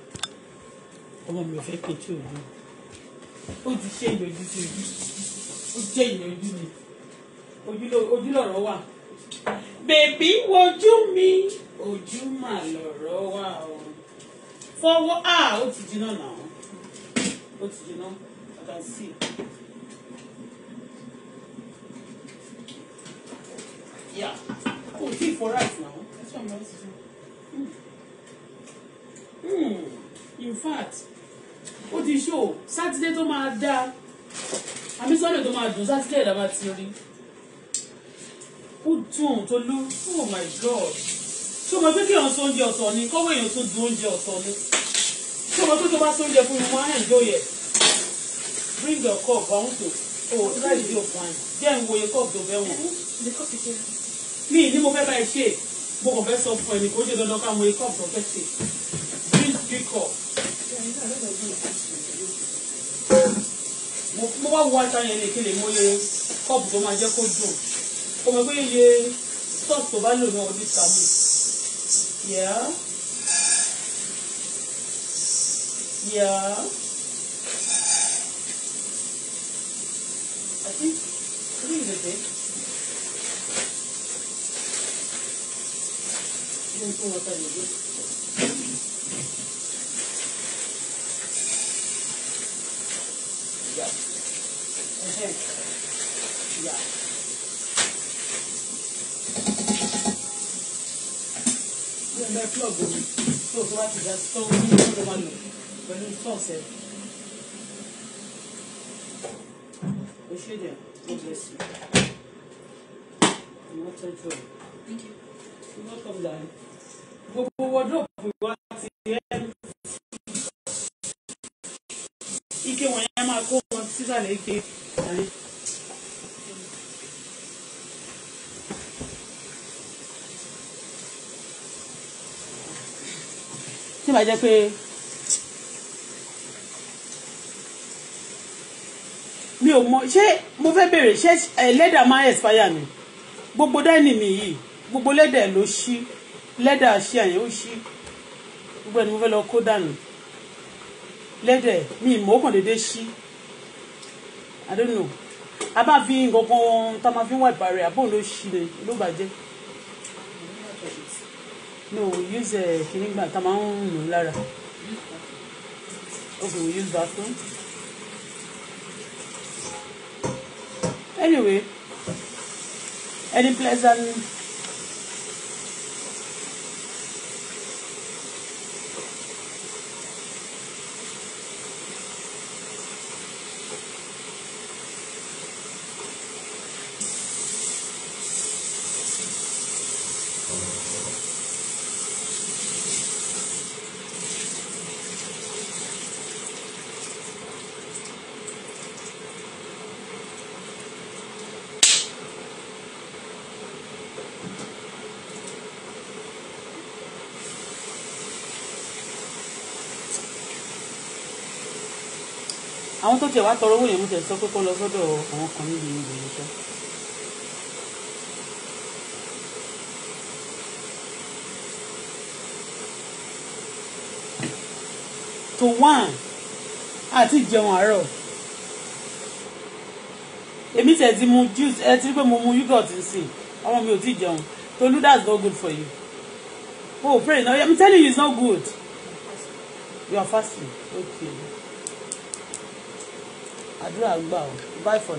ọmọ mi ò fẹ́ pé tí òdu ó ti ṣe ìyọjú sí ojú ó jẹ́ ìyọjú mi ojú lọ̀rọ̀ wà bèbí wojú mi ojú mà lọ̀rọ̀ wà o fọwọ́ à ó ti jiná náà ó ti jiná I can see. Yeah. Oh, for rice now. That's what I'm about to do. Mm. Mm. In fact, ó ti ṣó sátidé tó máa dáa àmì sọ́dọ̀ tó máa dùn sátidé ẹ̀dá máa ti rí ó tó lú oh my god ṣé o mọ̀ pé kí èèyàn sóúnjẹ ọ̀sán ni kọ́wọ́ èèyàn tó dùn oúnjẹ ọ̀sán ni ṣé o mọ̀ pé tó bá sóúnjẹ fún mi wọ́n á hàn lóye bring your cup I want to oh try to do fine jẹ́ n wo ye cup tó fẹ́ wọ̀n mi ni mo fẹ́ bá ẹ ṣe mo kàn fẹ́ sọ fún ẹ ní kó ṣe dandan ká mo ye cup tó fẹ́ ṣe. mo wá wo ata yẹn ní kí lè mọ iye kọ́ọ̀bù tó máa jẹ́ kó dùn kò mọ̀ pé iye sọ́ọ̀tù tó bá lò náà ọdún ìsàmù yẹ́á yẹ́á àti rí ìrẹ̀lẹ̀. Yeah. Yeah. Yóò mẹ́ plug omi tó o tó bá ti dá sí tọ́wọ́ ní ọdún máa lò pẹ̀lú sọ́ọ̀sì ẹ̀. O ṣe dẹ̀, God bless you. Ìwọ́n tẹ́jú ẹ̀. Ìwọ́n tọ́jú dàní. Gbogbo wọ́dọ̀pù ìwà ti ẹ́ ike wọ̀nyẹn máa kó wọn sísàlẹ̀ ike tí màá jẹ́ pé mi ò mọ ṣé mo fẹ́ bèrè ṣé eh, lẹ́dà máa ń expire mi gbogbo dání mi yìí gbogbo lẹ́dà ló ṣí lẹ́dà ṣí àyẹ̀ ó ṣí gbogbo ẹni mo fẹ́ lọ kó dànù lẹ́dà mi ìmọ̀ ó kàn déédéé ṣí. I don't know a máa fi nǹkan tá a máa fi wọ́n ìparí àbò ló ṣí ni ló bàjẹ́ no we use eh, kìíní gbà tá a máa ń nù lára okay we use bathroom anyway any pleasant. tiẹ̀ wá tọrọ owó yẹn mo tiẹ̀ sọ pé kó lọ sọ́dọ̀ àwọn kan níbi ìgbè yẹn to one àti ìjẹun àárọ̀ èmi tiẹ̀ ti mu juice ẹ ti rí pé mo mu yogurt nsìn ọmọ mi ò tí jẹun Tolu that's not good for you oh pray now I'm telling you it's not good you are fasting okay àdúrà gbà ó bye for now.